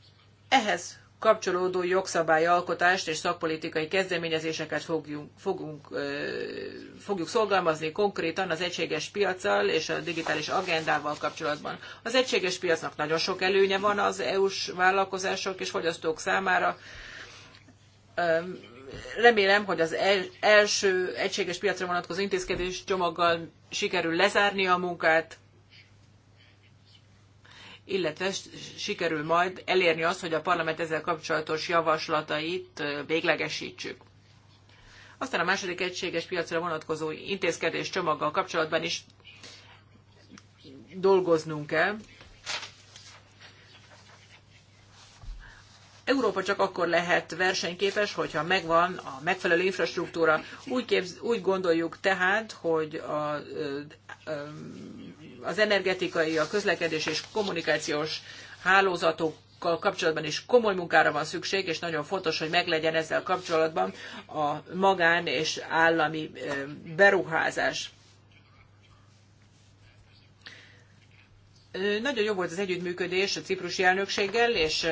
ehhez kapcsolódó jogszabályalkotást és szakpolitikai kezdeményezéseket fogjunk, fogunk, fogjuk szolgálmazni konkrétan az egységes piacsal és a digitális agendával kapcsolatban. Az egységes piacnak nagyon sok előnye van az EU-s vállalkozások és fogyasztók számára. Remélem, hogy az első egységes piacra vonatkozó intézkedés csomaggal sikerül lezárni a munkát, illetve sikerül majd elérni azt, hogy a parlament ezzel kapcsolatos javaslatait véglegesítsük. Aztán a második egységes piacra vonatkozó intézkedés csomaggal kapcsolatban is dolgoznunk kell. Európa csak akkor lehet versenyképes, hogyha megvan a megfelelő infrastruktúra. Úgy, képz, úgy gondoljuk tehát, hogy a, az energetikai, a közlekedés és kommunikációs hálózatok kapcsolatban is komoly munkára van szükség, és nagyon fontos, hogy meglegyen ezzel kapcsolatban a magán és állami beruházás. Nagyon jó volt az együttműködés a ciprusi elnökséggel, és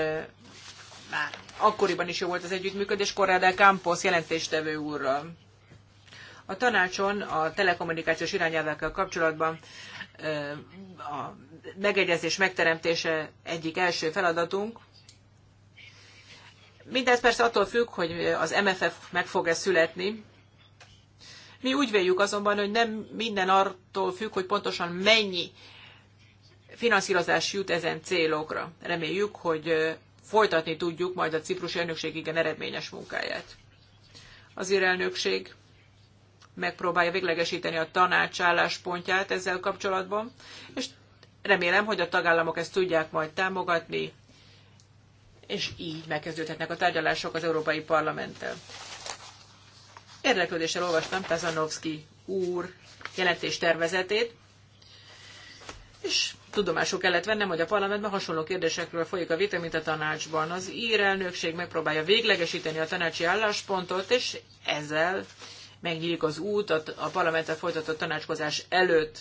már akkoriban is jó volt az együttműködés Corrada Campos jelentéstevő úrral. A tanácson a telekommunikációs irányelvekkel kapcsolatban a megegyezés megteremtése egyik első feladatunk. Mindez persze attól függ, hogy az MFF meg fog-e születni. Mi úgy véljük azonban, hogy nem minden attól függ, hogy pontosan mennyi finanszírozás jut ezen célokra. Reméljük, hogy folytatni tudjuk majd a ciprusi elnökség igen eredményes munkáját. Az elnökség megpróbálja véglegesíteni a tanács álláspontját ezzel kapcsolatban, és remélem, hogy a tagállamok ezt tudják majd támogatni, és így megkezdődhetnek a tárgyalások az Európai Parlamenttel. Érdeklődéssel olvastam Pezanovski úr jelentés tervezetét, és tudomásul kellett vennem, hogy a parlamentben hasonló kérdésekről folyik a vita, mint a tanácsban. Az ír elnökség megpróbálja véglegesíteni a tanácsi álláspontot, és ezzel megnyílik az út a, a parlamenttel folytatott tanácskozás előtt.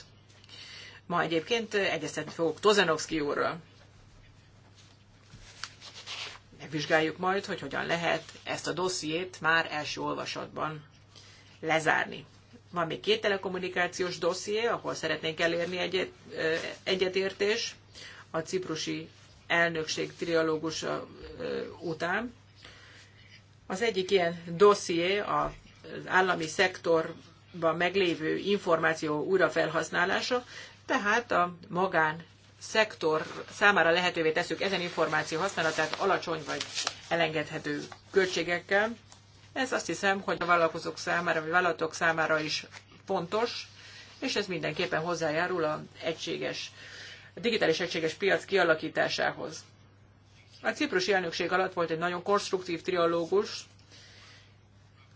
Ma egyébként egyeztetni fogok Tozanovszki úrral. Megvizsgáljuk majd, hogy hogyan lehet ezt a dossziét már első olvasatban lezárni. Van még két telekommunikációs dosszié, ahol szeretnénk elérni egyet, egyetértés a ciprusi elnökség trialógusa után. Az egyik ilyen dosszié az állami szektorban meglévő információ újrafelhasználása, tehát a magán szektor számára lehetővé tesszük ezen információ használatát alacsony vagy elengedhető költségekkel. Ez azt hiszem, hogy a vállalkozók számára, vagy vállalatok számára is fontos, és ez mindenképpen hozzájárul a egységes, a digitális egységes piac kialakításához. A ciprusi elnökség alatt volt egy nagyon konstruktív trialógus,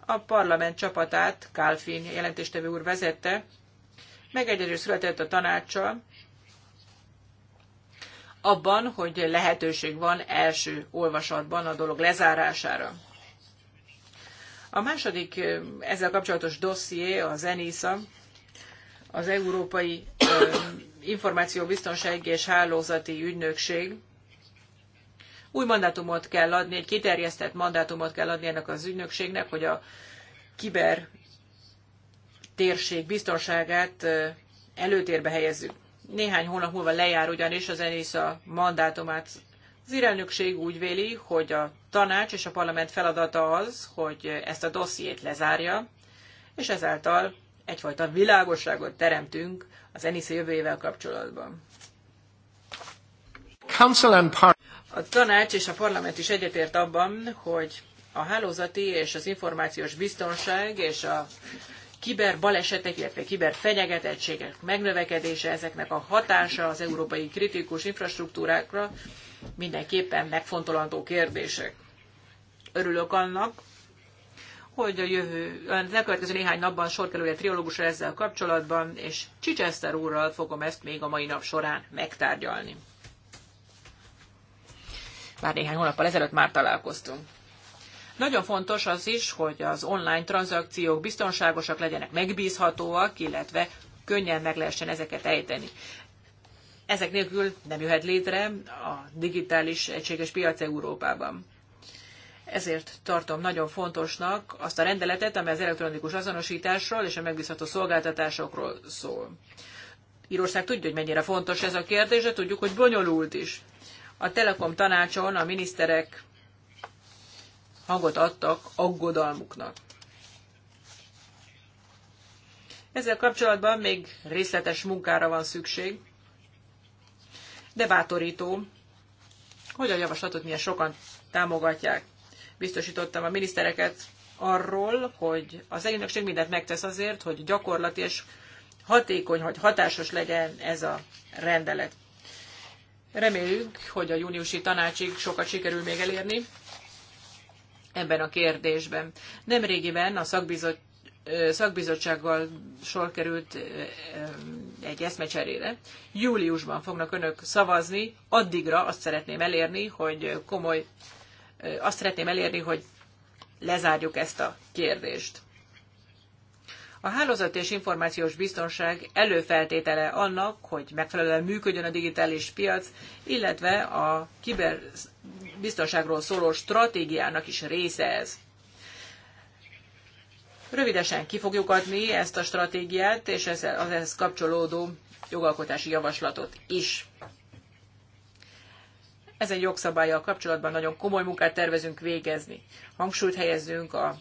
a parlament csapatát Kálfin jelentéstevő úr vezette, megegyező született a tanácssal, abban, hogy lehetőség van első olvasatban a dolog lezárására. A második ezzel kapcsolatos dosszié az ENISA, az Európai Információbiztonsági és Hálózati Ügynökség. Új mandátumot kell adni, egy kiterjesztett mandátumot kell adni ennek az ügynökségnek, hogy a kiber térség biztonságát előtérbe helyezzük. Néhány hónap múlva lejár ugyanis az ENISA mandátumát. Az irányokség úgy véli, hogy a tanács és a parlament feladata az, hogy ezt a dossziét lezárja, és ezáltal egyfajta világosságot teremtünk az ENISZ jövőjével kapcsolatban. A tanács és a parlament is egyetért abban, hogy a hálózati és az információs biztonság és a kiberbalesetek, illetve fenyegetettségek megnövekedése, ezeknek a hatása az európai kritikus infrastruktúrákra mindenképpen megfontolandó kérdések örülök annak, hogy a jövő, a következő néhány napban sor kerül egy triológusra ezzel kapcsolatban, és Chichester úrral fogom ezt még a mai nap során megtárgyalni. Bár néhány hónappal ezelőtt már találkoztunk. Nagyon fontos az is, hogy az online tranzakciók biztonságosak legyenek, megbízhatóak, illetve könnyen meg lehessen ezeket ejteni. Ezek nélkül nem jöhet létre a digitális egységes piac Európában ezért tartom nagyon fontosnak azt a rendeletet, amely az elektronikus azonosításról és a megbízható szolgáltatásokról szól. Írország tudja, hogy mennyire fontos ez a kérdés, de tudjuk, hogy bonyolult is. A Telekom tanácson a miniszterek hangot adtak aggodalmuknak. Ezzel kapcsolatban még részletes munkára van szükség, de bátorító, hogy a javaslatot milyen sokan támogatják biztosítottam a minisztereket arról, hogy az elnökség mindent megtesz azért, hogy gyakorlati és hatékony, hogy hatásos legyen ez a rendelet. Reméljük, hogy a júniusi tanácsig sokat sikerül még elérni ebben a kérdésben. Nemrégiben a szakbizot, szakbizottsággal sor került egy eszmecserére. Júliusban fognak önök szavazni, addigra azt szeretném elérni, hogy komoly azt szeretném elérni, hogy lezárjuk ezt a kérdést. A hálózat és információs biztonság előfeltétele annak, hogy megfelelően működjön a digitális piac, illetve a kiberbiztonságról szóló stratégiának is része ez. Rövidesen ki fogjuk adni ezt a stratégiát, és az ehhez kapcsolódó jogalkotási javaslatot is. Ezen jogszabályjal kapcsolatban nagyon komoly munkát tervezünk végezni. Hangsúlyt helyezzünk a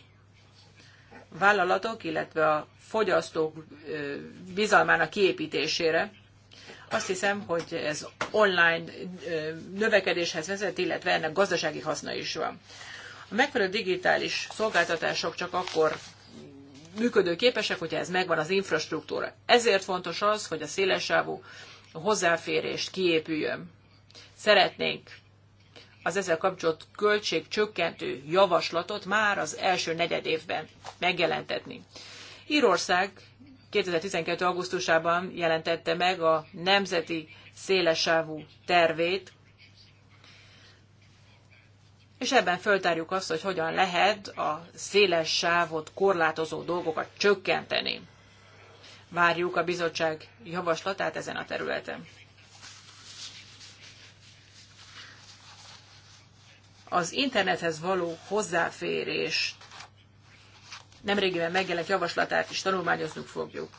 vállalatok, illetve a fogyasztók bizalmának kiépítésére. Azt hiszem, hogy ez online növekedéshez vezet, illetve ennek gazdasági haszna is van. A megfelelő digitális szolgáltatások csak akkor működőképesek, hogyha ez megvan az infrastruktúra. Ezért fontos az, hogy a szélesávú hozzáférést kiépüljön. Szeretnénk az ezzel kapcsolat költségcsökkentő javaslatot már az első negyed évben megjelentetni. Írország 2012. augusztusában jelentette meg a nemzeti szélesávú tervét, és ebben föltárjuk azt, hogy hogyan lehet a széles sávot korlátozó dolgokat csökkenteni. Várjuk a bizottság javaslatát ezen a területen. az internethez való hozzáférés nemrégiben megjelent javaslatát is tanulmányoznunk fogjuk.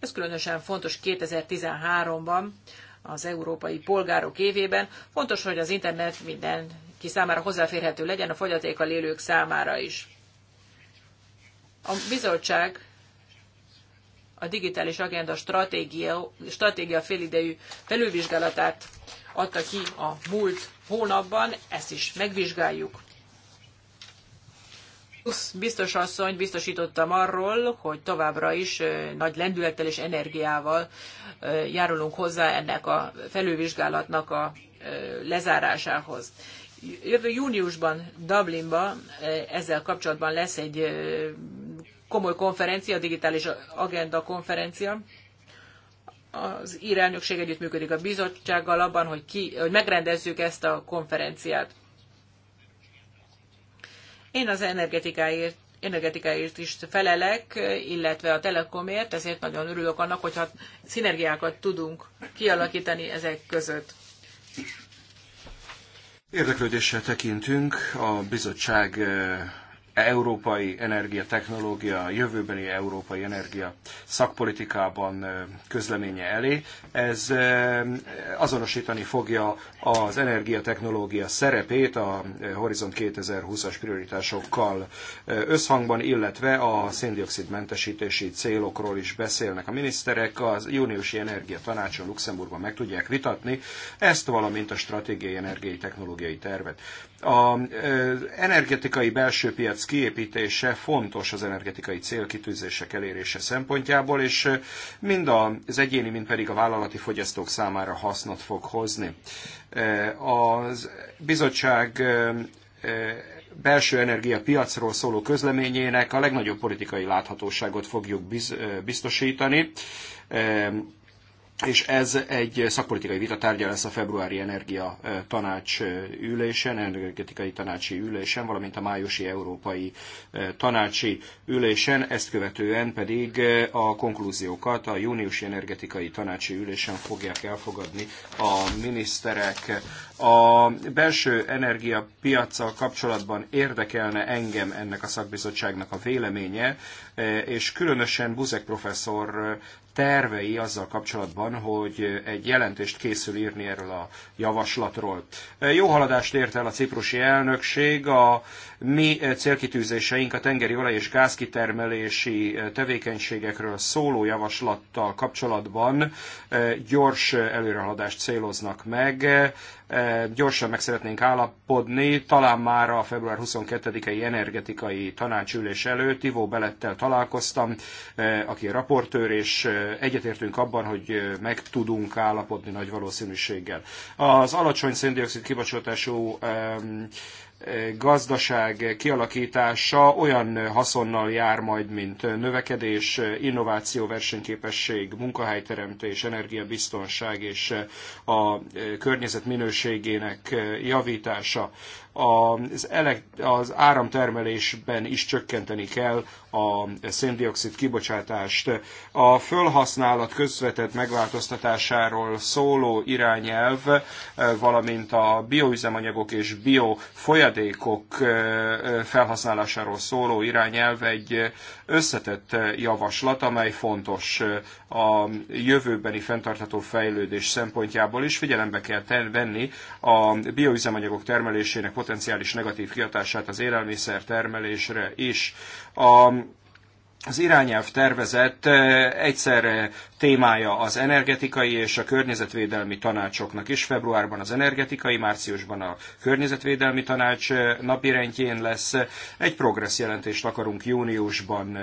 Ez különösen fontos 2013-ban, az európai polgárok évében. Fontos, hogy az internet mindenki számára hozzáférhető legyen, a fogyatékkal élők számára is. A bizottság a digitális agenda stratégia, stratégia félidejű felülvizsgálatát adta ki a múlt hónapban ezt is megvizsgáljuk. Biztos asszony biztosítottam arról, hogy továbbra is nagy lendülettel és energiával járulunk hozzá ennek a felülvizsgálatnak a lezárásához. Jövő júniusban Dublinba ezzel kapcsolatban lesz egy komoly konferencia, a digitális agenda konferencia, az elnökség együttműködik a bizottsággal abban, hogy, ki, hogy megrendezzük ezt a konferenciát. Én az energetikáért energetikáért is felelek, illetve a telekomért, ezért nagyon örülök annak, hogyha szinergiákat tudunk kialakítani ezek között. Érdeklődéssel tekintünk a bizottság eh, európai energiatechnológia, jövőbeni európai energia szakpolitikában közleménye elé. Ez azonosítani fogja az energiatechnológia szerepét a Horizont 2020-as prioritásokkal összhangban, illetve a széndiokszidmentesítési célokról is beszélnek a miniszterek. Az júniusi energiatanácson Luxemburgban meg tudják vitatni ezt, valamint a stratégiai energiai technológiai tervet. Az energetikai belső piac kiépítése fontos az energetikai célkitűzések elérése szempontjából, és mind az egyéni, mind pedig a vállalati fogyasztók számára hasznot fog hozni. Az bizottság belső energiapiacról szóló közleményének a legnagyobb politikai láthatóságot fogjuk biztosítani és ez egy szakpolitikai vita lesz a februári energia tanács ülésen, energetikai tanácsi ülésen, valamint a májusi európai tanácsi ülésen, ezt követően pedig a konklúziókat a júniusi energetikai tanácsi ülésen fogják elfogadni a miniszterek. A belső energiapiacsal kapcsolatban érdekelne engem ennek a szakbizottságnak a véleménye, és különösen Buzek professzor tervei azzal kapcsolatban, hogy egy jelentést készül írni erről a javaslatról. Jó haladást ért el a ciprusi elnökség, a mi célkitűzéseink a tengeri olaj- és gázkitermelési tevékenységekről szóló javaslattal kapcsolatban eh, gyors előrehaladást céloznak meg gyorsan meg szeretnénk állapodni, talán már a február 22-i energetikai tanácsülés előtt Ivó Belettel találkoztam, aki a raportőr, és egyetértünk abban, hogy meg tudunk állapodni nagy valószínűséggel. Az alacsony széndiokszid kibocsátású gazdaság kialakítása olyan haszonnal jár majd, mint növekedés, innováció, versenyképesség, munkahelyteremtés, energiabiztonság és a környezet minőségének javítása az, elekt, az áramtermelésben is csökkenteni kell a széndiokszid kibocsátást. A fölhasználat közvetett megváltoztatásáról szóló irányelv, valamint a bioüzemanyagok és biofolyadékok felhasználásáról szóló irányelv egy összetett javaslat, amely fontos a jövőbeni fenntartható fejlődés szempontjából is. Figyelembe kell venni a bioüzemanyagok termelésének potenciális negatív kihatását az élelmiszer termelésre is. A, az irányelv tervezett egyszerre témája az energetikai és a környezetvédelmi tanácsoknak is. Februárban az energetikai, márciusban a környezetvédelmi tanács napirendjén lesz. Egy progressz jelentést akarunk júniusban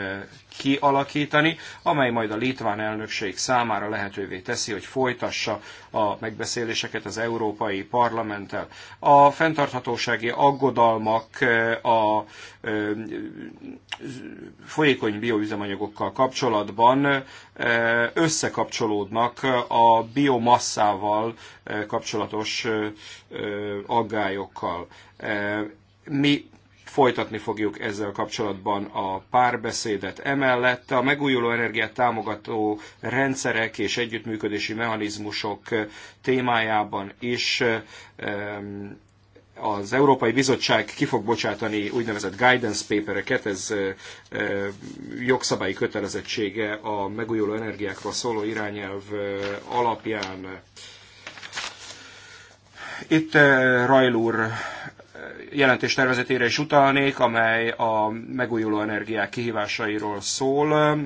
kialakítani, amely majd a litván elnökség számára lehetővé teszi, hogy folytassa a megbeszéléseket az Európai Parlamenttel. A fenntarthatósági aggodalmak a folyékony bioüzemanyagokkal kapcsolatban összekapcsolódnak a biomasszával kapcsolatos aggályokkal. Mi folytatni fogjuk ezzel kapcsolatban a párbeszédet. Emellett a megújuló energiát támogató rendszerek és együttműködési mechanizmusok témájában is az Európai Bizottság ki fog bocsátani úgynevezett guidance papereket, ez eh, eh, jogszabályi kötelezettsége a megújuló energiákról szóló irányelv eh, alapján. Itt Rajl úr jelentés tervezetére is utalnék, amely a megújuló energiák kihívásairól szól.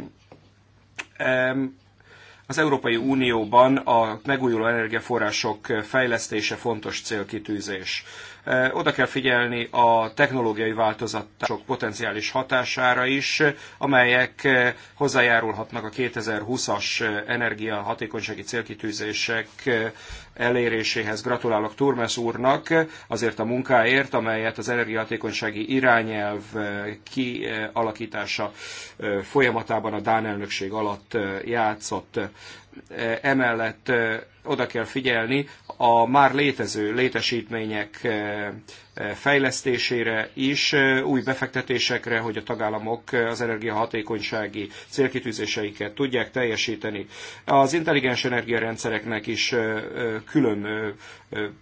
Az Európai Unióban a megújuló energiaforrások fejlesztése fontos célkitűzés. Eh, oda kell figyelni a technológiai változások potenciális hatására is, amelyek eh, hozzájárulhatnak a 2020-as eh, energiahatékonysági célkitűzések eléréséhez. Gratulálok Turmes úrnak azért a munkáért, amelyet az energiahatékonysági irányelv kialakítása folyamatában a Dán elnökség alatt játszott. Emellett oda kell figyelni a már létező létesítmények eh, eh, fejlesztésére is, eh, új befektetésekre, hogy a tagállamok az energiahatékonysági célkitűzéseiket tudják teljesíteni. Az intelligens energiarendszereknek is külön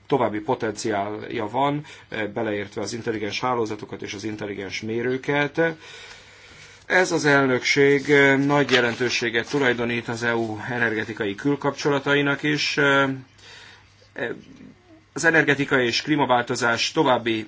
további potenciálja van, beleértve az intelligens hálózatokat és az intelligens mérőket. Ez az elnökség nagy jelentőséget tulajdonít az EU energetikai külkapcsolatainak is. Az energetika és klímaváltozás további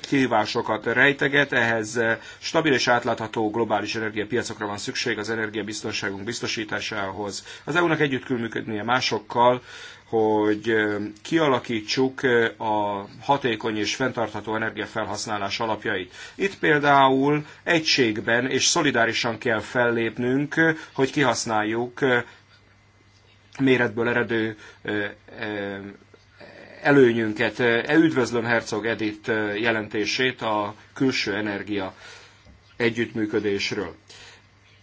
kihívásokat rejteget, ehhez stabil és átlátható globális energiapiacokra van szükség az energiabiztonságunk biztosításához. Az EU-nak együtt kell működnie másokkal, hogy kialakítsuk a hatékony és fenntartható energiafelhasználás alapjait. Itt például egységben és szolidárisan kell fellépnünk, hogy kihasználjuk méretből eredő előnyünket. E, üdvözlöm Herzog Edith jelentését a külső energia együttműködésről.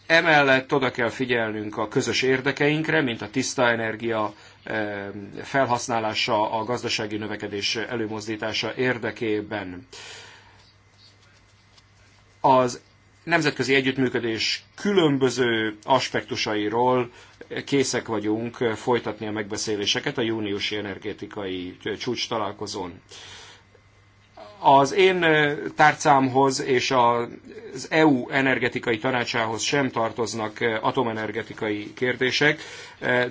Emellett oda kell figyelnünk a közös érdekeinkre, mint a tiszta energia, Eh, felhasználása a gazdasági növekedés előmozdítása érdekében. Az nemzetközi együttműködés különböző aspektusairól készek vagyunk folytatni a megbeszéléseket a júniusi energetikai csúcs találkozón. Az én tárcámhoz és az EU energetikai tanácsához sem tartoznak atomenergetikai kérdések,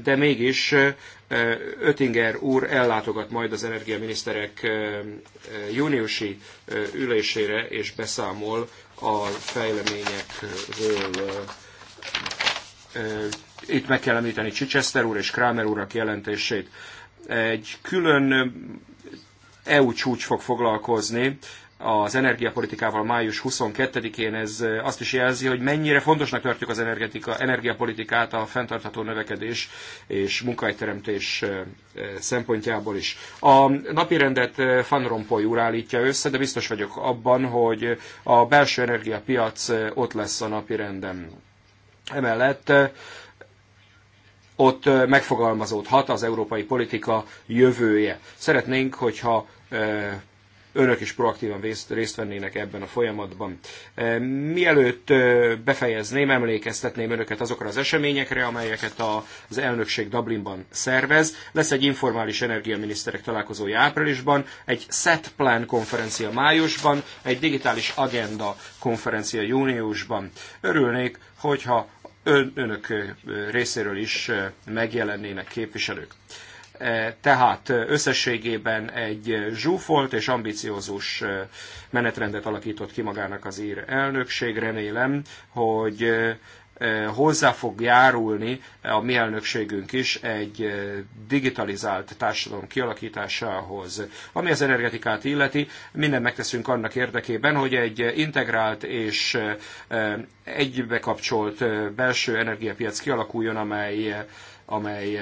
de mégis Ötinger úr ellátogat majd az energiaminiszterek júniusi ülésére, és beszámol a fejleményekről. Itt meg kell említeni Chichester úr és Krámer úrak jelentését. Egy külön EU csúcs fog foglalkozni az energiapolitikával május 22-én, ez azt is jelzi, hogy mennyire fontosnak tartjuk az energiapolitikát a fenntartható növekedés és munkahelyteremtés szempontjából is. A napirendet Van Rompuy úr állítja össze, de biztos vagyok abban, hogy a belső energiapiac ott lesz a napirenden. Emellett ott megfogalmazódhat az európai politika jövője. Szeretnénk, hogyha önök is proaktívan részt, részt vennének ebben a folyamatban. E, mielőtt e, befejezném, emlékeztetném önöket azokra az eseményekre, amelyeket a, az elnökség Dublinban szervez. Lesz egy informális energiaminiszterek találkozója áprilisban, egy set plan konferencia májusban, egy digitális agenda konferencia júniusban. Örülnék, hogyha ön, önök részéről is e, megjelennének képviselők. Eh, tehát eh, összességében egy eh, zsúfolt és ambiciózus menetrendet alakított ki magának az ír elnökség. Remélem, hogy hozzá fog járulni a mi elnökségünk is egy digitalizált társadalom kialakításához. Ami az energetikát illeti, mindent megteszünk annak érdekében, hogy egy integrált és egybekapcsolt belső energiapiac kialakuljon, amely amely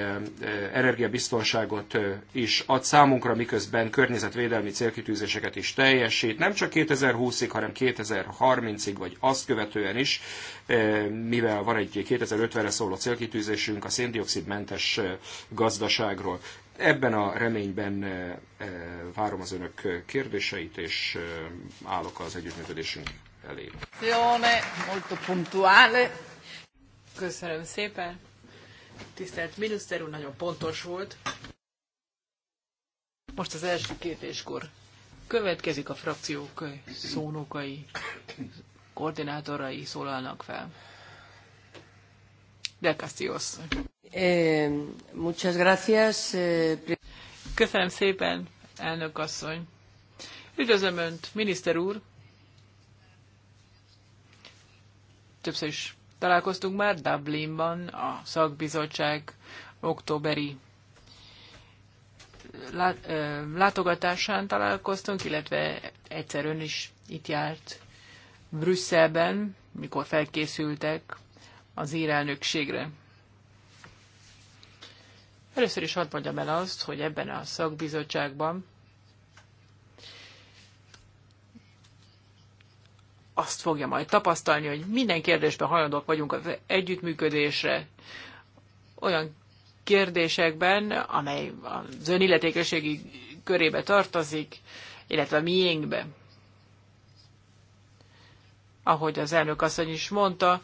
energiabiztonságot is ad számunkra, miközben környezetvédelmi célkitűzéseket is teljesít, nem csak 2020-ig, hanem 2030-ig, vagy azt követően is, mivel van egy 2050-re szóló célkitűzésünk a széndiokszidmentes gazdaságról. Ebben a reményben várom az önök kérdéseit, és állok az együttműködésünk elé. Köszönöm szépen! Tisztelt miniszter úr, nagyon pontos volt. Most az első kérdéskor következik a frakciók szónokai, koordinátorai szólalnak fel. De Castillos. Eh, muchas gracias. Eh, Köszönöm szépen, elnök asszony. Üdvözlöm Önt, miniszter úr! Többször is találkoztunk már Dublinban, a szakbizottság októberi látogatásán találkoztunk, illetve egyszer ön is itt járt Brüsszelben, mikor felkészültek az írelnökségre. Először is hadd mondjam el azt, hogy ebben a szakbizottságban azt fogja majd tapasztalni, hogy minden kérdésben hajlandók vagyunk az együttműködésre, olyan kérdésekben, amely az illetékeségi körébe tartozik, illetve a miénkbe. Ahogy az elnök asszony is mondta,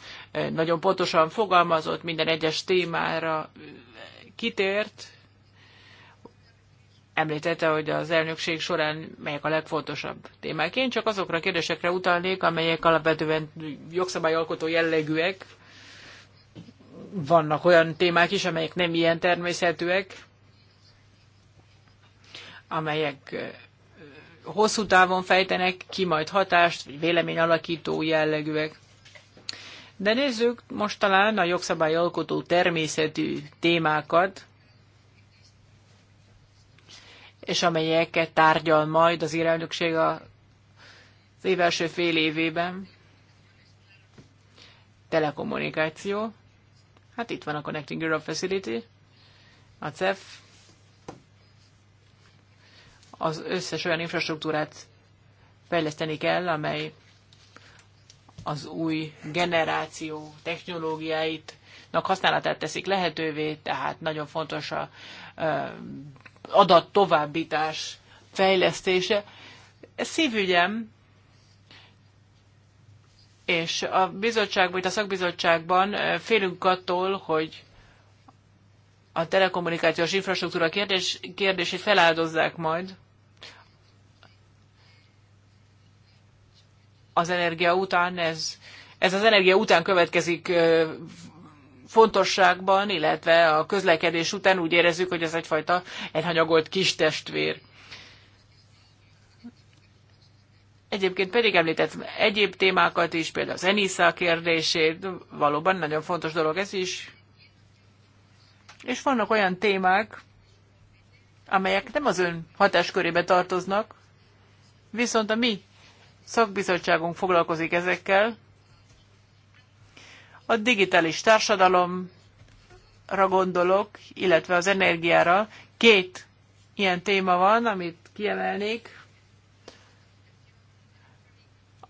nagyon pontosan fogalmazott, minden egyes témára kitért, említette, hogy az elnökség során melyek a legfontosabb témák. Én csak azokra a kérdésekre utalnék, amelyek alapvetően jogszabályalkotó jellegűek. Vannak olyan témák is, amelyek nem ilyen természetűek, amelyek hosszú távon fejtenek ki majd hatást, vagy véleményalakító jellegűek. De nézzük most talán a jogszabályalkotó természetű témákat, és amelyeket tárgyal majd az irelnökség az év első fél évében. Telekommunikáció. Hát itt van a Connecting Europe Facility, a CEF, az összes olyan infrastruktúrát fejleszteni kell, amely az új generáció technológiáitnak használatát teszik lehetővé, tehát nagyon fontos a adat továbbítás fejlesztése. Ez szívügyem, és a bizottságban, vagy a szakbizottságban eh, félünk attól, hogy a telekommunikációs infrastruktúra kérdés, kérdését feláldozzák majd az energia után, ez, ez az energia után következik eh, fontosságban, illetve a közlekedés után úgy érezzük, hogy ez egyfajta elhanyagolt kis testvér. Egyébként pedig említett egyéb témákat is, például az Enisza kérdését, valóban nagyon fontos dolog ez is. És vannak olyan témák, amelyek nem az ön hatáskörébe tartoznak, viszont a mi szakbizottságunk foglalkozik ezekkel, a digitális társadalomra gondolok, illetve az energiára. Két ilyen téma van, amit kiemelnék.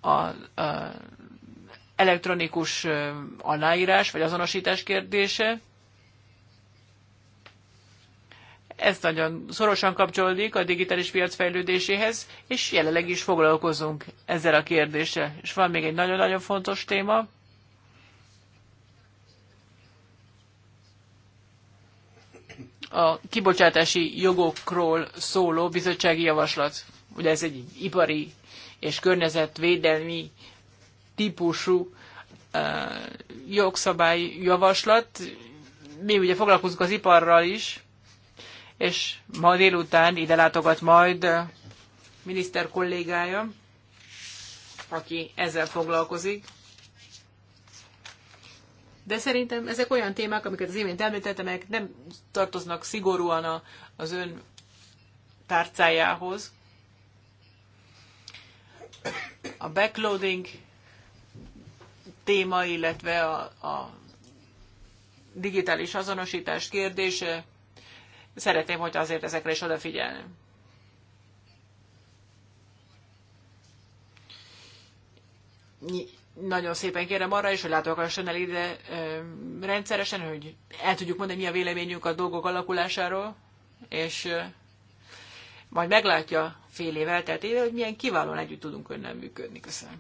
A, a elektronikus aláírás vagy azonosítás kérdése. Ez nagyon szorosan kapcsolódik a digitális piac fejlődéséhez, és jelenleg is foglalkozunk ezzel a kérdéssel. És van még egy nagyon-nagyon fontos téma, a kibocsátási jogokról szóló bizottsági javaslat. Ugye ez egy ipari és környezetvédelmi típusú jogszabály javaslat. Mi ugye foglalkozunk az iparral is, és ma délután ide látogat majd miniszter kollégája, aki ezzel foglalkozik. De szerintem ezek olyan témák, amiket az imént említettem, nem tartoznak szigorúan a, az ön tárcájához. A backloading téma, illetve a, a digitális azonosítás kérdése, szeretném, hogy azért ezekre is odafigyelni nagyon szépen kérem arra is, hogy látogasson el ide ö, rendszeresen, hogy el tudjuk mondani, mi a véleményünk a dolgok alakulásáról, és ö, majd meglátja fél év elteltével, hogy milyen kiválóan együtt tudunk önnel működni. Köszönöm.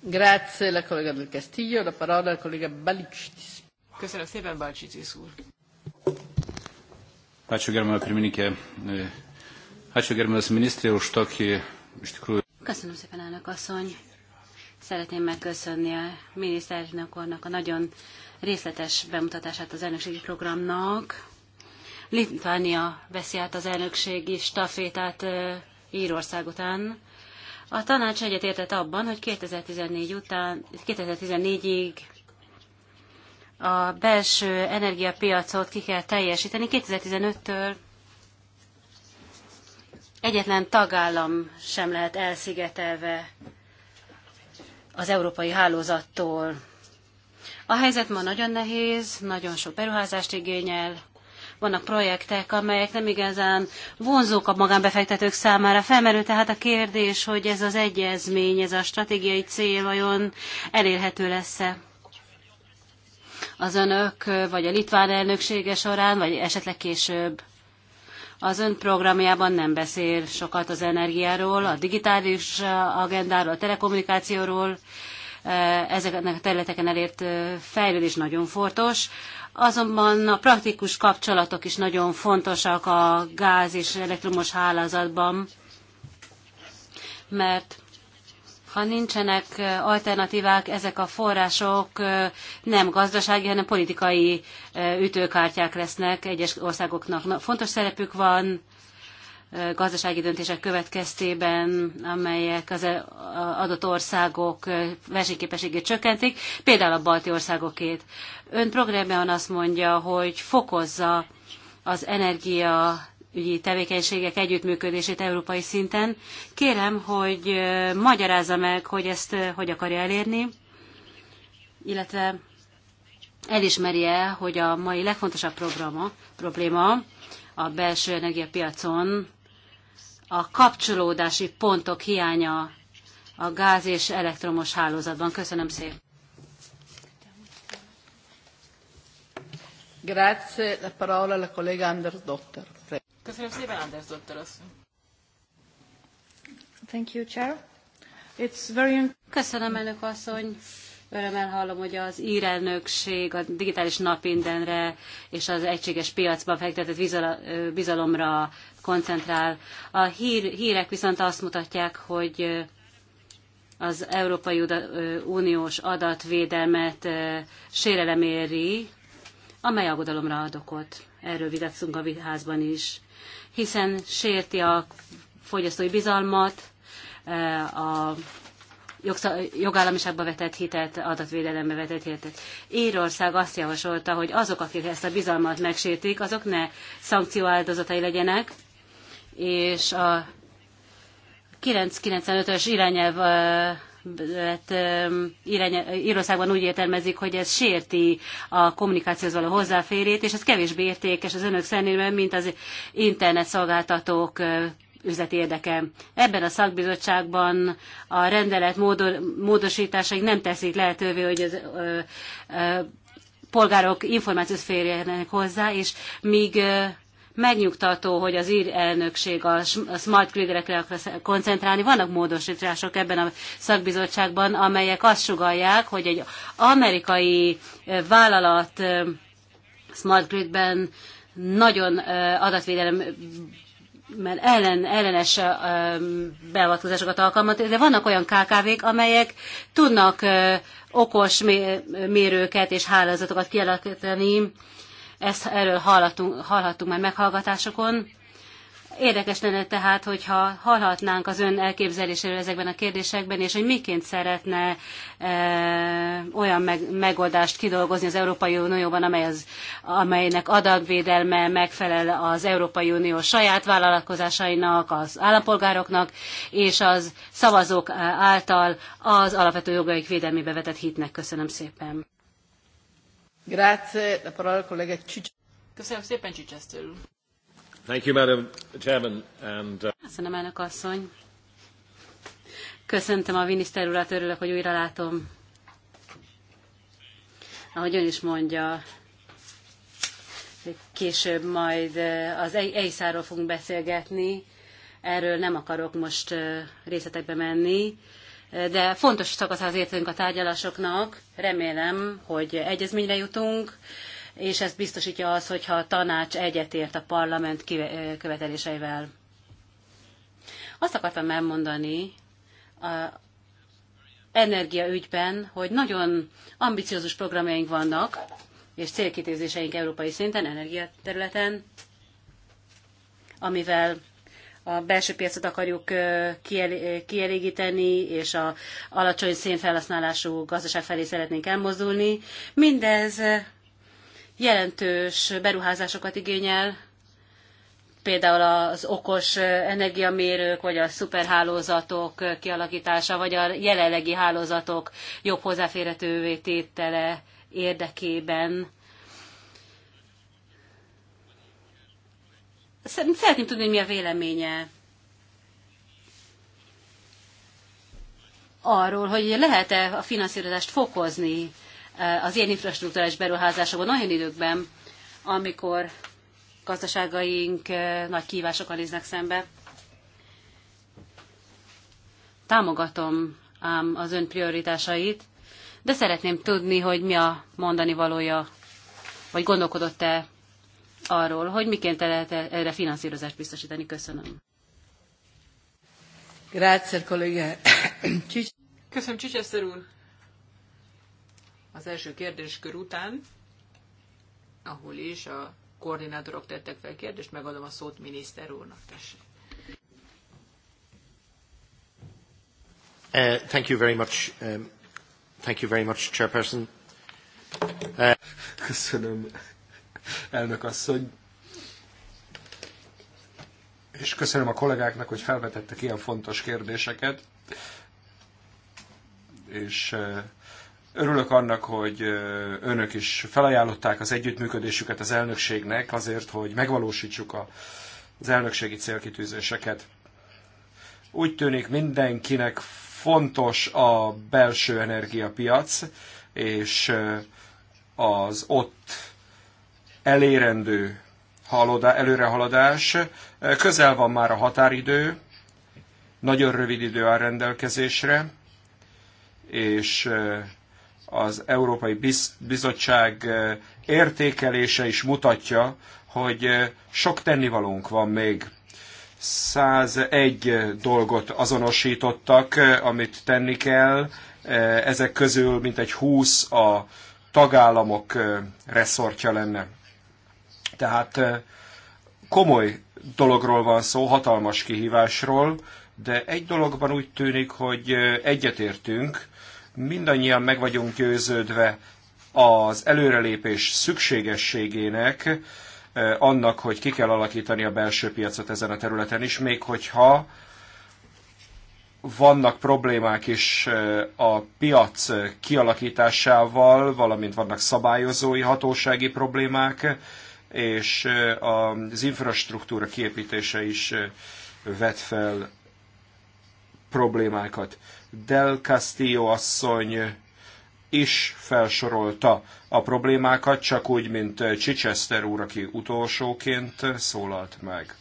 Grazie, la collega del Castillo. La parola al collega Balicitis. Köszönöm szépen, Balicitis úr. Ačiū, gerbiamą pirmininkę. Ačiū, gerbiamas ministrė, už tokį iš tikrųjų. Köszönöm szépen, elnök asszony. Szeretném megköszönni a miniszterelnök úrnak a nagyon részletes bemutatását az elnökségi programnak. Litvánia veszi át az elnökségi stafétát Írország után. A tanács egyetértett abban, hogy 2014 után, 2014-ig a belső energiapiacot ki kell teljesíteni. 2015-től egyetlen tagállam sem lehet elszigetelve az európai hálózattól. A helyzet ma nagyon nehéz, nagyon sok beruházást igényel, vannak projektek, amelyek nem igazán vonzók a magánbefektetők számára. Felmerül tehát a kérdés, hogy ez az egyezmény, ez a stratégiai cél vajon elérhető lesz-e az önök, vagy a litván elnöksége során, vagy esetleg később. Az ön programjában nem beszél sokat az energiáról, a digitális agendáról, a telekommunikációról, eh, ezeknek a területeken elért eh, fejlődés nagyon fontos. Azonban a praktikus kapcsolatok is nagyon fontosak a gáz és elektromos hálózatban, mert ha nincsenek alternatívák, ezek a források nem gazdasági, hanem politikai ütőkártyák lesznek. Egyes országoknak fontos szerepük van gazdasági döntések következtében, amelyek az adott országok versenyképességét csökkentik, például a balti országokét. Ön programjában azt mondja, hogy fokozza az energia ügyi tevékenységek együttműködését európai szinten. Kérem, hogy magyarázza meg, hogy ezt hogy akarja elérni, illetve elismeri hogy a mai legfontosabb programa, probléma a belső energiapiacon a kapcsolódási pontok hiánya a gáz és elektromos hálózatban. Köszönöm szépen. Grazie, la parola alla collega Anders Dotter. Köszönöm szépen, Anders doktor Thank you, Chair. It's very... Köszönöm, elnök asszony. Örömmel hallom, hogy az írelnökség a digitális napindenre és az egységes piacban fektetett bizalomra koncentrál. A hír, hírek viszont azt mutatják, hogy az Európai Uniós adatvédelmet sérelem éri, amely aggodalomra ad okot. Erről vitatszunk a házban is hiszen sérti a fogyasztói bizalmat, e, a jogállamiságba vetett hitet, adatvédelembe vetett hitet. Írország azt javasolta, hogy azok, akik ezt a bizalmat megsértik, azok ne szankcióáldozatai legyenek, és a 995-ös irányelv e, mert hát, Írországban úgy értelmezik, hogy ez sérti a kommunikációhoz való hozzáférét, és ez kevésbé értékes az önök szemében, mint az internet szolgáltatók üzleti érdeke. Ebben a szakbizottságban a rendelet módosításai nem teszik lehetővé, hogy az ö, ö, polgárok információt férjenek hozzá, és míg Megnyugtató, hogy az ír elnökség a smart gridre kell koncentrálni. Vannak módosítások ebben a szakbizottságban, amelyek azt sugalják, hogy egy amerikai vállalat smart gridben nagyon adatvédelem ellen, ellenes beavatkozásokat alkalmat. de vannak olyan KKV-k, amelyek tudnak okos mérőket és hálózatokat kialakítani, ezt erről hallhatunk, hallhattunk már meghallgatásokon. Érdekes lenne tehát, hogyha hallhatnánk az ön elképzeléséről ezekben a kérdésekben, és hogy miként szeretne e, olyan meg, megoldást kidolgozni az Európai Unióban, amely az, amelynek adagvédelme megfelel az Európai Unió saját vállalkozásainak, az állampolgároknak, és az szavazók által az alapvető jogaik védelmébe vetett hitnek. Köszönöm szépen. Köszönöm szépen, Csicsesztő Thank you, Madam Chairman. And, uh... Köszönöm, elnök asszony. Köszöntöm a miniszter urat, örülök, hogy újra látom. Ahogy ön is mondja, később majd uh, az e- EISZ-ról fogunk beszélgetni. Erről nem akarok most uh, részletekbe menni de fontos szakaszához értünk a tárgyalásoknak. Remélem, hogy egyezményre jutunk, és ez biztosítja az, hogyha a tanács egyetért a parlament követeléseivel. Azt akartam elmondani a energiaügyben, hogy nagyon ambiciózus programjaink vannak, és célkitézéseink európai szinten, energiaterületen, amivel a belső piacot akarjuk kielégíteni, és a alacsony szénfelhasználású gazdaság felé szeretnénk elmozdulni. Mindez jelentős beruházásokat igényel, például az okos energiamérők, vagy a szuperhálózatok kialakítása, vagy a jelenlegi hálózatok jobb hozzáférhetővé tétele érdekében Szeretném tudni, hogy mi a véleménye arról, hogy lehet-e a finanszírozást fokozni eh, az ilyen infrastruktúrális beruházásokban olyan időkben, amikor gazdaságaink eh, nagy kívásokkal néznek szembe. Támogatom ám az ön prioritásait, de szeretném tudni, hogy mi a mondani valója, vagy gondolkodott-e arról, hogy miként lehet e- erre finanszírozást biztosítani. Köszönöm. Grácer kolléga. Köszönöm, Csicseszter úr. Az első kérdéskör után, ahol is a koordinátorok tettek fel kérdést, megadom a szót miniszter úrnak. Tessék. Uh, thank you very much. Um, thank you very much, Chairperson. Uh... Köszönöm, elnök asszony. És köszönöm a kollégáknak, hogy felvetettek ilyen fontos kérdéseket. És örülök annak, hogy önök is felajánlották az együttműködésüket az elnökségnek azért, hogy megvalósítsuk az elnökségi célkitűzéseket. Úgy tűnik mindenkinek fontos a belső energiapiac, és az ott elérendő előrehaladás. Közel van már a határidő, nagyon rövid idő áll rendelkezésre, és az Európai Bizottság értékelése is mutatja, hogy sok tennivalónk van még. 101 dolgot azonosítottak, amit tenni kell. Ezek közül mintegy 20 a tagállamok reszortja lenne. Tehát komoly dologról van szó, hatalmas kihívásról, de egy dologban úgy tűnik, hogy egyetértünk, mindannyian meg vagyunk győződve az előrelépés szükségességének, annak, hogy ki kell alakítani a belső piacot ezen a területen is, még hogyha vannak problémák is a piac kialakításával, valamint vannak szabályozói hatósági problémák, és az infrastruktúra kiépítése is vet fel problémákat. Del Castillo asszony is felsorolta a problémákat, csak úgy, mint Chichester úr, aki utolsóként szólalt meg.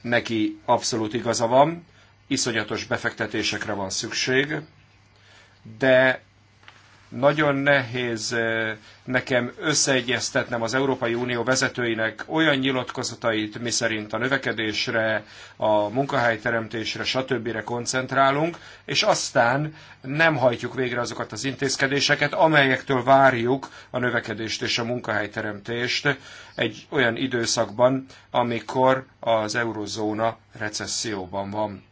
Neki abszolút igaza van, iszonyatos befektetésekre van szükség, de nagyon nehéz eh, nekem összeegyeztetnem az Európai Unió vezetőinek olyan nyilatkozatait, miszerint a növekedésre, a munkahelyteremtésre, stb. koncentrálunk, és aztán nem hajtjuk végre azokat az intézkedéseket, amelyektől várjuk a növekedést és a munkahelyteremtést egy olyan időszakban, amikor az eurozóna recesszióban van.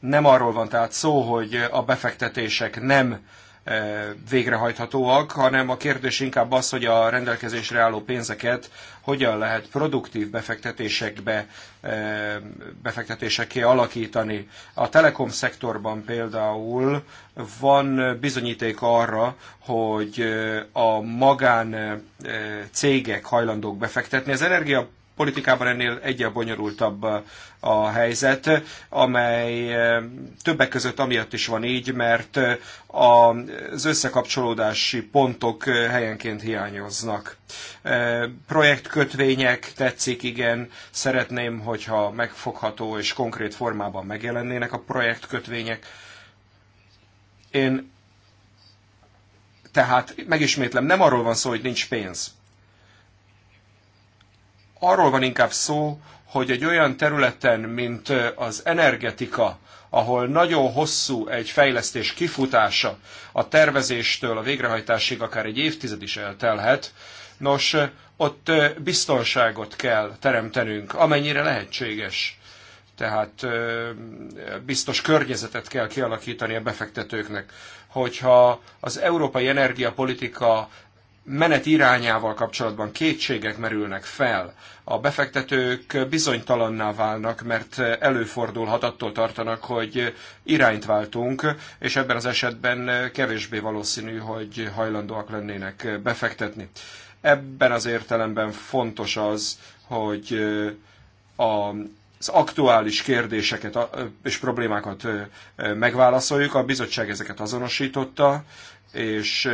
Nem arról van tehát szó, hogy a befektetések nem e, végrehajthatóak, hanem a kérdés inkább az, hogy a rendelkezésre álló pénzeket hogyan lehet produktív befektetésekbe, e, befektetésekké alakítani. A telekom szektorban például van bizonyíték arra, hogy e, a magán cégek hajlandók befektetni. Az energia politikában ennél egyen bonyolultabb uh, a helyzet, amely uh, többek között amiatt is van így, mert uh, az összekapcsolódási pontok helyenként hiányoznak. Projektkötvények tetszik, igen, szeretném, hogyha megfogható és konkrét formában megjelennének a projektkötvények. Én tehát megismétlem, nem arról van szó, hogy nincs pénz arról van inkább szó, hogy egy olyan területen, mint az energetika, ahol nagyon hosszú egy fejlesztés kifutása, a tervezéstől a végrehajtásig akár egy évtized is eltelhet, nos, ott biztonságot kell teremtenünk, amennyire lehetséges. Tehát biztos környezetet kell kialakítani a befektetőknek. Hogyha az európai energiapolitika menet irányával kapcsolatban kétségek merülnek fel, a befektetők bizonytalanná válnak, mert előfordulhat, attól tartanak, hogy irányt váltunk, és ebben az esetben kevésbé valószínű, hogy hajlandóak lennének befektetni. Ebben az értelemben fontos az, hogy a az aktuális kérdéseket és problémákat megválaszoljuk. A bizottság ezeket azonosította, és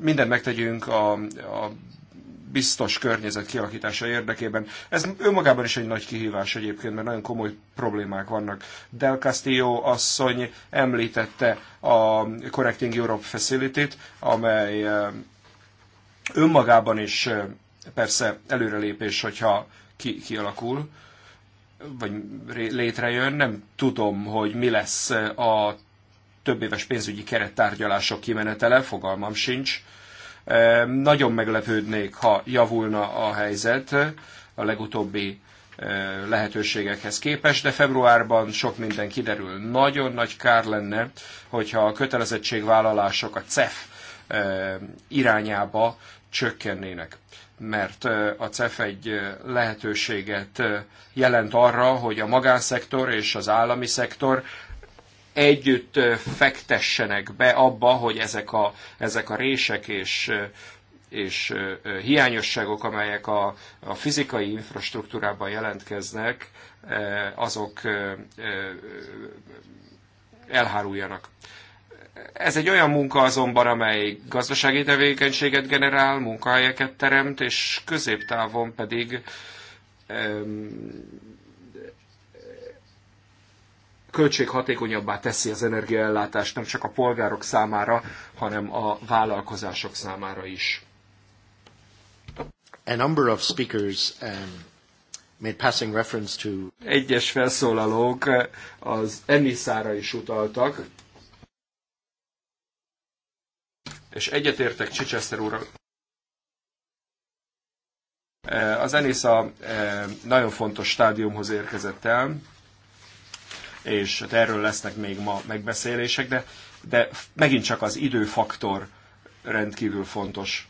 mindent megtegyünk a, a biztos környezet kialakítása érdekében. Ez önmagában is egy nagy kihívás egyébként, mert nagyon komoly problémák vannak. Del Castillo asszony említette a Correcting Europe Facility-t, amely önmagában is persze előrelépés, hogyha ki, kialakul, vagy létrejön. Nem tudom, hogy mi lesz a több éves pénzügyi kerettárgyalások kimenetele, fogalmam sincs. Nagyon meglepődnék, ha javulna a helyzet a legutóbbi lehetőségekhez képest, de februárban sok minden kiderül. Nagyon nagy kár lenne, hogyha a kötelezettségvállalások a CEF irányába csökkennének mert a CEF egy lehetőséget jelent arra, hogy a magánszektor és az állami szektor együtt fektessenek be abba, hogy ezek a, ezek a rések és, és hiányosságok, amelyek a, a fizikai infrastruktúrában jelentkeznek, azok elháruljanak. Ez egy olyan munka azonban, amely gazdasági tevékenységet generál, munkahelyeket teremt, és középtávon pedig költséghatékonyabbá teszi az energiaellátást nem csak a polgárok számára, hanem a vállalkozások számára is. A number of speakers um, made passing reference to... Egyes felszólalók az Enisára is utaltak, és egyetértek Csicseszter úr. Eh, az Enisza eh, nagyon fontos stádiumhoz érkezett el, és hát erről lesznek még ma megbeszélések, de, de megint csak az időfaktor rendkívül fontos.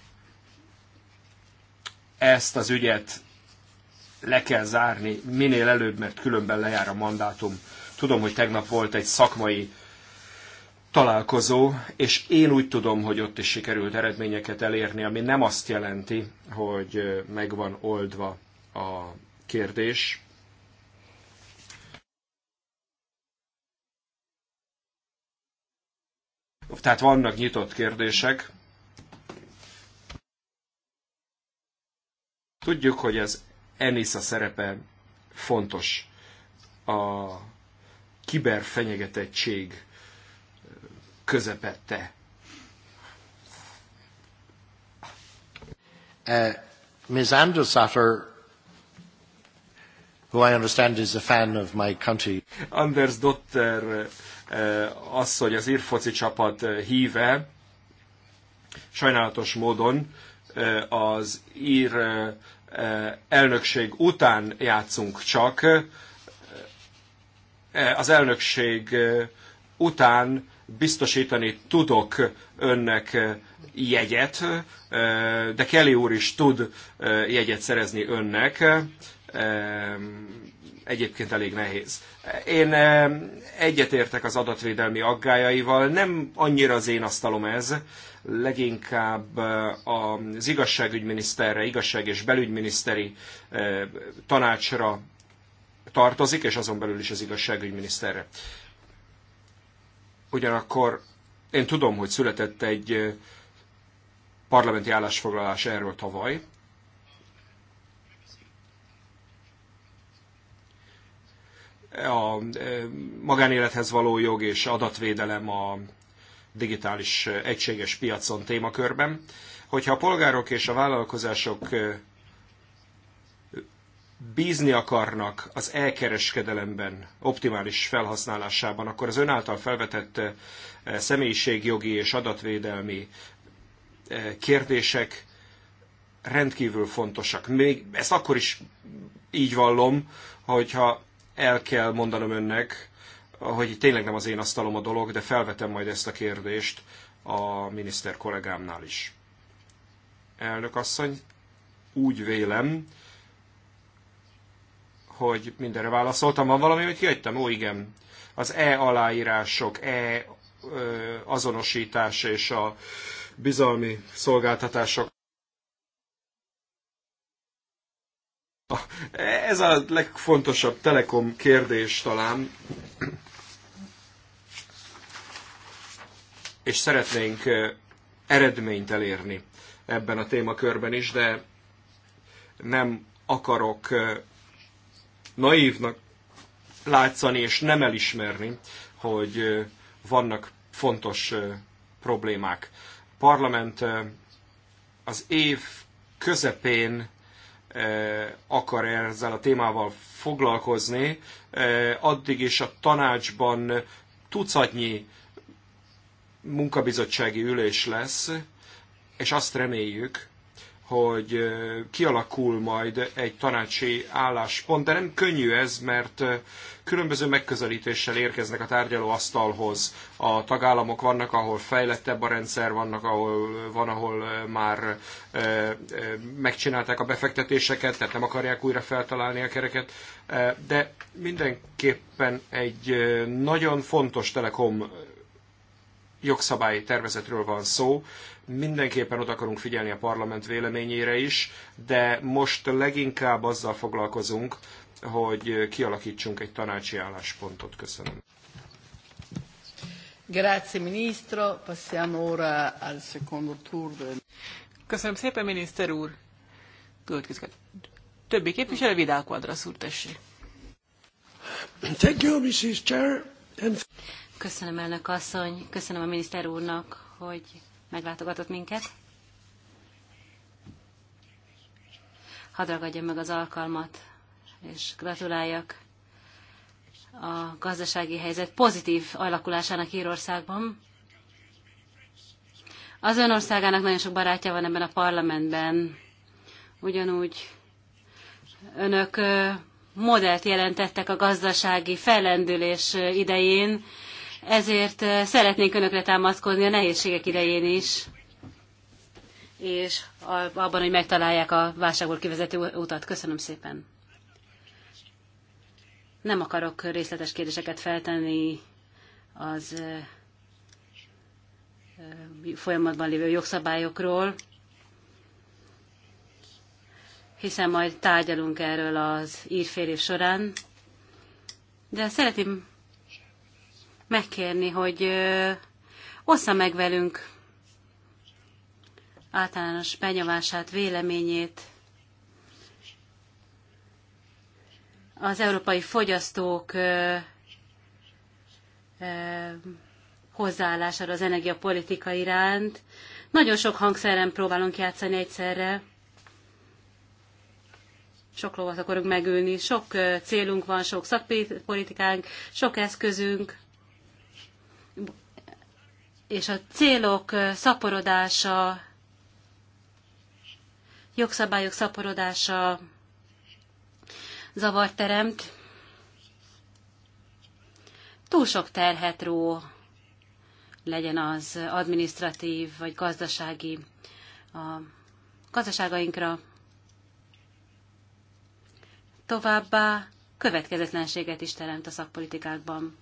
Ezt az ügyet le kell zárni minél előbb, mert különben lejár a mandátum. Tudom, hogy tegnap volt egy szakmai találkozó, és én úgy tudom, hogy ott is sikerült eredményeket elérni, ami nem azt jelenti, hogy megvan oldva a kérdés. Tehát vannak nyitott kérdések. Tudjuk, hogy az Enisa szerepe fontos a kiberfenyegetettség közepette. Uh, Ms. Andersatter, who I understand is a fan of my country. Anders Dotter Eh, az, hogy az írfoci csapat eh, híve sajnálatos módon eh, az ír elnökség után játszunk csak, az elnökség után biztosítani tudok önnek jegyet, de Kelly úr is tud jegyet szerezni önnek egyébként elég nehéz. Én eh, egyetértek az adatvédelmi aggájaival, nem annyira az én asztalom ez, leginkább eh, az igazságügyminiszterre, igazság és belügyminiszteri eh, tanácsra tartozik, és azon belül is az igazságügyminiszterre. Ugyanakkor én tudom, hogy született egy parlamenti állásfoglalás erről tavaly, a magánélethez való jog és adatvédelem a digitális egységes piacon témakörben. Hogyha a polgárok és a vállalkozások bízni akarnak az elkereskedelemben, optimális felhasználásában, akkor az ön által felvetett személyiségjogi és adatvédelmi kérdések rendkívül fontosak. Még ezt akkor is így vallom, hogyha el kell mondanom önnek, hogy tényleg nem az én asztalom a dolog, de felvetem majd ezt a kérdést a miniszter kollégámnál is. Elnök asszony, úgy vélem, hogy mindenre válaszoltam. Van valami, hogy kihagytam? Ó, igen. Az E aláírások, E azonosítás és a bizalmi szolgáltatások Ez a legfontosabb telekom kérdés talán. És szeretnénk eredményt elérni ebben a témakörben is, de nem akarok naívnak látszani és nem elismerni, hogy vannak fontos problémák. A parlament az év közepén akar ezzel a témával foglalkozni, addig is a tanácsban tucatnyi munkabizottsági ülés lesz, és azt reméljük, hogy kialakul majd egy tanácsi álláspont, de nem könnyű ez, mert különböző megközelítéssel érkeznek a tárgyalóasztalhoz. A tagállamok vannak, ahol fejlettebb a rendszer, vannak, ahol, van, ahol már e, megcsinálták a befektetéseket, tehát nem akarják újra feltalálni a kereket. de mindenképpen egy nagyon fontos telekom jogszabályi tervezetről van szó, mindenképpen ott akarunk figyelni a parlament véleményére is, de most leginkább azzal foglalkozunk, hogy kialakítsunk egy tanácsi álláspontot. Köszönöm. Grazie ministro, passiamo ora al secondo turno. Köszönöm szépen, miniszter úr. Többi képviselő, Vidal Quadras úr, tessék. Thank you, Mrs. Chair. And... Köszönöm elnök asszony, köszönöm a miniszter úrnak, hogy meglátogatott minket. Hadd ragadjam meg az alkalmat, és gratuláljak a gazdasági helyzet pozitív alakulásának Írországban. Az ön országának nagyon sok barátja van ebben a parlamentben. Ugyanúgy önök modellt jelentettek a gazdasági fellendülés idején, ezért eh, szeretnénk önökre támaszkodni a nehézségek idején is, és abban, hogy megtalálják a válságból kivezető utat. Köszönöm szépen. Nem akarok részletes kérdéseket feltenni az eh, eh, folyamatban lévő jogszabályokról, hiszen majd tárgyalunk erről az írfélév során. De szeretném megkérni, hogy ossza meg velünk általános benyomását, véleményét az európai fogyasztók hozzáállására az energiapolitika iránt. Nagyon sok hangszeren próbálunk játszani egyszerre. Sok lovat akarunk megülni, sok célunk van, sok szakpolitikánk, sok eszközünk, és a célok szaporodása, jogszabályok szaporodása zavart teremt, túl sok terhet ró, legyen az administratív vagy gazdasági a gazdaságainkra. Továbbá következetlenséget is teremt a szakpolitikákban.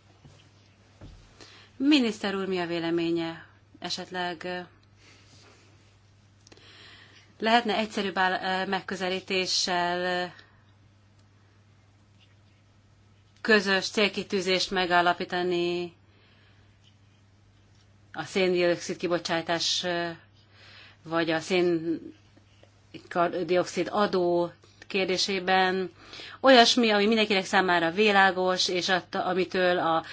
Miniszter úr, mi a véleménye? Esetleg lehetne egyszerűbb megközelítéssel közös célkitűzést megállapítani a széndiokszid kibocsátás vagy a széndiokszid adó kérdésében. Olyasmi, ami mindenkinek számára világos, és attól, amitől a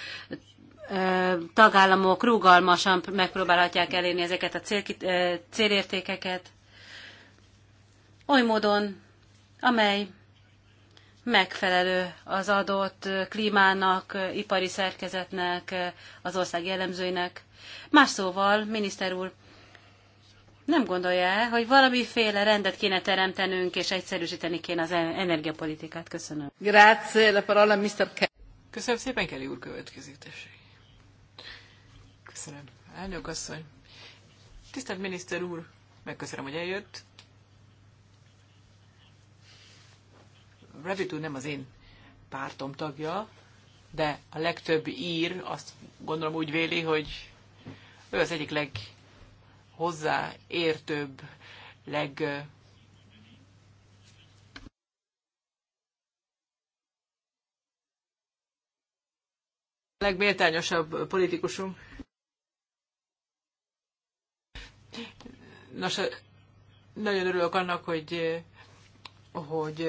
tagállamok rugalmasan megpróbálhatják elérni ezeket a cél, célértékeket, oly módon, amely megfelelő az adott klímának, ipari szerkezetnek, az ország jellemzőinek. Más szóval, miniszter úr, nem gondolja el, hogy valamiféle rendet kéne teremtenünk, és egyszerűsíteni kéne az e- energiapolitikát. Köszönöm. Grazie, la parola Mr. Köszönöm szépen, Kelly úr következik, tessék. Köszönöm. Elnök asszony. Tisztelt miniszter úr, megköszönöm, hogy eljött. Revit nem az én pártom tagja, de a legtöbb ír azt gondolom úgy véli, hogy ő az egyik leg hozzáértőbb, leg legméltányosabb politikusunk. Nos, nagyon örülök annak, hogy hogy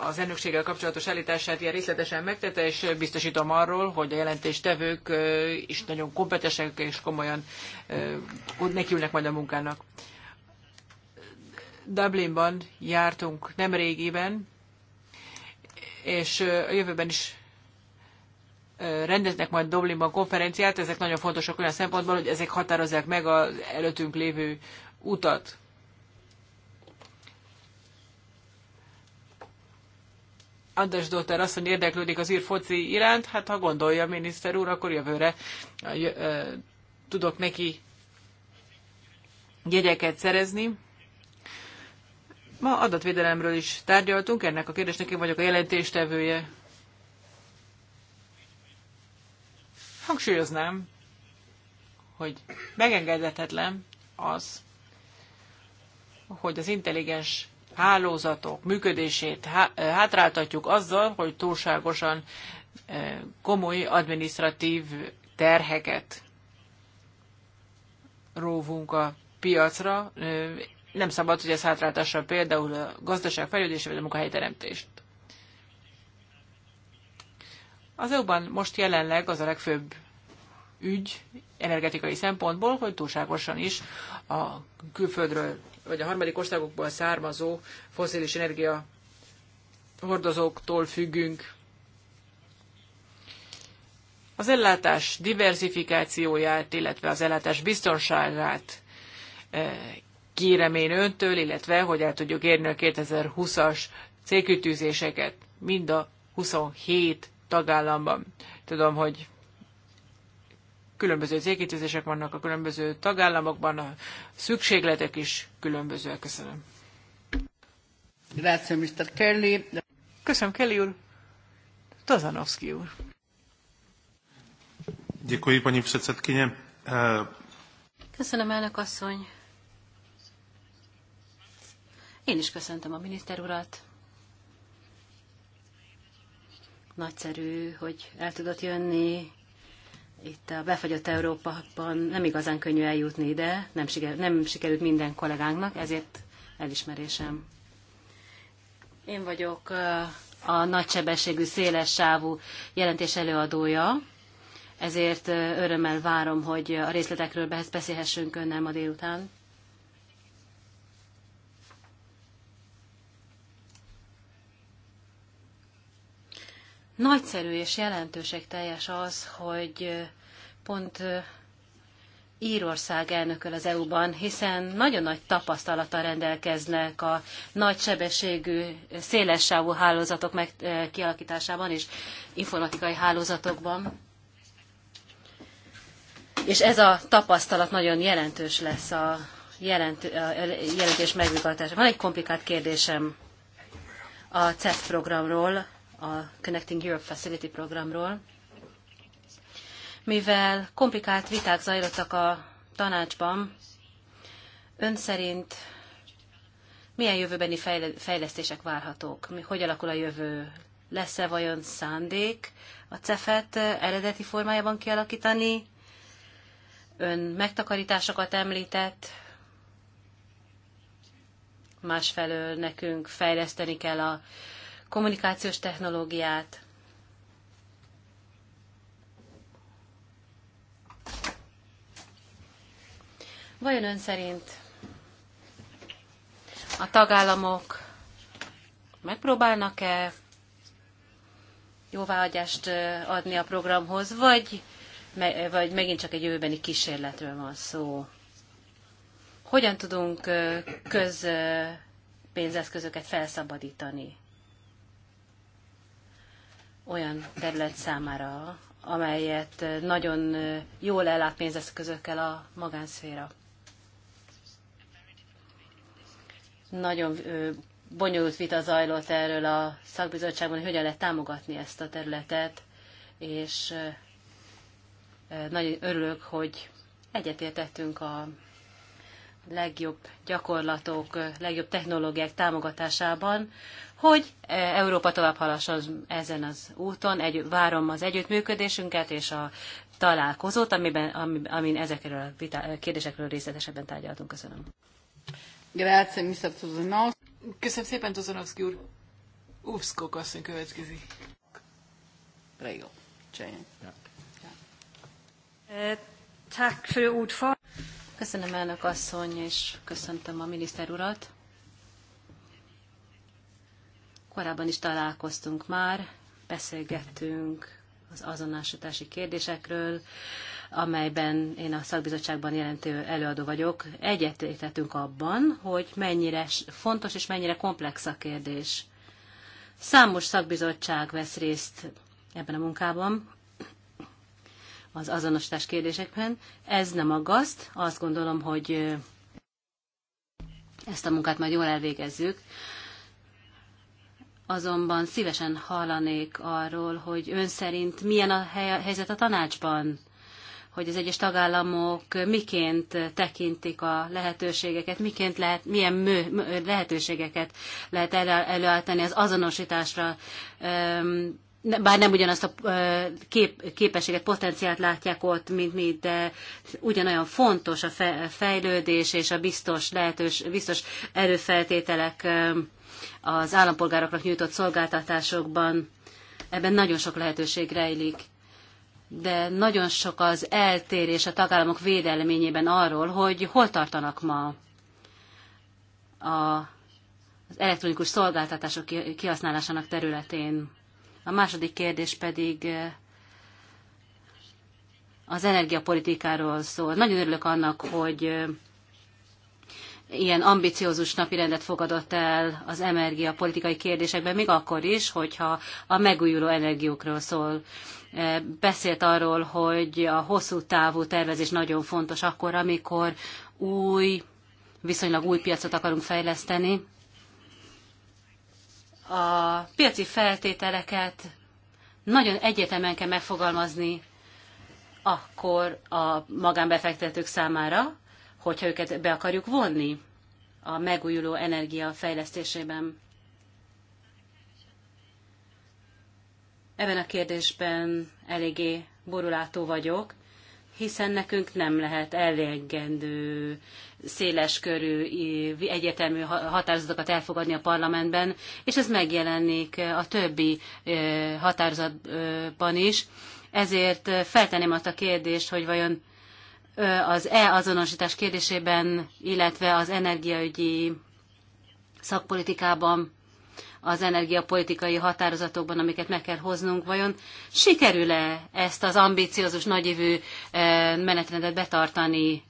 az elnökséggel kapcsolatos állítását ilyen részletesen megtette, és biztosítom arról, hogy a jelentéstevők is nagyon kompetensek és komolyan nekiülnek majd a munkának. Dublinban jártunk nem régiben, és a jövőben is rendeznek majd Dublinban konferenciát, ezek nagyon fontosak olyan szempontból, hogy ezek határozzák meg az előttünk lévő utat. Dóter azt mondja, érdeklődik az ír foci iránt, hát ha gondolja a miniszter úr, akkor jövőre tudok neki jegyeket szerezni. Ma adatvédelemről is tárgyaltunk, ennek a kérdésnek én vagyok a jelentéstevője. Hangsúlyoznám, hogy megengedhetetlen az, hogy az intelligens hálózatok működését hátráltatjuk azzal, hogy túlságosan eh, komoly administratív terheket róvunk a piacra. Eh, nem szabad, hogy ez hátráltassa például a gazdaság fejlődését vagy a munkahelyteremtést. Az EU-ban most jelenleg az a legfőbb ügy energetikai szempontból, hogy túlságosan is a külföldről vagy a harmadik országokból származó foszilis energia hordozóktól függünk. Az ellátás diversifikációját, illetve az ellátás biztonságát eh, kérem én öntől, illetve hogy el tudjuk érni a 2020-as célkütőzéseket mind a 27 tagállamban. Tudom, hogy különböző célkitűzések vannak a különböző tagállamokban, a szükségletek is különbözőek. Köszönöm. Grazie, Mr. Kelly. Köszönöm, Kelly úr. Tozanovszki úr. Děkuji, paní předsedkyně. Köszönöm, elnök asszony. Én is köszöntöm a miniszter urat. Nagyszerű, hogy el tudott jönni. Itt a befagyott Európában nem igazán könnyű eljutni ide, nem, siker, nem sikerült minden kollégánknak, ezért elismerésem. Én vagyok uh, a nagysebességű, széles sávú jelentés előadója, ezért uh, örömmel várom, hogy a részletekről beszélhessünk önnel ma délután. Nagyszerű és teljes az, hogy pont Írország elnököl az EU-ban, hiszen nagyon nagy tapasztalata rendelkeznek a nagy sebességű, szélessávú hálózatok meg, kialakításában és informatikai hálózatokban. És ez a tapasztalat nagyon jelentős lesz a, jelent, jelentés megvitatása. Van egy komplikált kérdésem a CEF programról, a Connecting Europe Facility programról, mivel komplikált viták zajlottak a tanácsban, ön szerint milyen jövőbeni fejlesztések várhatók? Hogy alakul a jövő? Lesz-e vajon szándék a CEFET eredeti formájában kialakítani? Ön megtakarításokat említett, másfelől nekünk fejleszteni kell a kommunikációs technológiát, Vajon ön szerint a tagállamok megpróbálnak-e jóváhagyást adni a programhoz, vagy, vagy megint csak egy jövőbeni kísérletről van szó? Hogyan tudunk közpénzeszközöket felszabadítani? olyan terület számára, amelyet nagyon jól ellát pénzeszközökkel a magánszféra. Nagyon bonyolult vita zajlott erről a szakbizottságban, hogy hogyan lehet támogatni ezt a területet, és nagyon örülök, hogy egyetértettünk a legjobb gyakorlatok, legjobb technológiák támogatásában, hogy Európa tovább halasson ezen az úton. Egy, várom az együttműködésünket és a találkozót, amiben, amin ezekről a vita, kérdésekről részletesebben tárgyaltunk. Köszönöm. Grazie, Mr. Köszönöm szépen, Tuzanovszki úr. Uvszkok asszony következik. Prego. Köszönöm elnök asszony, és köszöntöm a miniszter urat. Korábban is találkoztunk már, beszélgettünk az azonosítási kérdésekről, amelyben én a szakbizottságban jelentő előadó vagyok. Egyetértettünk abban, hogy mennyire fontos és mennyire komplex a kérdés. Számos szakbizottság vesz részt ebben a munkában, az azonosítás kérdésekben. Ez nem aggaszt, azt gondolom, hogy ezt a munkát majd jól elvégezzük azonban szívesen hallanék arról, hogy ön szerint milyen a helyzet a tanácsban, hogy az egyes tagállamok miként tekintik a lehetőségeket, miként lehet, milyen mő, mő, lehetőségeket lehet elő, előállítani az azonosításra, bár nem ugyanazt a kép, képességet, potenciált látják ott, mint mi, de ugyanolyan fontos a fejlődés és a biztos lehetős, biztos erőfeltételek az állampolgároknak nyújtott szolgáltatásokban. Ebben nagyon sok lehetőség rejlik, de nagyon sok az eltérés a tagállamok védelményében arról, hogy hol tartanak ma a az elektronikus szolgáltatások kihasználásának területén. A második kérdés pedig eh, az energiapolitikáról szól. Nagyon örülök annak, hogy eh, ilyen ambiciózus napirendet fogadott el az energiapolitikai kérdésekben, még akkor is, hogyha a megújuló energiókról szól. E, beszélt arról, hogy a hosszú távú tervezés nagyon fontos akkor, amikor új, viszonylag új piacot akarunk fejleszteni. A piaci feltételeket nagyon egyetemen kell megfogalmazni akkor a magánbefektetők számára, hogyha őket be akarjuk vonni a megújuló energia fejlesztésében. Ebben a kérdésben eléggé borulátó vagyok, hiszen nekünk nem lehet elégendő, széleskörű, egyetemű határozatokat elfogadni a parlamentben, és ez megjelenik a többi határozatban is. Ezért feltenném azt a kérdést, hogy vajon az e-azonosítás kérdésében, illetve az energiaügyi szakpolitikában, az energiapolitikai határozatokban, amiket meg kell hoznunk, vajon sikerül-e ezt az ambiciózus nagyévű menetrendet betartani?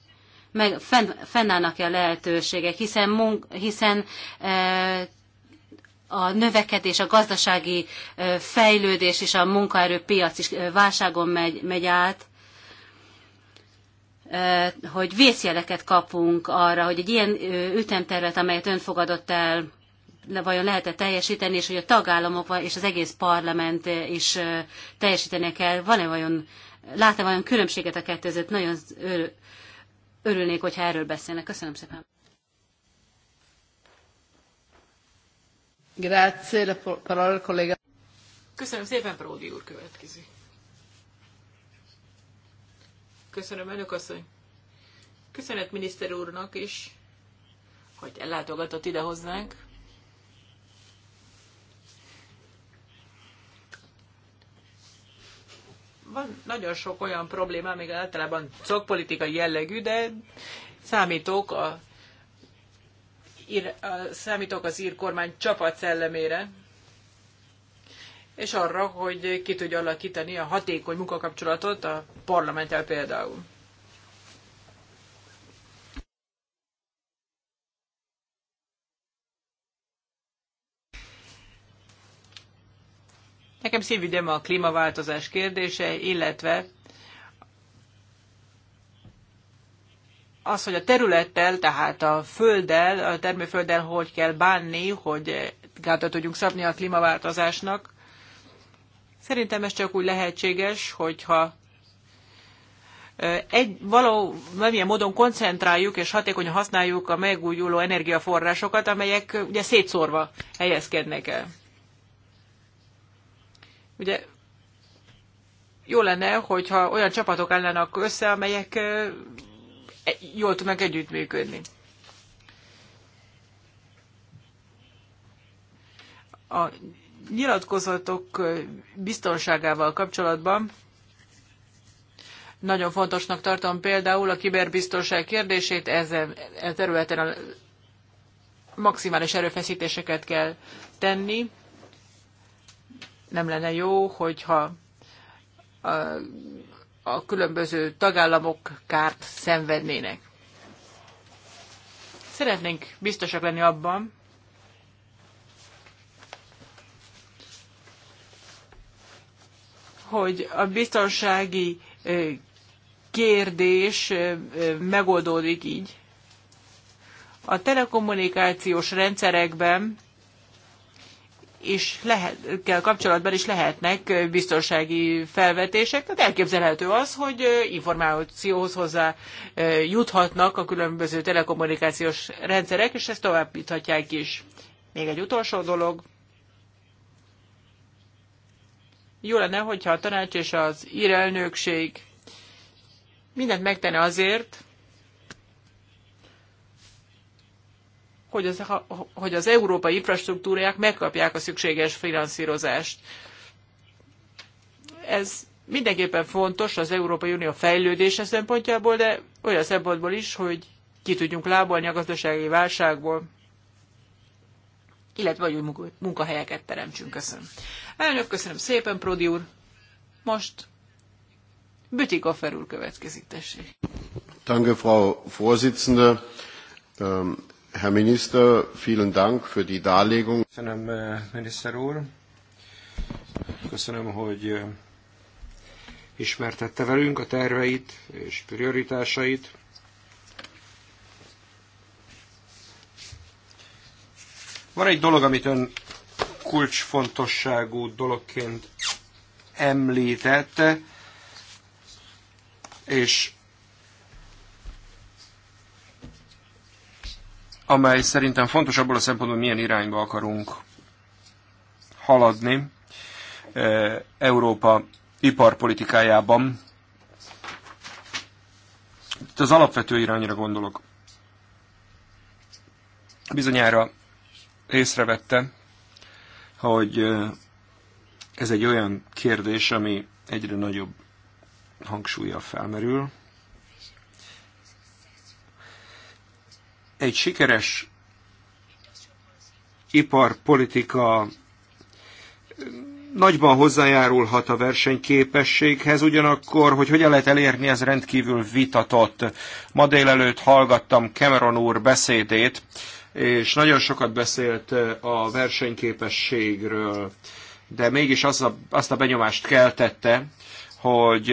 Meg fenn, fennállnak-e a lehetőségek, hiszen, munk, hiszen e, a növekedés, a gazdasági fejlődés és a munkaerőpiac is válságon megy, megy át, Eh, hogy vészjeleket kapunk arra, hogy egy ilyen ütemtervet, amelyet ön fogadott el, vajon lehet-e teljesíteni, és hogy a tagállamok és az egész parlament eh, is eh, teljesítenie kell. Van-e vajon, lát-e vajon különbséget a kettőzött? Nagyon örülnék, hogyha erről beszélnek. Köszönöm szépen. Grazie, la parola collega. Köszönöm szépen, Pródi úr következik. Köszönöm, elnök asszony. Köszönet miniszter úrnak is, hogy ellátogatott ide hozzánk. Van nagyon sok olyan probléma, még általában szakpolitikai jellegű, de számítok a, a számítok az ír kormány csapat szellemére, és arra, hogy ki tudja alakítani a hatékony munkakapcsolatot a parlamenttel például. Nekem szívügyem a klímaváltozás kérdése, illetve az, hogy a területtel, tehát a földdel, a termőfölddel hogy kell bánni, hogy gátat tudjunk szabni a klímaváltozásnak. Szerintem ez csak úgy lehetséges, hogyha egy, való, valamilyen módon koncentráljuk és hatékonyan használjuk a megújuló energiaforrásokat, amelyek ugye szétszórva helyezkednek el. Ugye jó lenne, hogyha olyan csapatok állnának össze, amelyek e, jól tudnak együttműködni. A nyilatkozatok biztonságával kapcsolatban nagyon fontosnak tartom például a kiberbiztonság kérdését, ezen e területen a maximális erőfeszítéseket kell tenni. Nem lenne jó, hogyha a, a különböző tagállamok kárt szenvednének. Szeretnénk biztosak lenni abban, hogy a biztonsági kérdés megoldódik így. A telekommunikációs rendszerekben és lehet, kell kapcsolatban is lehetnek biztonsági felvetések. Tehát elképzelhető az, hogy információhoz hozzá juthatnak a különböző telekommunikációs rendszerek, és ezt továbbíthatják is. Még egy utolsó dolog. Jó lenne, hogyha a tanács és az írelnökség mindent megtenne azért, hogy az, hogy az európai infrastruktúrák megkapják a szükséges finanszírozást. Ez mindenképpen fontos az Európai Unió fejlődése szempontjából, de olyan szempontból is, hogy ki tudjunk lábolni a gazdasági válságból, illetve hogy munkahelyeket teremtsünk. Köszönöm. Elnök, köszönöm szépen, Prodi úr. Most Bütikofer úr következik, tessék. Danke, Frau Vorsitzende. Ähm, Herr Minister, vielen Dank für die Darlegung. Köszönöm, äh, miniszter úr. Köszönöm, hogy äh, ismertette velünk a terveit és prioritásait. Van egy dolog, amit ön kulcsfontosságú dologként említette, és amely szerintem fontos abból a szempontból, hogy milyen irányba akarunk haladni e, Európa iparpolitikájában. Itt az alapvető irányra gondolok. Bizonyára észrevette, hogy ez egy olyan kérdés, ami egyre nagyobb hangsúlya felmerül. Egy sikeres iparpolitika nagyban hozzájárulhat a versenyképességhez, ugyanakkor, hogy hogyan lehet elérni, ez rendkívül vitatott. Ma délelőtt hallgattam Cameron úr beszédét, és nagyon sokat beszélt a versenyképességről, de mégis azt a, azt a benyomást keltette, hogy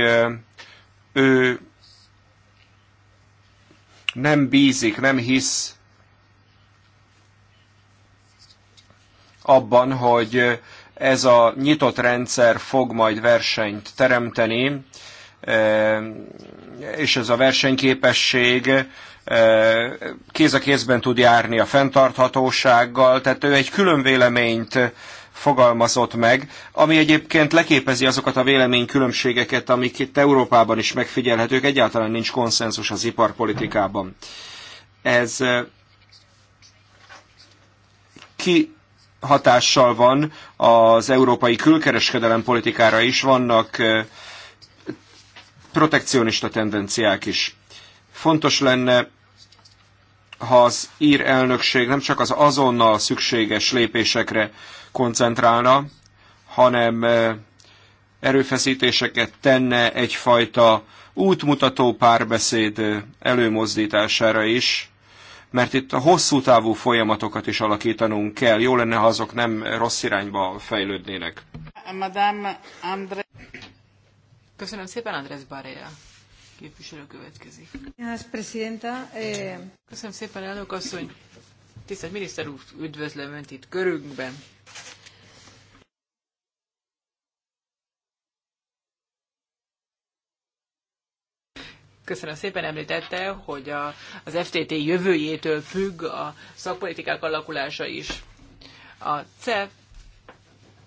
ő nem bízik, nem hisz abban, hogy ez a nyitott rendszer fog majd versenyt teremteni, és ez a versenyképesség kéz a kézben tud járni a fenntarthatósággal, tehát ő egy külön véleményt fogalmazott meg, ami egyébként leképezi azokat a véleménykülönbségeket, amik itt Európában is megfigyelhetők, egyáltalán nincs konszenzus az iparpolitikában. Ez ki hatással van az európai külkereskedelem politikára is, vannak protekcionista tendenciák is. Fontos lenne ha az ír elnökség nem csak az azonnal szükséges lépésekre koncentrálna, hanem eh, erőfeszítéseket tenne egyfajta útmutató párbeszéd eh, előmozdítására is, mert itt a hosszú távú folyamatokat is alakítanunk kell. Jó lenne, ha azok nem rossz irányba fejlődnének. Madame André... Köszönöm szépen, Andrés Barea képviselő következik. Eh, Köszönöm szépen, elnök asszony. Tisztelt miniszter úr, üdvözlöm Önt itt körünkben. Köszönöm szépen, említette, hogy a, az FTT jövőjétől függ a szakpolitikák alakulása is. A CEF,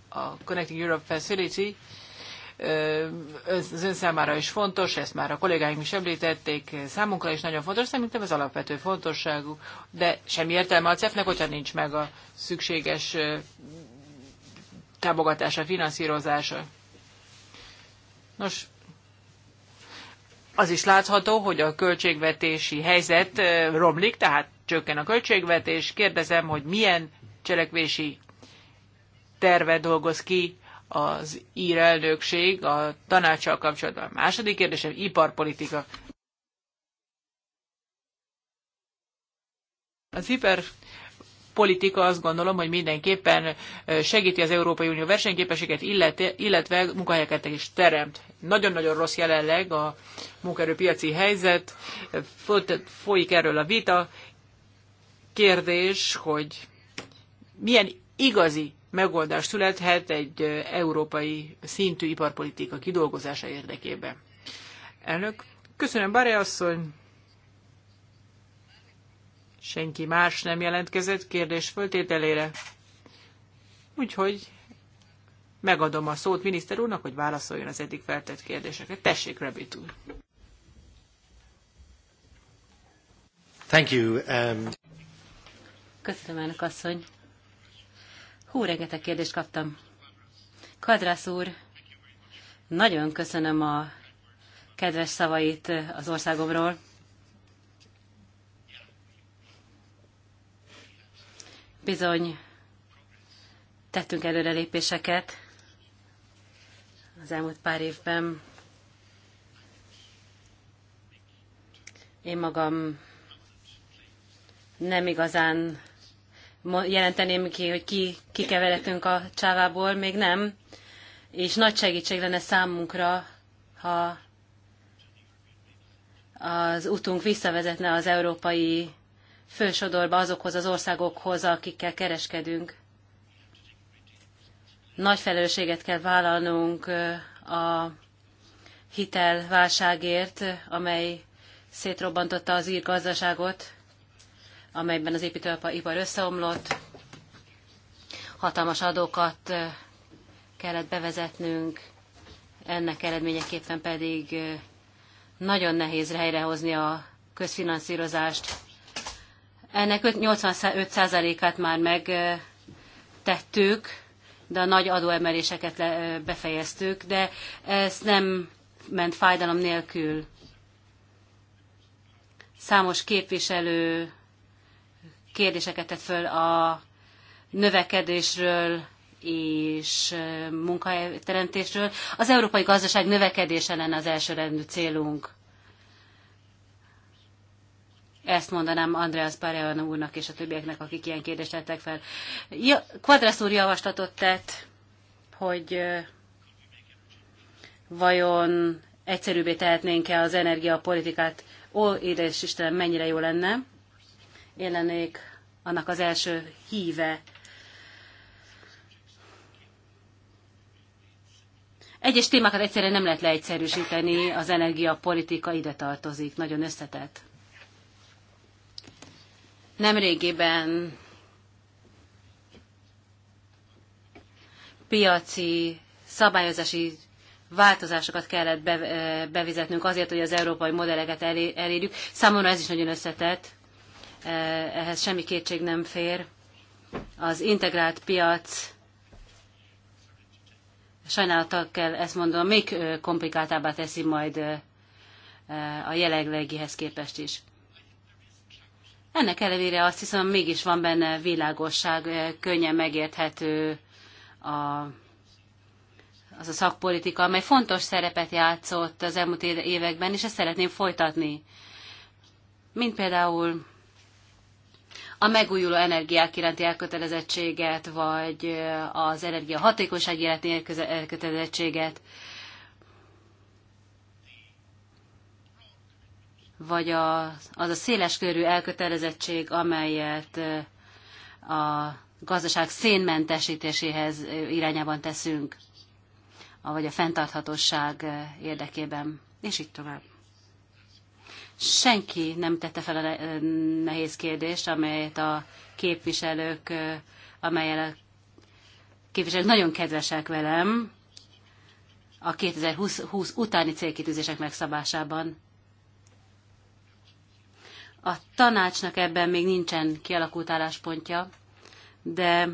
a Connecting Europe Facility az ön számára is fontos, ezt már a kollégáim is említették, számunkra is nagyon fontos, szerintem ez alapvető fontosságú, de semmi értelme a CEF-nek, hogyha nincs meg a szükséges támogatása, finanszírozása. Nos, az is látható, hogy a költségvetési helyzet romlik, tehát csökken a költségvetés. Kérdezem, hogy milyen cselekvési terve dolgoz ki az ír elnökség a tanácssal kapcsolatban. A második kérdésem iparpolitika. Az iparpolitika azt gondolom, hogy mindenképpen segíti az Európai Unió versenyképességet, illetve munkahelyeket is teremt. Nagyon-nagyon rossz jelenleg a munkaerőpiaci helyzet, folyik erről a vita. Kérdés, hogy milyen igazi megoldás születhet egy európai szintű iparpolitika kidolgozása érdekében. Elnök, köszönöm, Bare asszony! Senki más nem jelentkezett kérdés föltételére. Úgyhogy megadom a szót miniszter úrnak, hogy válaszoljon az eddig feltett kérdésekre. Tessék, Rabbit úr! Thank you. Um... Köszönöm, elnök asszony! Hú, rengeteg kérdést kaptam. Kadrász úr, nagyon köszönöm a kedves szavait az országomról. Bizony, tettünk előrelépéseket az elmúlt pár évben. Én magam nem igazán jelenteném ki, hogy ki, kikeveredtünk a csávából, még nem, és nagy segítség lenne számunkra, ha az utunk visszavezetne az európai fősodorba azokhoz az országokhoz, akikkel kereskedünk. Nagy felelősséget kell vállalnunk a hitelválságért, amely szétrobbantotta az ír gazdaságot, amelyben az építőipar összeomlott. Hatalmas adókat kellett bevezetnünk, ennek eredményeképpen pedig nagyon nehéz helyrehozni a közfinanszírozást. Ennek 85%-át már megtettük, de a nagy adóemeléseket befejeztük, de ez nem ment fájdalom nélkül. Számos képviselő kérdéseket tett föl a növekedésről és munkahelyteremtésről. Az európai gazdaság növekedése lenne az elsőrendű célunk. Ezt mondanám Andreas Pareano úrnak és a többieknek, akik ilyen kérdést tettek fel. Ja, Quadrasz úr javaslatot tett, hogy vajon egyszerűbbé tehetnénk-e az energiapolitikát. Ó, édes Istenem, mennyire jó lenne. Én lennék annak az első híve. Egyes témákat egyszerűen nem lehet leegyszerűsíteni, az energiapolitika ide tartozik, nagyon összetett. Nemrégiben piaci szabályozási változásokat kellett bevezetnünk azért, hogy az európai modelleket elérjük. Számomra ez is nagyon összetett. Eh, ehhez semmi kétség nem fér. Az integrált piac, sajnálattal kell ezt mondom, még komplikáltábbá teszi majd eh, a jelenlegihez képest is. Ennek ellenére azt hiszem, mégis van benne világosság, könnyen megérthető a, az a szakpolitika, amely fontos szerepet játszott az elmúlt években, és ezt szeretném folytatni. Mint például a megújuló energiák iránti elkötelezettséget, vagy az energia hatékonyság iránti elkötelezettséget, vagy az, az a széleskörű elkötelezettség, amelyet a gazdaság szénmentesítéséhez irányában teszünk, vagy a fenntarthatóság érdekében, és így tovább senki nem tette fel a nehéz kérdést, amelyet a képviselők, amelyel a képviselők nagyon kedvesek velem a 2020 utáni célkitűzések megszabásában. A tanácsnak ebben még nincsen kialakult álláspontja, de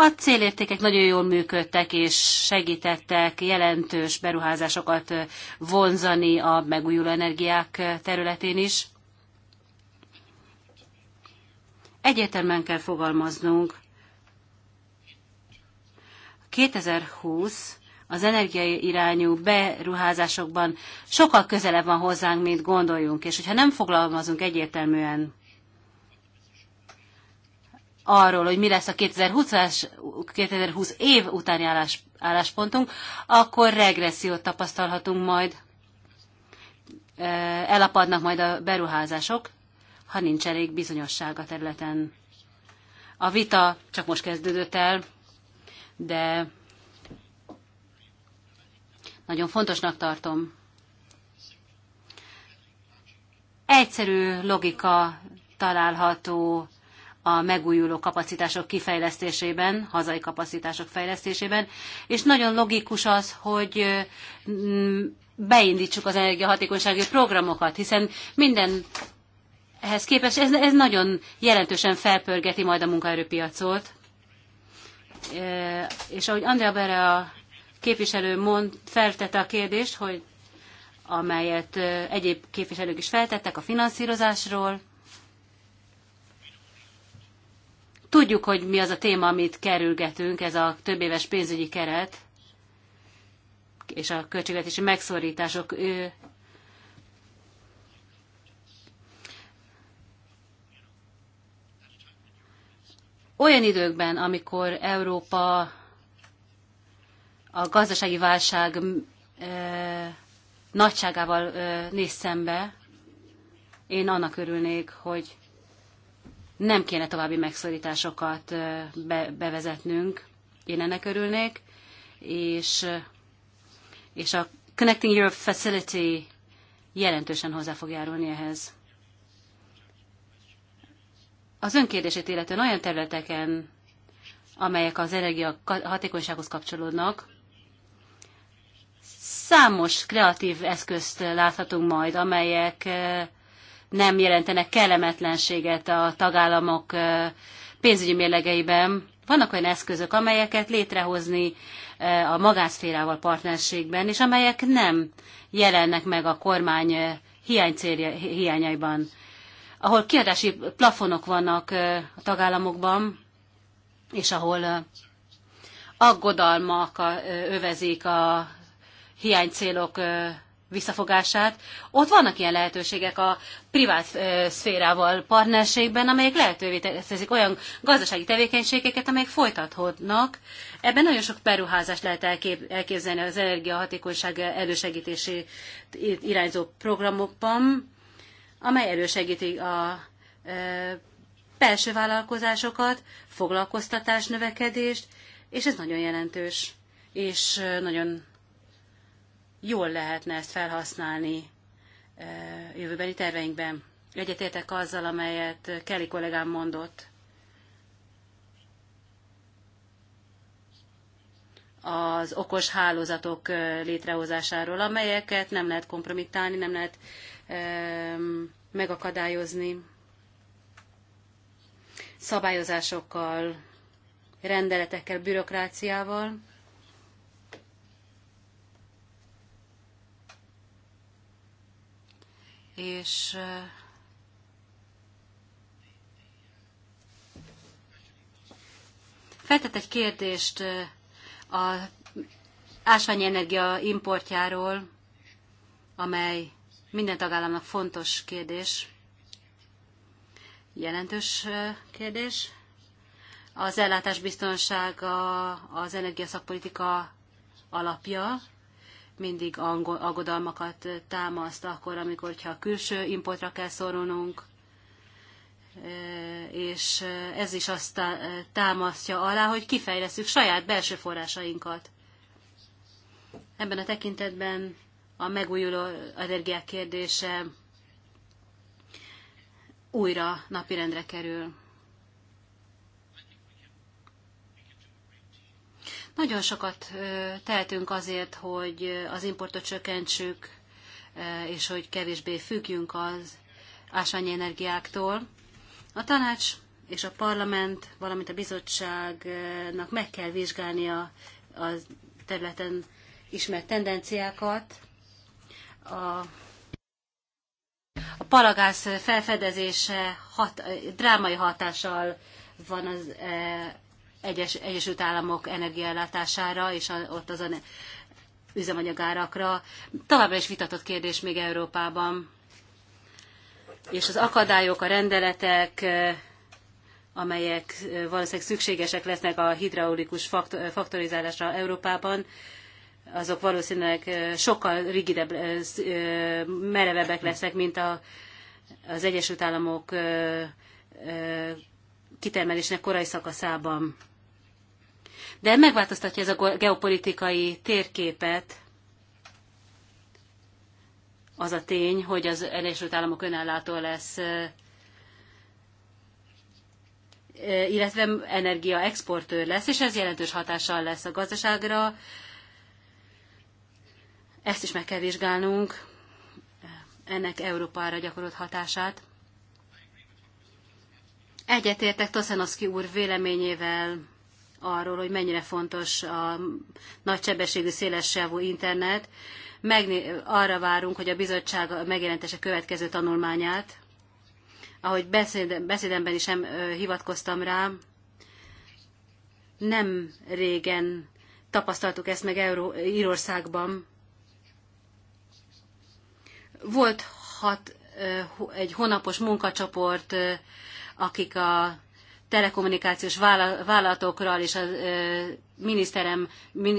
a célértékek nagyon jól működtek, és segítettek jelentős beruházásokat vonzani a megújuló energiák területén is. Egyértelműen kell fogalmaznunk. 2020 az energiai irányú beruházásokban sokkal közelebb van hozzánk, mint gondoljunk, és hogyha nem foglalmazunk egyértelműen arról, hogy mi lesz a 2020-as, 2020 év utáni állás, álláspontunk, akkor regressziót tapasztalhatunk majd, elapadnak majd a beruházások, ha nincs elég bizonyosság a területen. A vita csak most kezdődött el, de nagyon fontosnak tartom. Egyszerű logika található a megújuló kapacitások kifejlesztésében, hazai kapacitások fejlesztésében, és nagyon logikus az, hogy mm, beindítsuk az energiahatékonysági programokat, hiszen minden ehhez képest ez, ez nagyon jelentősen felpörgeti majd a munkaerőpiacot. E, és ahogy Andrea Bere a képviselő mond, feltette a kérdést, hogy amelyet e, egyéb képviselők is feltettek a finanszírozásról, Tudjuk, hogy mi az a téma, amit kerülgetünk, ez a több éves pénzügyi keret és a költségvetési megszorítások. Ő olyan időkben, amikor Európa a gazdasági válság ö, nagyságával ö, néz szembe, én annak örülnék, hogy nem kéne további megszorításokat be, bevezetnünk. Én ennek örülnék, és, és a Connecting Europe Facility jelentősen hozzá fog járulni ehhez. Az önkérdését illetően olyan területeken, amelyek az energia hatékonysághoz kapcsolódnak, számos kreatív eszközt láthatunk majd, amelyek nem jelentenek kellemetlenséget a tagállamok pénzügyi mérlegeiben. Vannak olyan eszközök, amelyeket létrehozni a magánszférával partnerségben, és amelyek nem jelennek meg a kormány hiány célja, hiányaiban, ahol kiadási plafonok vannak a tagállamokban, és ahol aggodalmak övezik a hiánycélok visszafogását. Ott vannak ilyen lehetőségek a privát szférával partnerségben, amelyek lehetővé teszik olyan gazdasági tevékenységeket, amelyek folytathatnak. Ebben nagyon sok beruházást lehet elképzelni az energiahatékonyság elősegítési irányzó programokban, amely elősegíti a belső vállalkozásokat, foglalkoztatás növekedést, és ez nagyon jelentős, és nagyon jól lehetne ezt felhasználni jövőbeni terveinkben. Egyetértek azzal, amelyet Kelly kollégám mondott. az okos hálózatok létrehozásáról, amelyeket nem lehet kompromittálni, nem lehet megakadályozni szabályozásokkal, rendeletekkel, bürokráciával. és feltett egy kérdést a ásványi energia importjáról, amely minden tagállamnak fontos kérdés, jelentős kérdés. Az ellátás biztonsága az energiaszakpolitika alapja, mindig aggodalmakat támaszt akkor, amikor ha külső importra kell szorulnunk, és ez is azt támasztja alá, hogy kifejleszünk saját belső forrásainkat. Ebben a tekintetben a megújuló energiák kérdése újra napirendre kerül. Nagyon sokat tehetünk azért, hogy az importot csökkentsük, és hogy kevésbé függjünk az ásványi energiáktól. A tanács és a parlament, valamint a bizottságnak meg kell vizsgálnia a területen ismert tendenciákat. A, a palagász felfedezése hat, drámai hatással van az egyes, Egyesült Államok energiaellátására és a, ott az a üzemanyagárakra. Továbbra is vitatott kérdés még Európában. És az akadályok, a rendeletek, amelyek valószínűleg szükségesek lesznek a hidraulikus faktorizálásra Európában, azok valószínűleg sokkal rigidebb, merevebbek lesznek, mint a, az Egyesült Államok kitermelésnek korai szakaszában. De megváltoztatja ez a geopolitikai térképet az a tény, hogy az Egyesült Államok önállátó lesz, illetve energia exportőr lesz, és ez jelentős hatással lesz a gazdaságra. Ezt is meg kell vizsgálnunk, ennek Európára gyakorolt hatását. Egyetértek Toszanovszki úr véleményével arról, hogy mennyire fontos a nagysebességű szélessávú internet. Megné- arra várunk, hogy a bizottság megjelentese következő tanulmányát. Ahogy beszéd- beszédemben is em- hivatkoztam rá, nem régen tapasztaltuk ezt meg Euró- Írországban. Volt hat, egy hónapos munkacsoport akik a telekommunikációs vállalatokról és a miniszterem,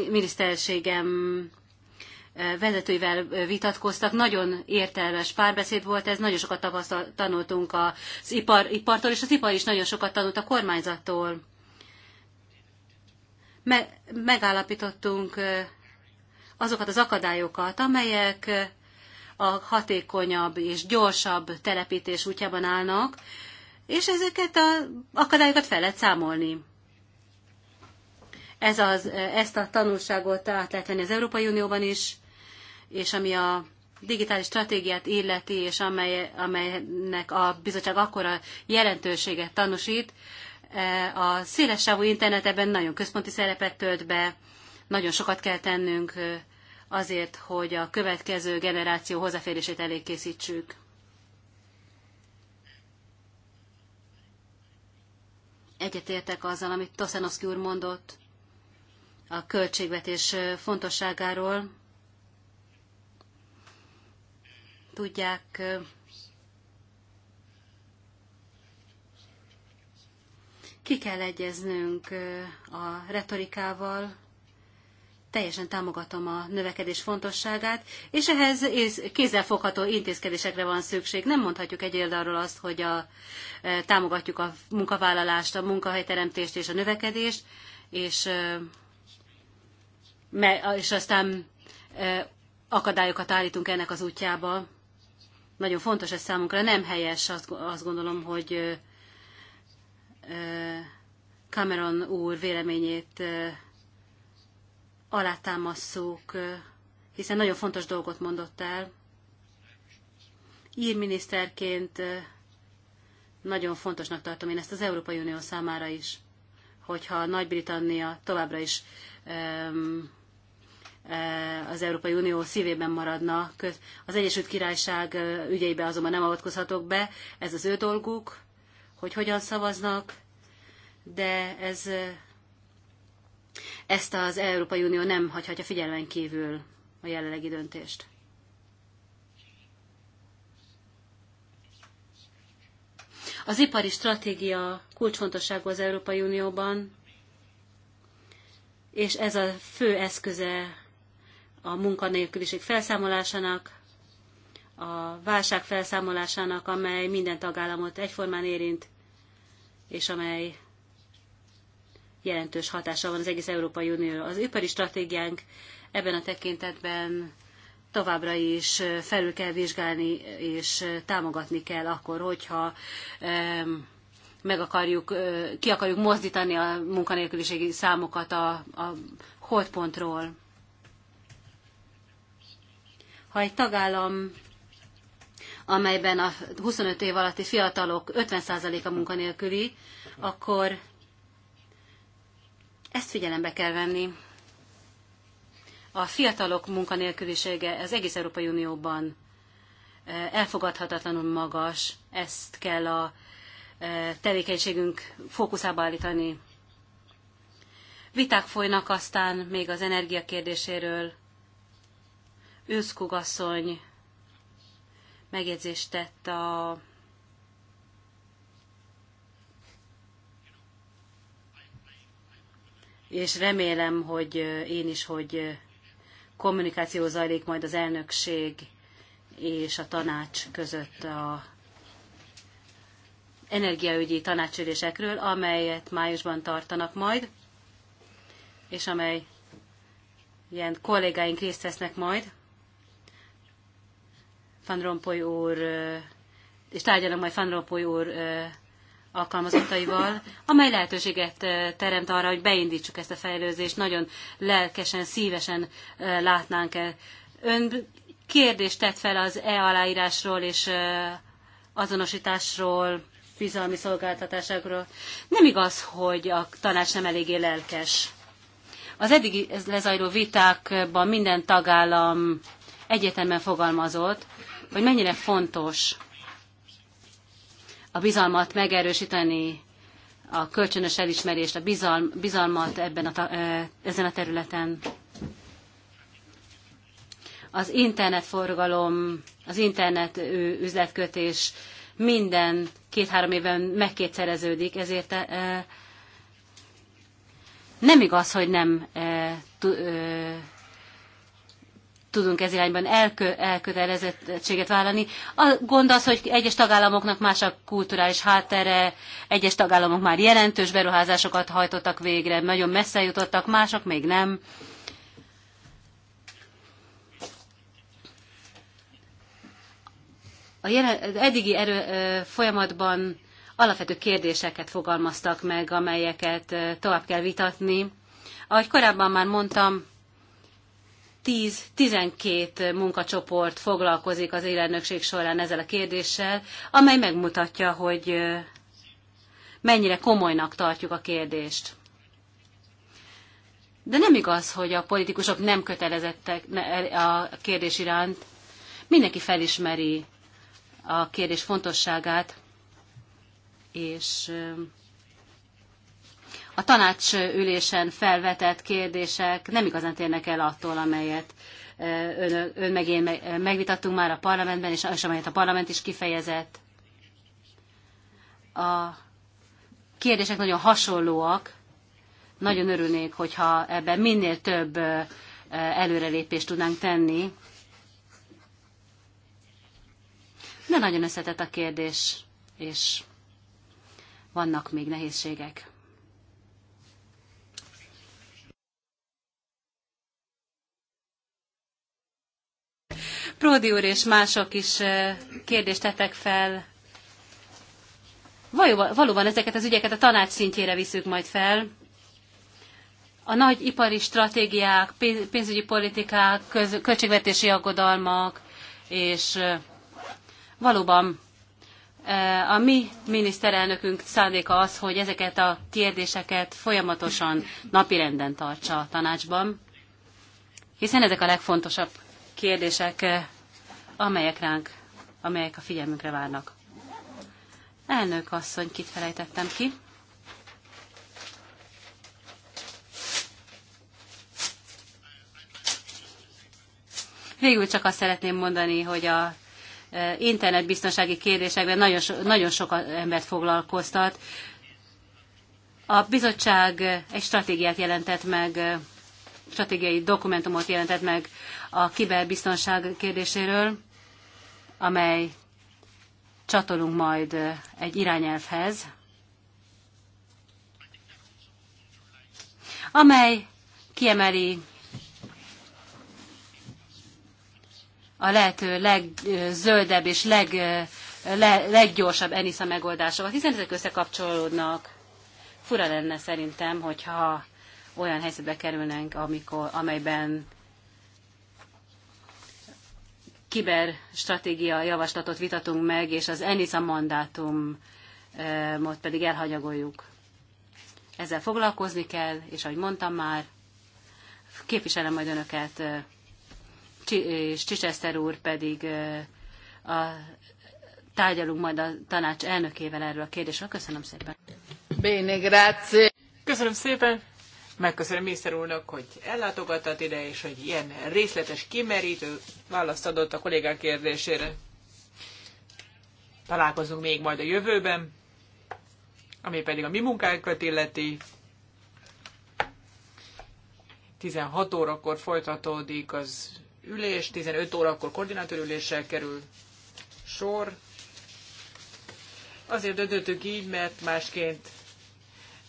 miniszterségem vezetőivel vitatkoztak. Nagyon értelmes párbeszéd volt ez, nagyon sokat tanultunk az ipar, ipartól, és az ipar is nagyon sokat tanult a kormányzattól. Me, megállapítottunk azokat az akadályokat, amelyek a hatékonyabb és gyorsabb telepítés útjában állnak, és ezeket az akadályokat fel lehet számolni. Ez az, ezt a tanulságot át lehet venni az Európai Unióban is, és ami a digitális stratégiát illeti, és amely, amelynek a bizottság akkora jelentőséget tanúsít, e, a sávú internet ebben nagyon központi szerepet tölt be, nagyon sokat kell tennünk e, azért, hogy a következő generáció hozzáférését elég készítsük. egyetértek azzal, amit Toszenoszki úr mondott a költségvetés fontosságáról. Tudják, ki kell egyeznünk a retorikával, teljesen támogatom a növekedés fontosságát, és ehhez kézzelfogható intézkedésekre van szükség. Nem mondhatjuk egy oldalról azt, hogy a, e, támogatjuk a munkavállalást, a munkahelyteremtést és a növekedést, és, e, és aztán e, akadályokat állítunk ennek az útjába. Nagyon fontos ez számunkra, nem helyes, azt, azt gondolom, hogy Cameron úr véleményét alátámasszuk, hiszen nagyon fontos dolgot mondott el. írminiszterként nagyon fontosnak tartom én ezt az Európai Unió számára is, hogyha Nagy-Britannia továbbra is az Európai Unió szívében maradna. Az Egyesült Királyság ügyeibe azonban nem avatkozhatok be, ez az ő dolguk, hogy hogyan szavaznak, de ez ezt az Európai Unió nem hagyhatja figyelmen kívül a jelenlegi döntést. Az ipari stratégia kulcsfontosságú az Európai Unióban, és ez a fő eszköze a munkanélküliség felszámolásának, a válság felszámolásának, amely minden tagállamot egyformán érint, és amely jelentős hatása van az egész Európai Unióra. Az ipari stratégiánk ebben a tekintetben továbbra is felül kell vizsgálni és támogatni kell akkor, hogyha meg akarjuk, ki akarjuk mozdítani a munkanélküliségi számokat a, a holdpontról. Ha egy tagállam, amelyben a 25 év alatti fiatalok 50%-a munkanélküli, akkor ezt figyelembe kell venni. A fiatalok munkanélkülisége az egész Európai Unióban eh, elfogadhatatlanul magas, ezt kell a eh, tevékenységünk fókuszába állítani. Viták folynak aztán még az energia kérdéséről. Őszkugasszony megjegyzést tett a és remélem, hogy én is, hogy kommunikáció zajlik majd az elnökség és a tanács között a energiaügyi tanácsülésekről, amelyet májusban tartanak majd, és amely ilyen kollégáink részt vesznek majd. Van Rompuy úr, és tárgyalnak majd Van Rompuy úr alkalmazottaival, amely lehetőséget eh, teremt arra, hogy beindítsuk ezt a fejlőzést. Nagyon lelkesen, szívesen eh, látnánk -e. Ön kérdést tett fel az e-aláírásról és eh, azonosításról, bizalmi szolgáltatásokról. Nem igaz, hogy a tanács nem eléggé lelkes. Az eddig lezajló vitákban minden tagállam egyetemben fogalmazott, hogy mennyire fontos a bizalmat megerősíteni, a kölcsönös elismerést, a bizalm, bizalmat ebben a, ezen a területen. Az internetforgalom, az internet üzletkötés minden két-három éven megkétszereződik, ezért nem igaz, hogy nem tudunk ez irányban elkö, elkötelezettséget vállalni. A gond az, hogy egyes tagállamoknak más a kulturális háttere, egyes tagállamok már jelentős beruházásokat hajtottak végre, nagyon messze jutottak, mások még nem. A jelen, eddigi erő, folyamatban alapvető kérdéseket fogalmaztak meg, amelyeket tovább kell vitatni. Ahogy korábban már mondtam, 10-12 munkacsoport foglalkozik az élelnökség során ezzel a kérdéssel, amely megmutatja, hogy mennyire komolynak tartjuk a kérdést. De nem igaz, hogy a politikusok nem kötelezettek a kérdés iránt. Mindenki felismeri a kérdés fontosságát, és a tanács ülésen felvetett kérdések nem igazán térnek el attól, amelyet ön, ön meg én megvitattunk már a parlamentben, és, és amelyet a parlament is kifejezett. A kérdések nagyon hasonlóak. Nagyon örülnék, hogyha ebben minél több előrelépést tudnánk tenni. De nagyon összetett a kérdés, és vannak még nehézségek. Pródi úr és mások is eh, kérdést tettek fel. Valóban, valóban ezeket az ügyeket a tanács szintjére viszük majd fel. A nagy ipari stratégiák, pénzügyi politikák, köz, költségvetési aggodalmak, és eh, valóban eh, a mi miniszterelnökünk szándéka az, hogy ezeket a kérdéseket folyamatosan napirenden tartsa a tanácsban, hiszen ezek a legfontosabb kérdések, eh, amelyek ránk, amelyek a figyelmünkre várnak. Elnök asszony, kit felejtettem ki? Végül csak azt szeretném mondani, hogy a eh, internetbiztonsági kérdésekben nagyon, so, nagyon sok embert foglalkoztat. A bizottság eh, egy stratégiát jelentett meg, stratégiai dokumentumot jelentett meg a kiberbiztonság kérdéséről, amely csatolunk majd egy irányelvhez, amely kiemeli a lehető legzöldebb és leg, le, leggyorsabb Enisza megoldásokat, hiszen ezek összekapcsolódnak. Fura lenne szerintem, hogyha olyan helyzetbe kerülnénk, amikor, amelyben kiberstratégia javaslatot vitatunk meg, és az ENISA mandátumot eh, pedig elhanyagoljuk. Ezzel foglalkozni kell, és ahogy mondtam már, képviselem majd önöket, eh, és Csicseszter úr pedig eh, a, tárgyalunk majd a tanács elnökével erről a kérdésről. Köszönöm szépen. Bene, grazie. Köszönöm szépen. Megköszönöm miniszter úrnak, hogy ellátogatott ide, és hogy ilyen részletes, kimerítő választ adott a kollégák kérdésére. Találkozunk még majd a jövőben, ami pedig a mi munkánkat illeti. 16 órakor folytatódik az ülés, 15 órakor koordinátorüléssel kerül sor. Azért döntöttük így, mert másként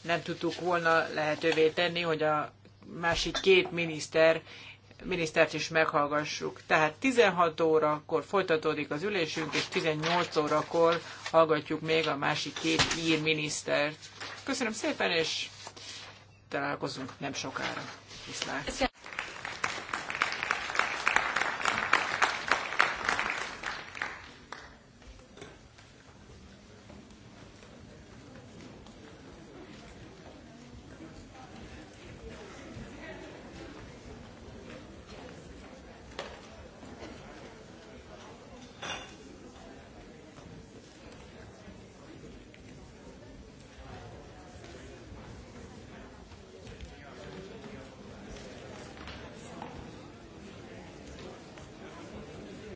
nem tudtuk volna lehetővé tenni, hogy a másik két miniszter minisztert is meghallgassuk. Tehát 16 órakor folytatódik az ülésünk, és 18 órakor hallgatjuk még a másik két ír minisztert. Köszönöm szépen, és találkozunk nem sokára. Viszlát!